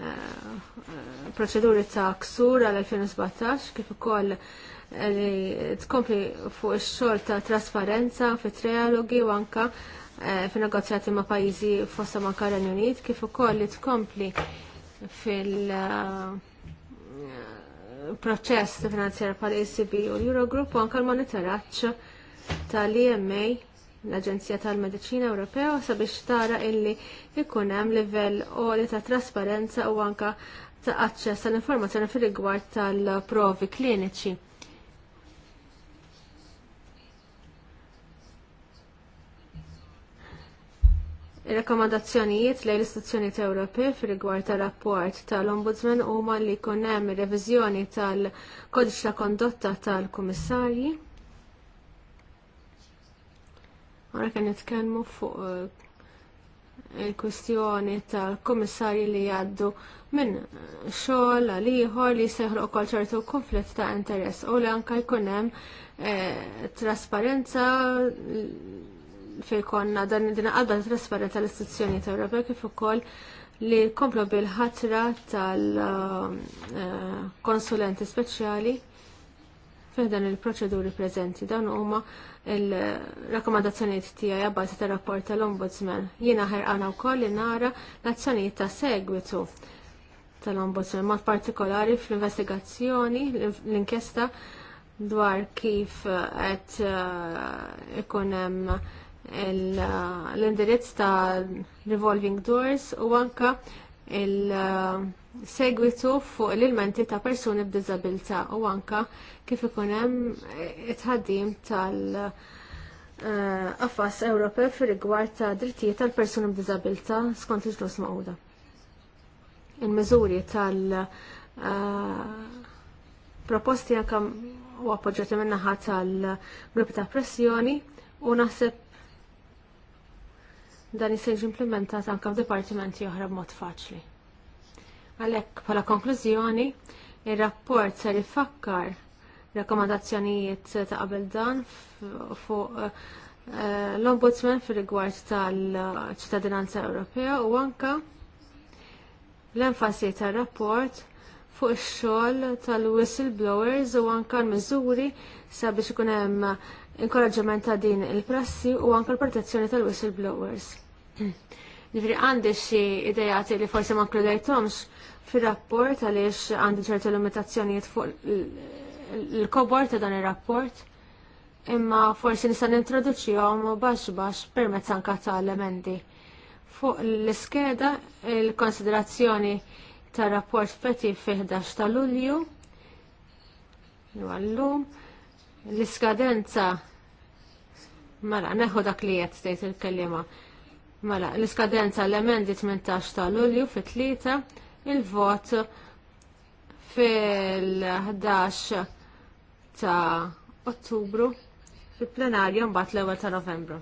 S3: Eh, proċeduri ta' ksur għal 2017 kif ukoll eh, li tkompli fuq ix-xogħol ta' trasparenza fit trialogi u anka eh, fin-negozjati ma' pajjiżi fosta ma' Karan Unit kif ukoll li tkompli fil- proċess ta' finanzjar pal ECB u l-Eurogroup u anka l monitoraġġ tal-EMA l-Aġenzija tal-Mediċina Ewropea sabiex tara illi ikun hemm livell għoli ta' trasparenza u anka ta' aċċess tal-informazzjoni fir-rigward tal-provi kliniċi. Ir-rakkomandazzjonijiet lej l-istituzzjonijiet Ewropej fir-rigward tal rapport tal-Ombudsman huma li jkun hemm reviżjoni tal-kodiċ ta' kondotta tal-Kummissarji. Ora kien nitkellmu fuq eh, il-kwistjoni tal kummissarji li jgħaddu minn eh, xogħol għal ieħor li seħroq ukoll ċertu konflitt ta' interess u li anke jkun hemm eh, trasparenza fejkonna dan din qabda trasparenza l-istituzzjonijiet Ewropej kif ukoll li komplu bil-ħatra tal-konsulenti speċjali fejn dan il-proċeduri preżenti dan huma il-rakkomandazzjonijiet tiegħi għabbażi tar-rapport tal-Ombudsman. Jiena ħerqana wkoll li nara l-azzjonijiet ta' segwitu tal-Ombudsman, mod partikolari fl-investigazzjoni, l-inkjesta dwar kif uh, qed uh, ikun hemm l-indirizz ta' revolving doors u anka il-segwitu fuq l-ilmenti ta' persuni b'diżabilità u anka kif ikun hemm eh, it-ħaddim tal- eh, Affas Ewropew fir-rigward ta' drittijiet tal-persuni b'diżabilità skont il-ġlus maqda. Il-miżuri tal- eh, proposti anke u appoġġjati min-naħa tal-grupp ta' pressjoni u naħseb dan jisir implementat anka f'dipartimenti oħra b'mod faċli. Għalhekk bħala konklużjoni, ir-rapport ser ifakkar rakkomandazzjonijiet ta' qabel dan fuq eh, l-Ombudsman fir-rigward tal-ċittadinanza Ewropea u anka l-enfasi tar-rapport fuq ix-xogħol tal-whistleblowers u anka l-miżuri sabiex ikun hemm inkoraġġament ta' din il-prassi u anke l-protezzjoni tal-whistleblowers. Ġifri għandi xi idejati li forsi ma nkludajthomx fir-rapport għaliex għandi ċerti limitazzjonijiet fuq l-kobor ta' dan ir-rapport imma forsi nista' nintroduċihom baxx baxx permezz anke ta' elementi. Fuq l-iskeda il-konsiderazzjoni tar rapport feti fi 11 ta' Lulju. Għallum, L-iskadenza Mela, neħu dak li qed tgħid il-kelliema. Mela, l-iskadenza l-emendi 18 ta' Lulju fit-tlieta, il-vot fil-11 ta' Ottubru fil-plenarju mbagħad l-ewwel ta' Novembru.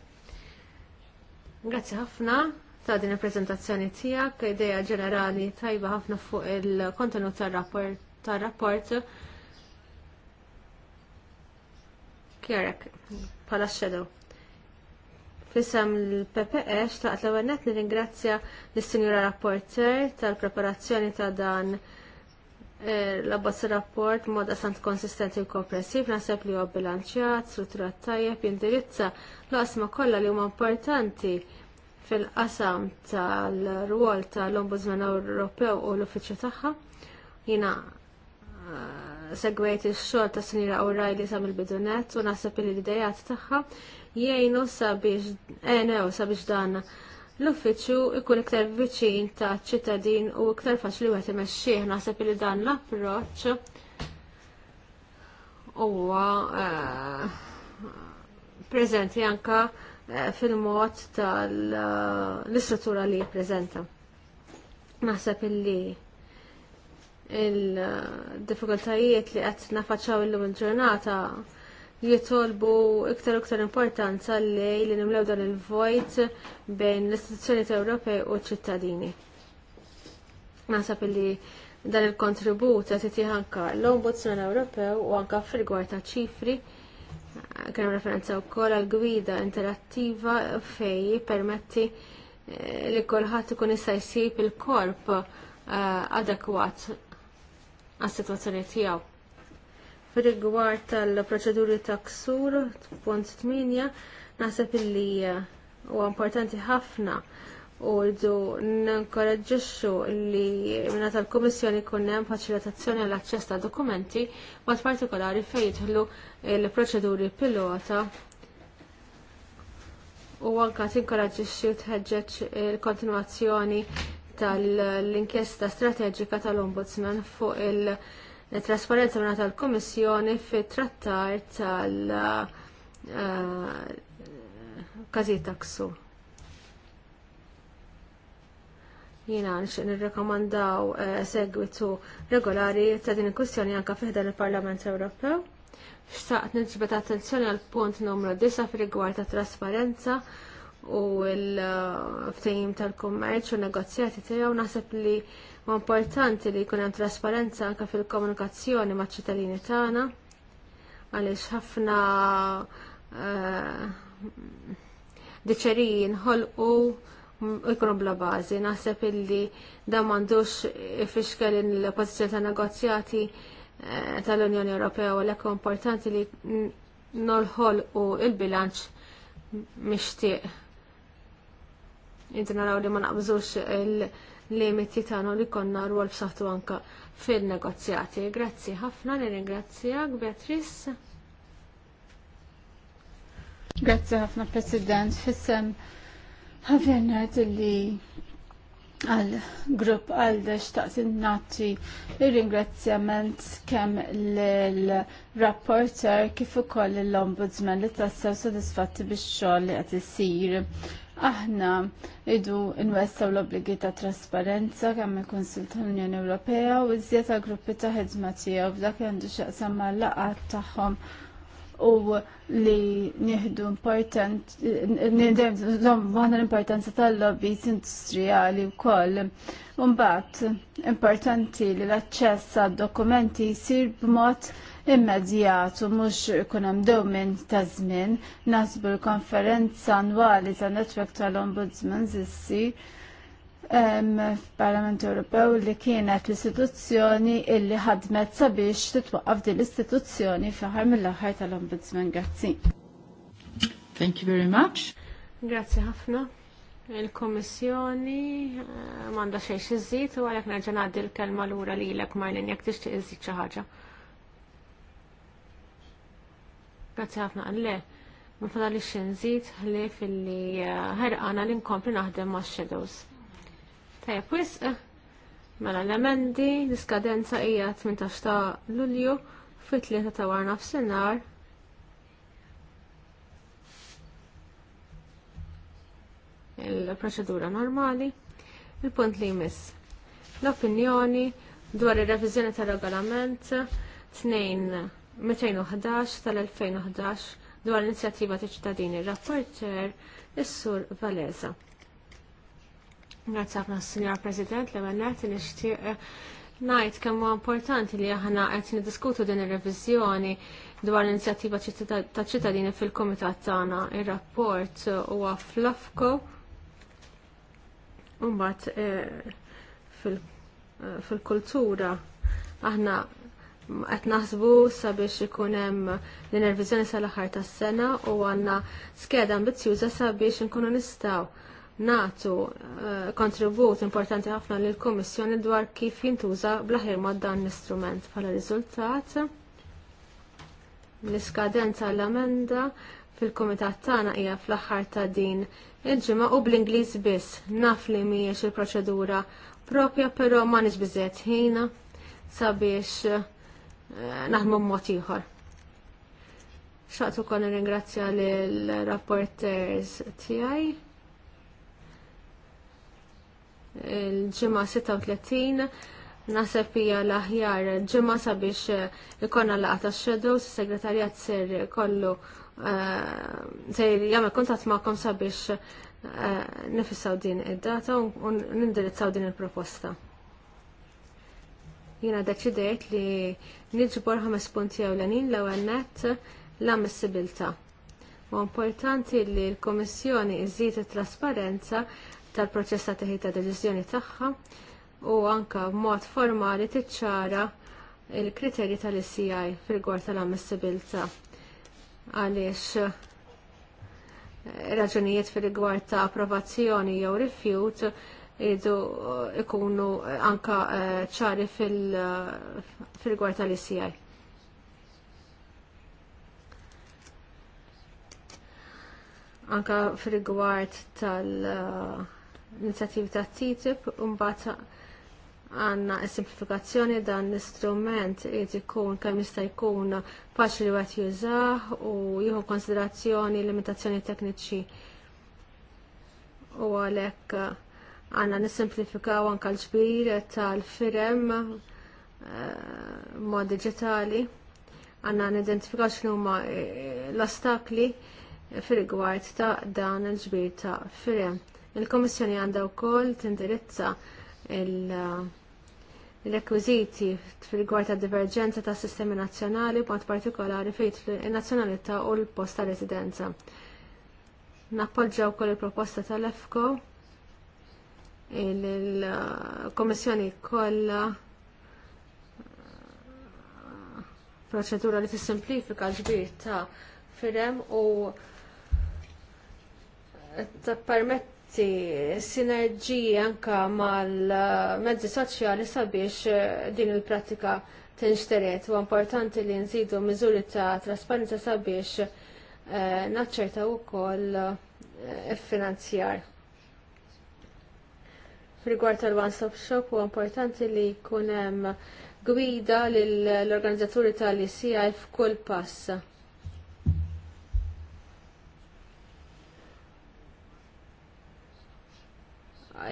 S3: Grazzi ħafna ta' din il-preżentazzjoni tiegħek, idea ġenerali tajba ħafna fuq il-kontenut tar-rapport tar-rapport Kjerek, pala xedow. Fisem l pps e, ta' l għennet li ringrazzja l-Sinjura Rapporter tal-preparazzjoni ta' dan eh, l-abbas rapport moda sant konsistenti u kompressiv nasab li huwa bilanċjat, strutturat tajjeb, indirizza l asma kollha li huma importanti fil-qasam tal ruol tal-Ombudsman Ewropew u l-uffiċċju tagħha. Jina eh, segwejt il xogħol ta' raj O'Reilly sam il bidunet u naħseb li l-idejat tagħha jgħinu sabiex enew eh, sabiex dan l-uffiċċju ikun iktar viċin ta' ċittadin u iktar faċli wieħed imexxih naħseb il dan l-approċċ huwa eh, prezenti anka eh, fil-mod tal-istruttura li jippreżenta. Naħseb illi il-diffikultajiet li qed il illum il-ġurnata jitolbu iktar iktar importanza li li nimlew dan il-vojt bejn l-istituzzjonijiet Ewropej u ċittadini. Nasab li dan il-kontribut qed jitih anka l-Ombudsman Ewropew u anka f'rigward ta' ċifri kena referenza wkoll għal gwida interattiva fej permetti eh, li kulħadd ikun jista' jsib il-korp eh, adekwat għas-sitwazzjoni tiegħu. Fir-rigward tal-proċeduri ta' ksur, punt 8, naħseb illi eh, huwa importanti ħafna u rridu ninkoraġġixxu li minna tal-Kummissjoni jkun hemm faċilitazzjoni għall aċċess ta' dokumenti mod partikolari fejn jidħlu l-proċeduri pilota u anke tinkoraġġixxi tħeġġeġ il-kontinwazzjoni tal-inkjesta strateġika tal-Ombudsman fuq il-trasparenza minna tal-Komissjoni fit trattar tal-kazijiet eh, taksu. Jina nixtieq nirrekomandaw eh, segwitu regolari ta' din il kustjoni anke fiħdan il-Parlament Ewropew. Xtaqt nġbet attenzjoni għal punt numru 9 fil-rigward ta' trasparenza u l-ftehim tal-kummerċ u negozjati tiegħu naħseb li huwa importanti li jkun hemm trasparenza anke fil-komunikazzjoni maċ-ċittadini tagħna għaliex ħafna eh, diċeriji nħolqu u jkunu bla bażi. Naħseb illi dan m'għandux ifixkel il-pożizzjoni ta' negozjati eh, tal-Unjoni Ewropea u l-ekku importanti li nolħolqu il-bilanċ mixtieq naraw li ma naqbżux il-limiti tagħna li konna rwol f'saħħtu anka fil-negozjati. Grazzi ħafna nirringrazzjak Beatrice.
S2: Grazzi ħafna President fissem ħavjernat li għal grupp għal taqsin nati il-ringrazzjament kem l-rapporter kif ukoll l-ombudsman li tassew sodisfatti bix xogħol li qed isir. Aħna idu nwessaw l-obligi ta' trasparenza kemm il-Konsil tal-Unjoni Ewropea u iżjed ta' gruppi ta' ħidma tiegħu f'dak għandu x'aqsam mal laqat tagħhom u li nieħdu important, l-importanza tal-lobbies industrijali u mbagħad importanti li l aċċess għad dokumenti jsir b'mod immedjat u mhux ikun hemm dewmin ta' żmien nasbu l-konferenza annwali ta' Netwerk tal-Ombudsman Zissi f'Parlament Ewropew li kienet l-istituzzjoni illi ħadmet sabiex titwaqqaf din l-istituzzjoni fiħar mill-aħħar tal-Ombudsman. Grazzi. Thank you very much.
S3: Grazzi ħafna. Il-Komissjoni eh, m'għandha xejn iżid u għalhekk nerġa' ngħaddi l-kelma lura lilek Marlin jekk tixtieq iżid xi ħaġa. Grazie għafna għalle. Ma li xenżit li fil-li eh, ħerqana li nkompli naħdem ma' shadows. Tajja, pwis, eh, mela l-emendi, l l-skadenza hija 18 ta' Lulju, fit-tlieta ta' tawar f'sinar, il-proċedura normali. Il-punt li jmiss. L-opinjoni dwar ir reviżjoni tal regolament 2 211 tal-2011 dwar l-inizjattiva ta' ċittadini rapporter is-sur Valeza. Grazie għafna s President li għannet nishtiq najt kemm importanti li aħna qed niddiskutu din ir revizjoni dwar l-inizjattiva ta' ċittadini fil-Kumitat tagħna. Ir-rapport huwa għaflafko un mbagħad eh, eh, fil-kultura aħna qed naħsbu sabiex ikun hemm l-nerviżjoni sal-aħħar tas-sena u għandna skeda ambizzjuża sabiex inkunu nistgħu nagħtu eh, kontribut importanti ħafna lill kummissjoni dwar kif jintuża bl-aħjar ma' dan l-istrument. Bħala riżultat l-iskadenza l-amenda fil-kumitat tagħna hija fl-aħħar ta' din il-ġimgħa u bl-Ingliż biss. Naf li mhijiex il-proċedura propja, però ma nix biżejjed ħina sabiex Naħmu mod ieħor. Xaqt ukoll nirringrazzja lill rapporters tiegħi. Il-ġimgħa 36 naħseb hija l-aħjar ġimgħa sabiex ikonna laqgħa tax-shadows, is-segretarjat ser kollu eh, ser jagħmel kuntatt magħkom sabiex eh, nifissaw din id-data u nindirizzaw din il-proposta. Jiena deċidejt li Nġbor ħames punti ewlenin l-ewwel nett l-ammissibilità. U importanti li l-Komissjoni iżid it-trasparenza tal-proċess ta' teħid ta' deċiżjoni tagħha u anka b'mod formali tiċċara il-kriterji tal-ICI fil-gwar tal-ammissibilità għaliex eh, raġunijiet fil-gwar ta' approvazzjoni jew rifjut idu eh, ikunu eh, anka eh, ċari fil-gwar tal-ICI. Anka fil-gwart tal-inizjativi ta' TTIP, un-bata għanna simplifikazzjoni dan l-istrument jrid ikun kemm jista' jkun faċli wieħed jużah u jieħu konsiderazzjoni limitazzjoni tekniċi. U għalhekk għanna nisimplifikaw anka l-ġbir tal-firem eh, mod digitali għanna nidentifikaw ma eh, l-ostakli fil-rigward ta' dan il-ġbir ta' firem. Il-Komissjoni għandha wkoll tindirizza il-rekwiziti fil gwart ta' diverġenza ta' sistemi nazzjonali b'mod partikolari fejt il-nazzjonalità u l-post ta' residenza. Nappoġġaw kol il-proposta tal-EFCO il-Komissjoni kollha eh, proċedura li tissimplifika l-ġbir ta' firem u eh, permetti sinerġiji anka mal-mezzi soċjali sabiex eh, din il-pratika tinxteret u importanti li nżidu miżuri ta' trasparenza sabiex naċċertaw ukoll il-finanzjar. Rigward tal-one-stop shop huwa importanti li jkun hemm gwida lill-organizzaturi tal-ICI f'kull pass.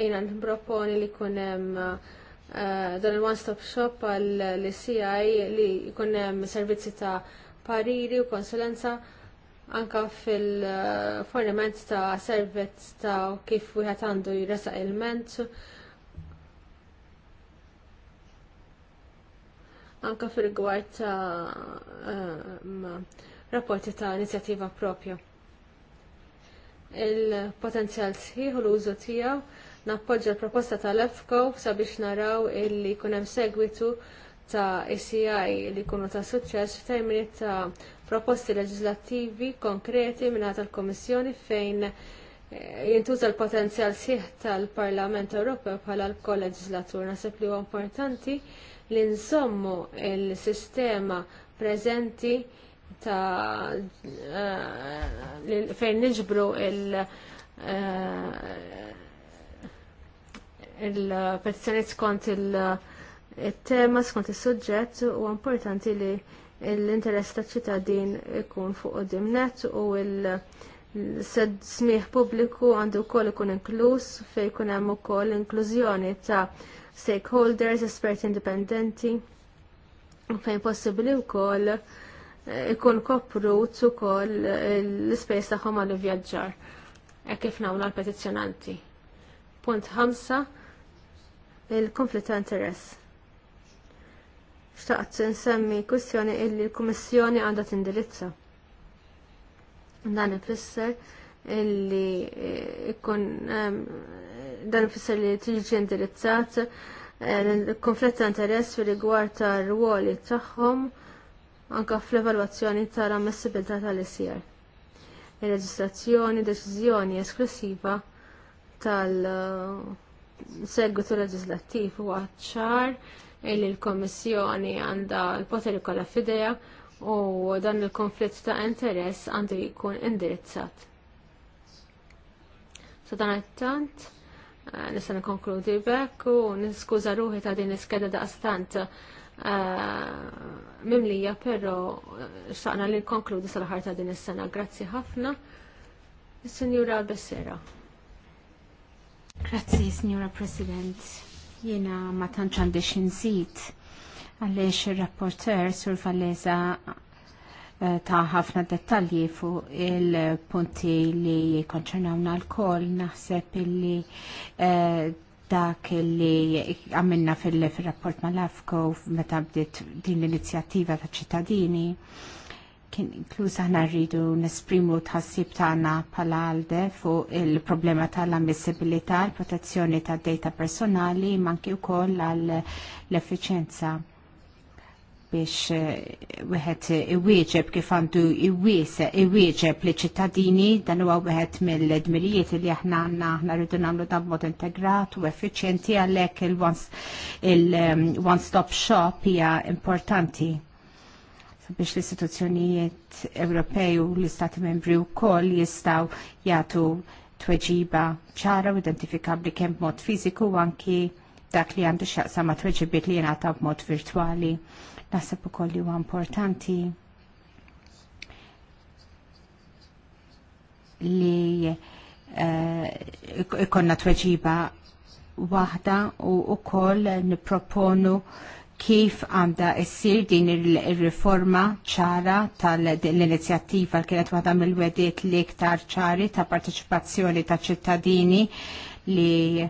S3: Jina nproponi li jkun hemm eh, dan il-one-stop shop għall-ICI li jkun hemm servizzi ta' pariri u konsulenza anka fil-forniment ta' servizz ta' kif wieħed għandu jresaq il-ment. Anka fil-gwar ta' ehm, rapporti ta' inizjattiva propja. Il-potenzjal sħiħ u l-użu tiegħu nappoġġa l-proposta tal-EFCO sabiex naraw il jkun hemm segwitu ta' ECI li jkunu ta' suċċess f'termini ta' proposti leġislattivi konkreti minna tal-Komissjoni fejn eh, jintuża l-potenzjal sieħ tal-Parlament Ewropew bħala l-kolleġislatur. Nasib li huwa importanti li nżommu l sistema preżenti ta' eh, fejn niġbru il- eh, il skont il-tema, skont il suġġett u importanti li l-interess taċ ċittadin ikun fuq qudiem u l-sed smieħ pubbliku għandu wkoll ikun inkluż fejn ikun hemm ukoll inklużjoni ta' stakeholders, esperti indipendenti u fejn possibbli wkoll eh, ikun koprut ukoll l-ispejs tagħhom għal vjaġġar hekk kif nagħmlu l petizzjonanti Punt 5 il-konflitt ta' interess xtaqt nsemmi kwistjoni illi l-Kummissjoni għandha tindirizza. Dan ifisser illi eh, ikun ehm, dan ifisser li tiġi indirizzat eh, konflett ta' interess fi rigward ta' ruoli tagħhom anka fl-evalwazzjoni tal-ammissibilità tal isjer Ir-reġistrazzjoni deċiżjoni esklusiva tal- eh, segwitu leġislattiv huwa ċar li l-Kommissjoni għandha l-poteri kollha fideja u dan il-konflitt ta' interess għandu jkun indirizzat. So dan għattant, eh, nista' nikkonkludi bekk u niskuża ruħi ta' din iskeda stant eh, mimlija però eh, xtaqna li nkonkludi sal-ħar ta' din is-sena. Grazzi ħafna. Signora Bessera.
S1: Grazzi, Signora President. Jiena ma tantx għandix nżid għaliex ir-rapporter Sur Valleza eh, ta' ħafna dettalji fuq il-punti li konċernawna l-koll naħseb illi eh, dak li għamilna fil-rapport mal-AFCO meta bdiet din l-inizjattiva ta' ċittadini kien inkluż aħna rridu nesprimu tħassib tagħna bħala għalde fuq il-problema tal-ammissibilità, l-protezzjoni tad data personali, manki wkoll għall l-effiċenza biex eh, wieħed iwieġeb kif għandu iwieġeb li ċittadini dan huwa wieħed mill-dmirijiet li aħna għandna aħna rridu nagħmlu dan mod integrat u effiċjenti għalhekk il-one-stop eh, shop hija importanti biex l-istituzzjonijiet Ewropej u l-Istati membri wkoll jistgħu jagħtu tweġiba ċara u identifikabbli kemm b'mod fiżiku u anki dak li għandu xaqsa ma tweġibiet li jingħata b'mod virtwali. Naħseb ukoll koll huwa importanti li eh, ikonna tweġiba waħda u wkoll nipproponu kif għanda essir din il-riforma ċara tal-inizjattiva li kienet waħda mill-wedet li iktar ċari ta' parteċipazzjoni ta' ċittadini li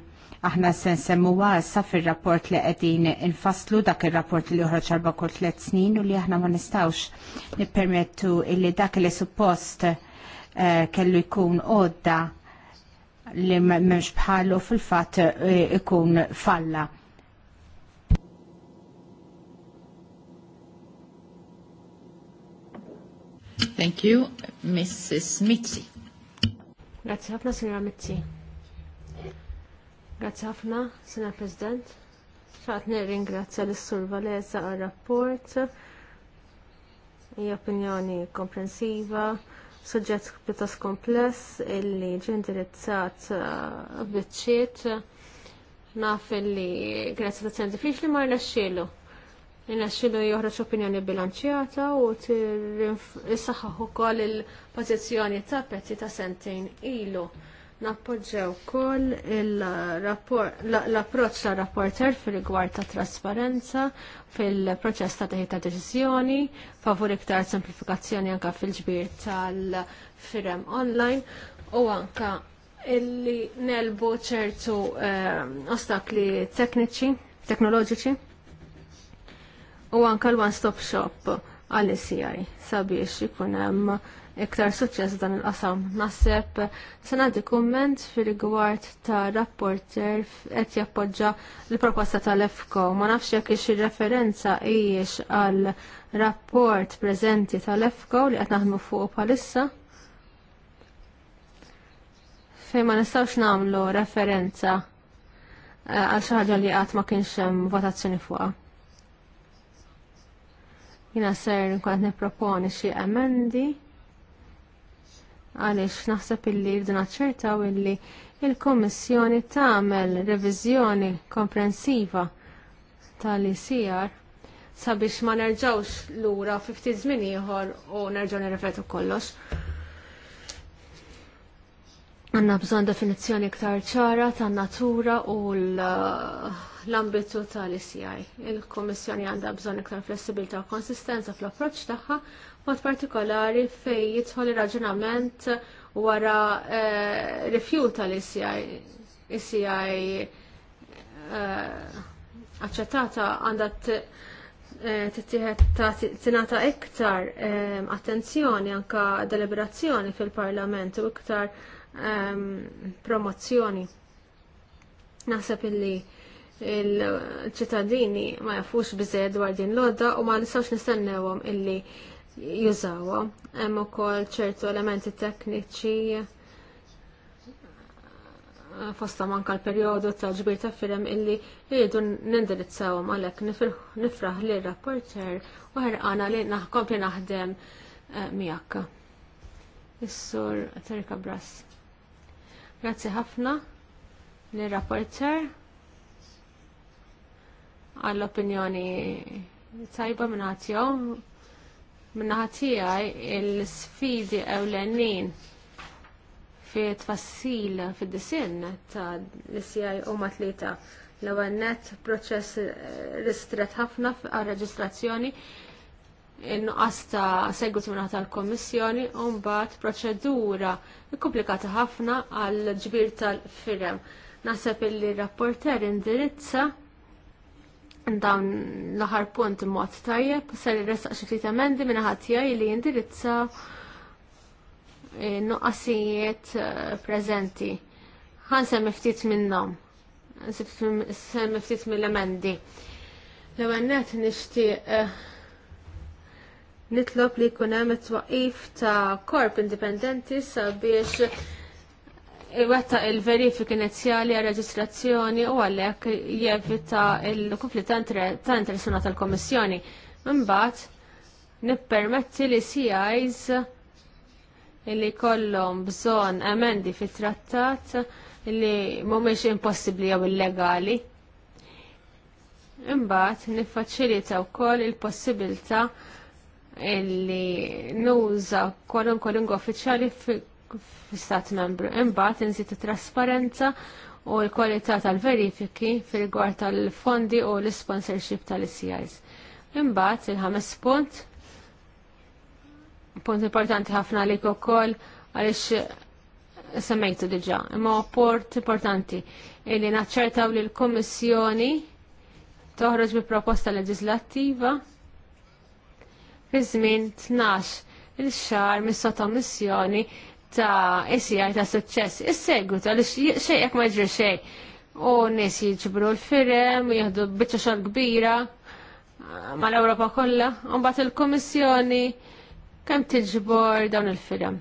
S1: aħna sen semmu għassa fil-rapport li għedin infaslu dak il-rapport li uħroċ arba kol tlet snin u li aħna ma nistawx nipermettu illi dak li suppost eh, kellu jkun għodda li memx bħalu fil-fat eh, ikun falla Thank you. Mrs. Mitzi.
S3: Grazie ħafna, Signora Mitzi. Grazie ħafna, Signor President. Xaqt ringrazzja l-Sur Valesa għal-rapport. Hija opinjoni komprensiva, suġġett pjuttost kompless illi ġie indirizzat uh, biċċiet naf illi kienet situazzjoni li ma rnexxielu. Ninaxilu joħroġ opinjoni bilanċjata u tirsaħħaħ ukoll il-pożizzjoni ta' petti ta' sentejn ilu. Nappoġġew ukoll l-approċċ ta' rapporter fil-rigward ta' trasparenza fil-proċess ta' teħi ta' deċiżjoni, favur iktar semplifikazzjoni anka fil-ġbir tal-firem online u anka illi nelbu ċertu eh, ostakli tekniċi, teknoloġiċi u anka l-one-stop shop għal-ICI e sabiex ikun hemm iktar suċċess dan il-qasam. Naħseb se nagħti kumment fil rigward ta' rapporter qed jappoġġa l-proposta tal-EFCO. Ma nafx jekk ix referenza hijiex għal rapport preżenti tal-EFCO li qed naħdmu fuq bħalissa. Fejn ma nistgħux nagħmlu referenza eh, għal xi ħaġa li qatt ma kienx hemm votazzjoni fuqha. Jina ser nkwad qed nipproponi xi emendi għaliex naħseb illi rridu u illi il-Kummissjoni tagħmel reviżjoni komprensiva tal-ICR sabiex ma nerġawx lura 50 żmien ieħor u nerġgħu nirrifletu kollox. Għanna bżon definizjoni iktar ċara ta' natura u uh, l-ambitu tal-ICI. il komissjoni għandha bżon iktar flessibilità u konsistenza fl-approċċ tagħha, mod partikolari fej jidħol raġunament wara rifju eh, rifjut tal-ICI. ICI eh, aċċettata għandha eh, tinata iktar attenzjoni anka deliberazzjoni fil-parlament u iktar Ehm, promozzjoni. Naħseb illi il-ċittadini ma jafux bizzed dwar din l-odda u ma nistawx nistennewhom illi jużawa. Hemm ukoll ċertu elementi tekniċi eh, fosta manka l-periodu ta' ġbir ta' firem illi jridu nindirizzawhom għalhekk nifraħ li rapporter u ħerqana li naħkompli naħdem eh, miegħek. Is-sur Terika Brass. Grazzi ħafna l-rapporter għall-opinjoni tajba minn ħatjow. Minn ħatijaj il-sfidi ewlenin fi tfassil fid disin ta' l-CI u matlita l-għannet proċess ristret ħafna għal-reġistrazzjoni in-nuqqas ta' segwitu minna tal-Kommissjoni u mbagħad proċedura komplikata ħafna għal ġbir tal-firem. Naħseb illi rapporter indirizza dawn l aħħar punt mod tajjeb, ser irressaq xi ftit emendi minn ħatijaj li indirizza nuqqasijiet eh, preżenti. Ħansem ftit minnhom, sem ftit mill-emendi. L-għannet nixtieq eh, nitlob li jkun hemm it-twaqif ta' korp indipendenti sabiex iwetta il-verifiki inizjali għal reġistrazzjoni u għalhekk jevita l-konflitt ta' interessuna tal-Kommissjoni. Imbagħad nippermetti li CIs li kollhom bżonn emendi fit-trattat li mhumiex impossibbli jew illegali. Imbagħad niffaċilita wkoll il-possibilta il possibilta illi nuża kwalunkwe lingwa uffiċjali fl-Stat membru. Imbagħad inżid trasparenza u l-kwalità tal-verifiki fir gwar tal-fondi u l-sponsorship tal-ICIs. Imbagħad il-ħames punt punt importanti ħafna għalik ukoll għaliex semmejtu diġà, imma port importanti illi naċċertaw li l-Kummissjoni toħroġ bi proposta leġislattiva iż żmien 12 il-xar mis missjoni ta' isjar ta' suċċess. is segwit għal xejn jekk ma jġri xejn. U nies jiġbru l-firem, jieħdu biċċa xogħol kbira ah, mal-Ewropa kollha, u mbagħad il-Kummissjoni kemm tiġbor dawn il-firem.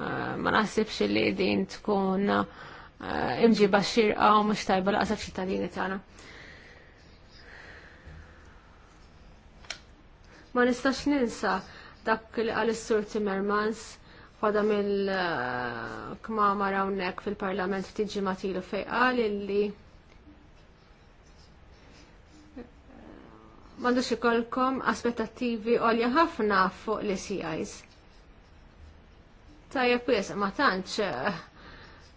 S3: Ah, ma naħsibx li din tkun ah, imġiba xirqa u mhux tajba laqsab ċittadini tagħna. Ma nistax ninsa dak li għal sur Timmermans fada mill-kmama eh, rawnek fil-parlament tiġi matilu fejqal illi mandux ikolkom aspettativi għolja ħafna fuq l CIs. Tajja pwis, ma tantx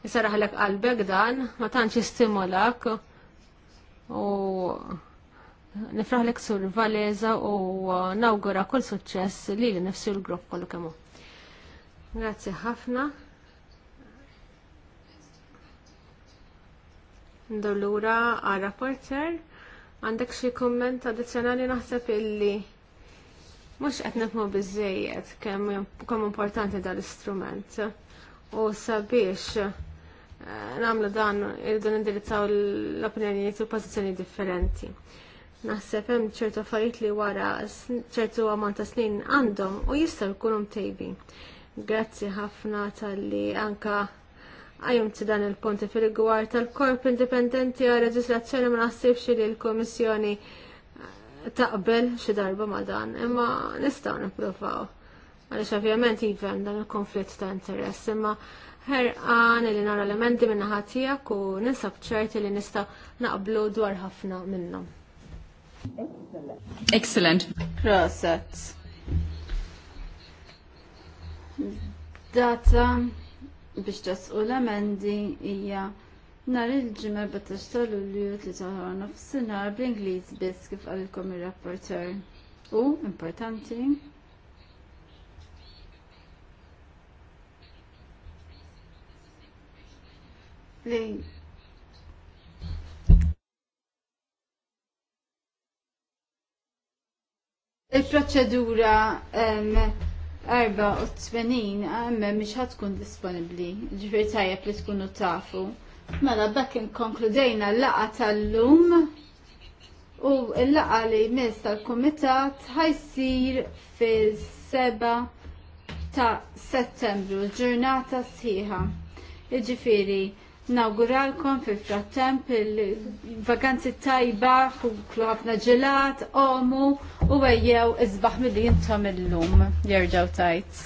S3: jisaraħlek eh, qalbek dan, ma tantx jistimolak u Nifraħlek sur Valeza u uh, nawgura kull suċċess li li nifsu l-grupp kollu kemmu. Grazie ħafna. Ndolura għal rapporter. Għandek xie komment addizjonali naħseb illi mux qed nifmu bizzejiet kemm importanti dal-istrument. U sabiex eh, namlu dan il-dun nindirizzaw l opinjoni u pożizzjoni differenti. Naħseb hemm ċertu affarijiet li wara ċertu ammont ta' snin għandhom u jistgħu jkunu mtejbin. Grazzi ħafna tal-li anka għajumti dan il-ponti fil-gwar tal-korp indipendenti għal reġislazzjoni ma naħsibx li l-Komissjoni eh, taqbel xi darba ma dan, imma nistgħu nippruvaw. Għaliex ovvjament jivem dan il-konflitt ta' interess, imma ħerqan li nara elementi minna ħatijak u nisab ċerti li nista' naqblu dwar ħafna minnhom. Excellent.
S2: Proset. Data biex tasqu l-amendi hija Nar il-ġimgħa 14 ta' Lulju li toħra nofsinhar bl-Ingliż biss kif qalilkom ir-rapporter. U importanti. Lejn Il-proċedura 84 għamme miex kun disponibli, ġifir tajjeb li tkunu tafu. Mela bekk inkonkludejna l-laqa tal-lum u l-laqa li jmiss tal-komitat ħajsir fil-7 ta' settembru, ġurnata sħiħa. Ġifiri, nawguralkom fi frattemp il-vakanzi tajba, kuklu ħafna ġelat, omu u għajjew izbaħ mill-li jintom il-lum. jirġaw tajt.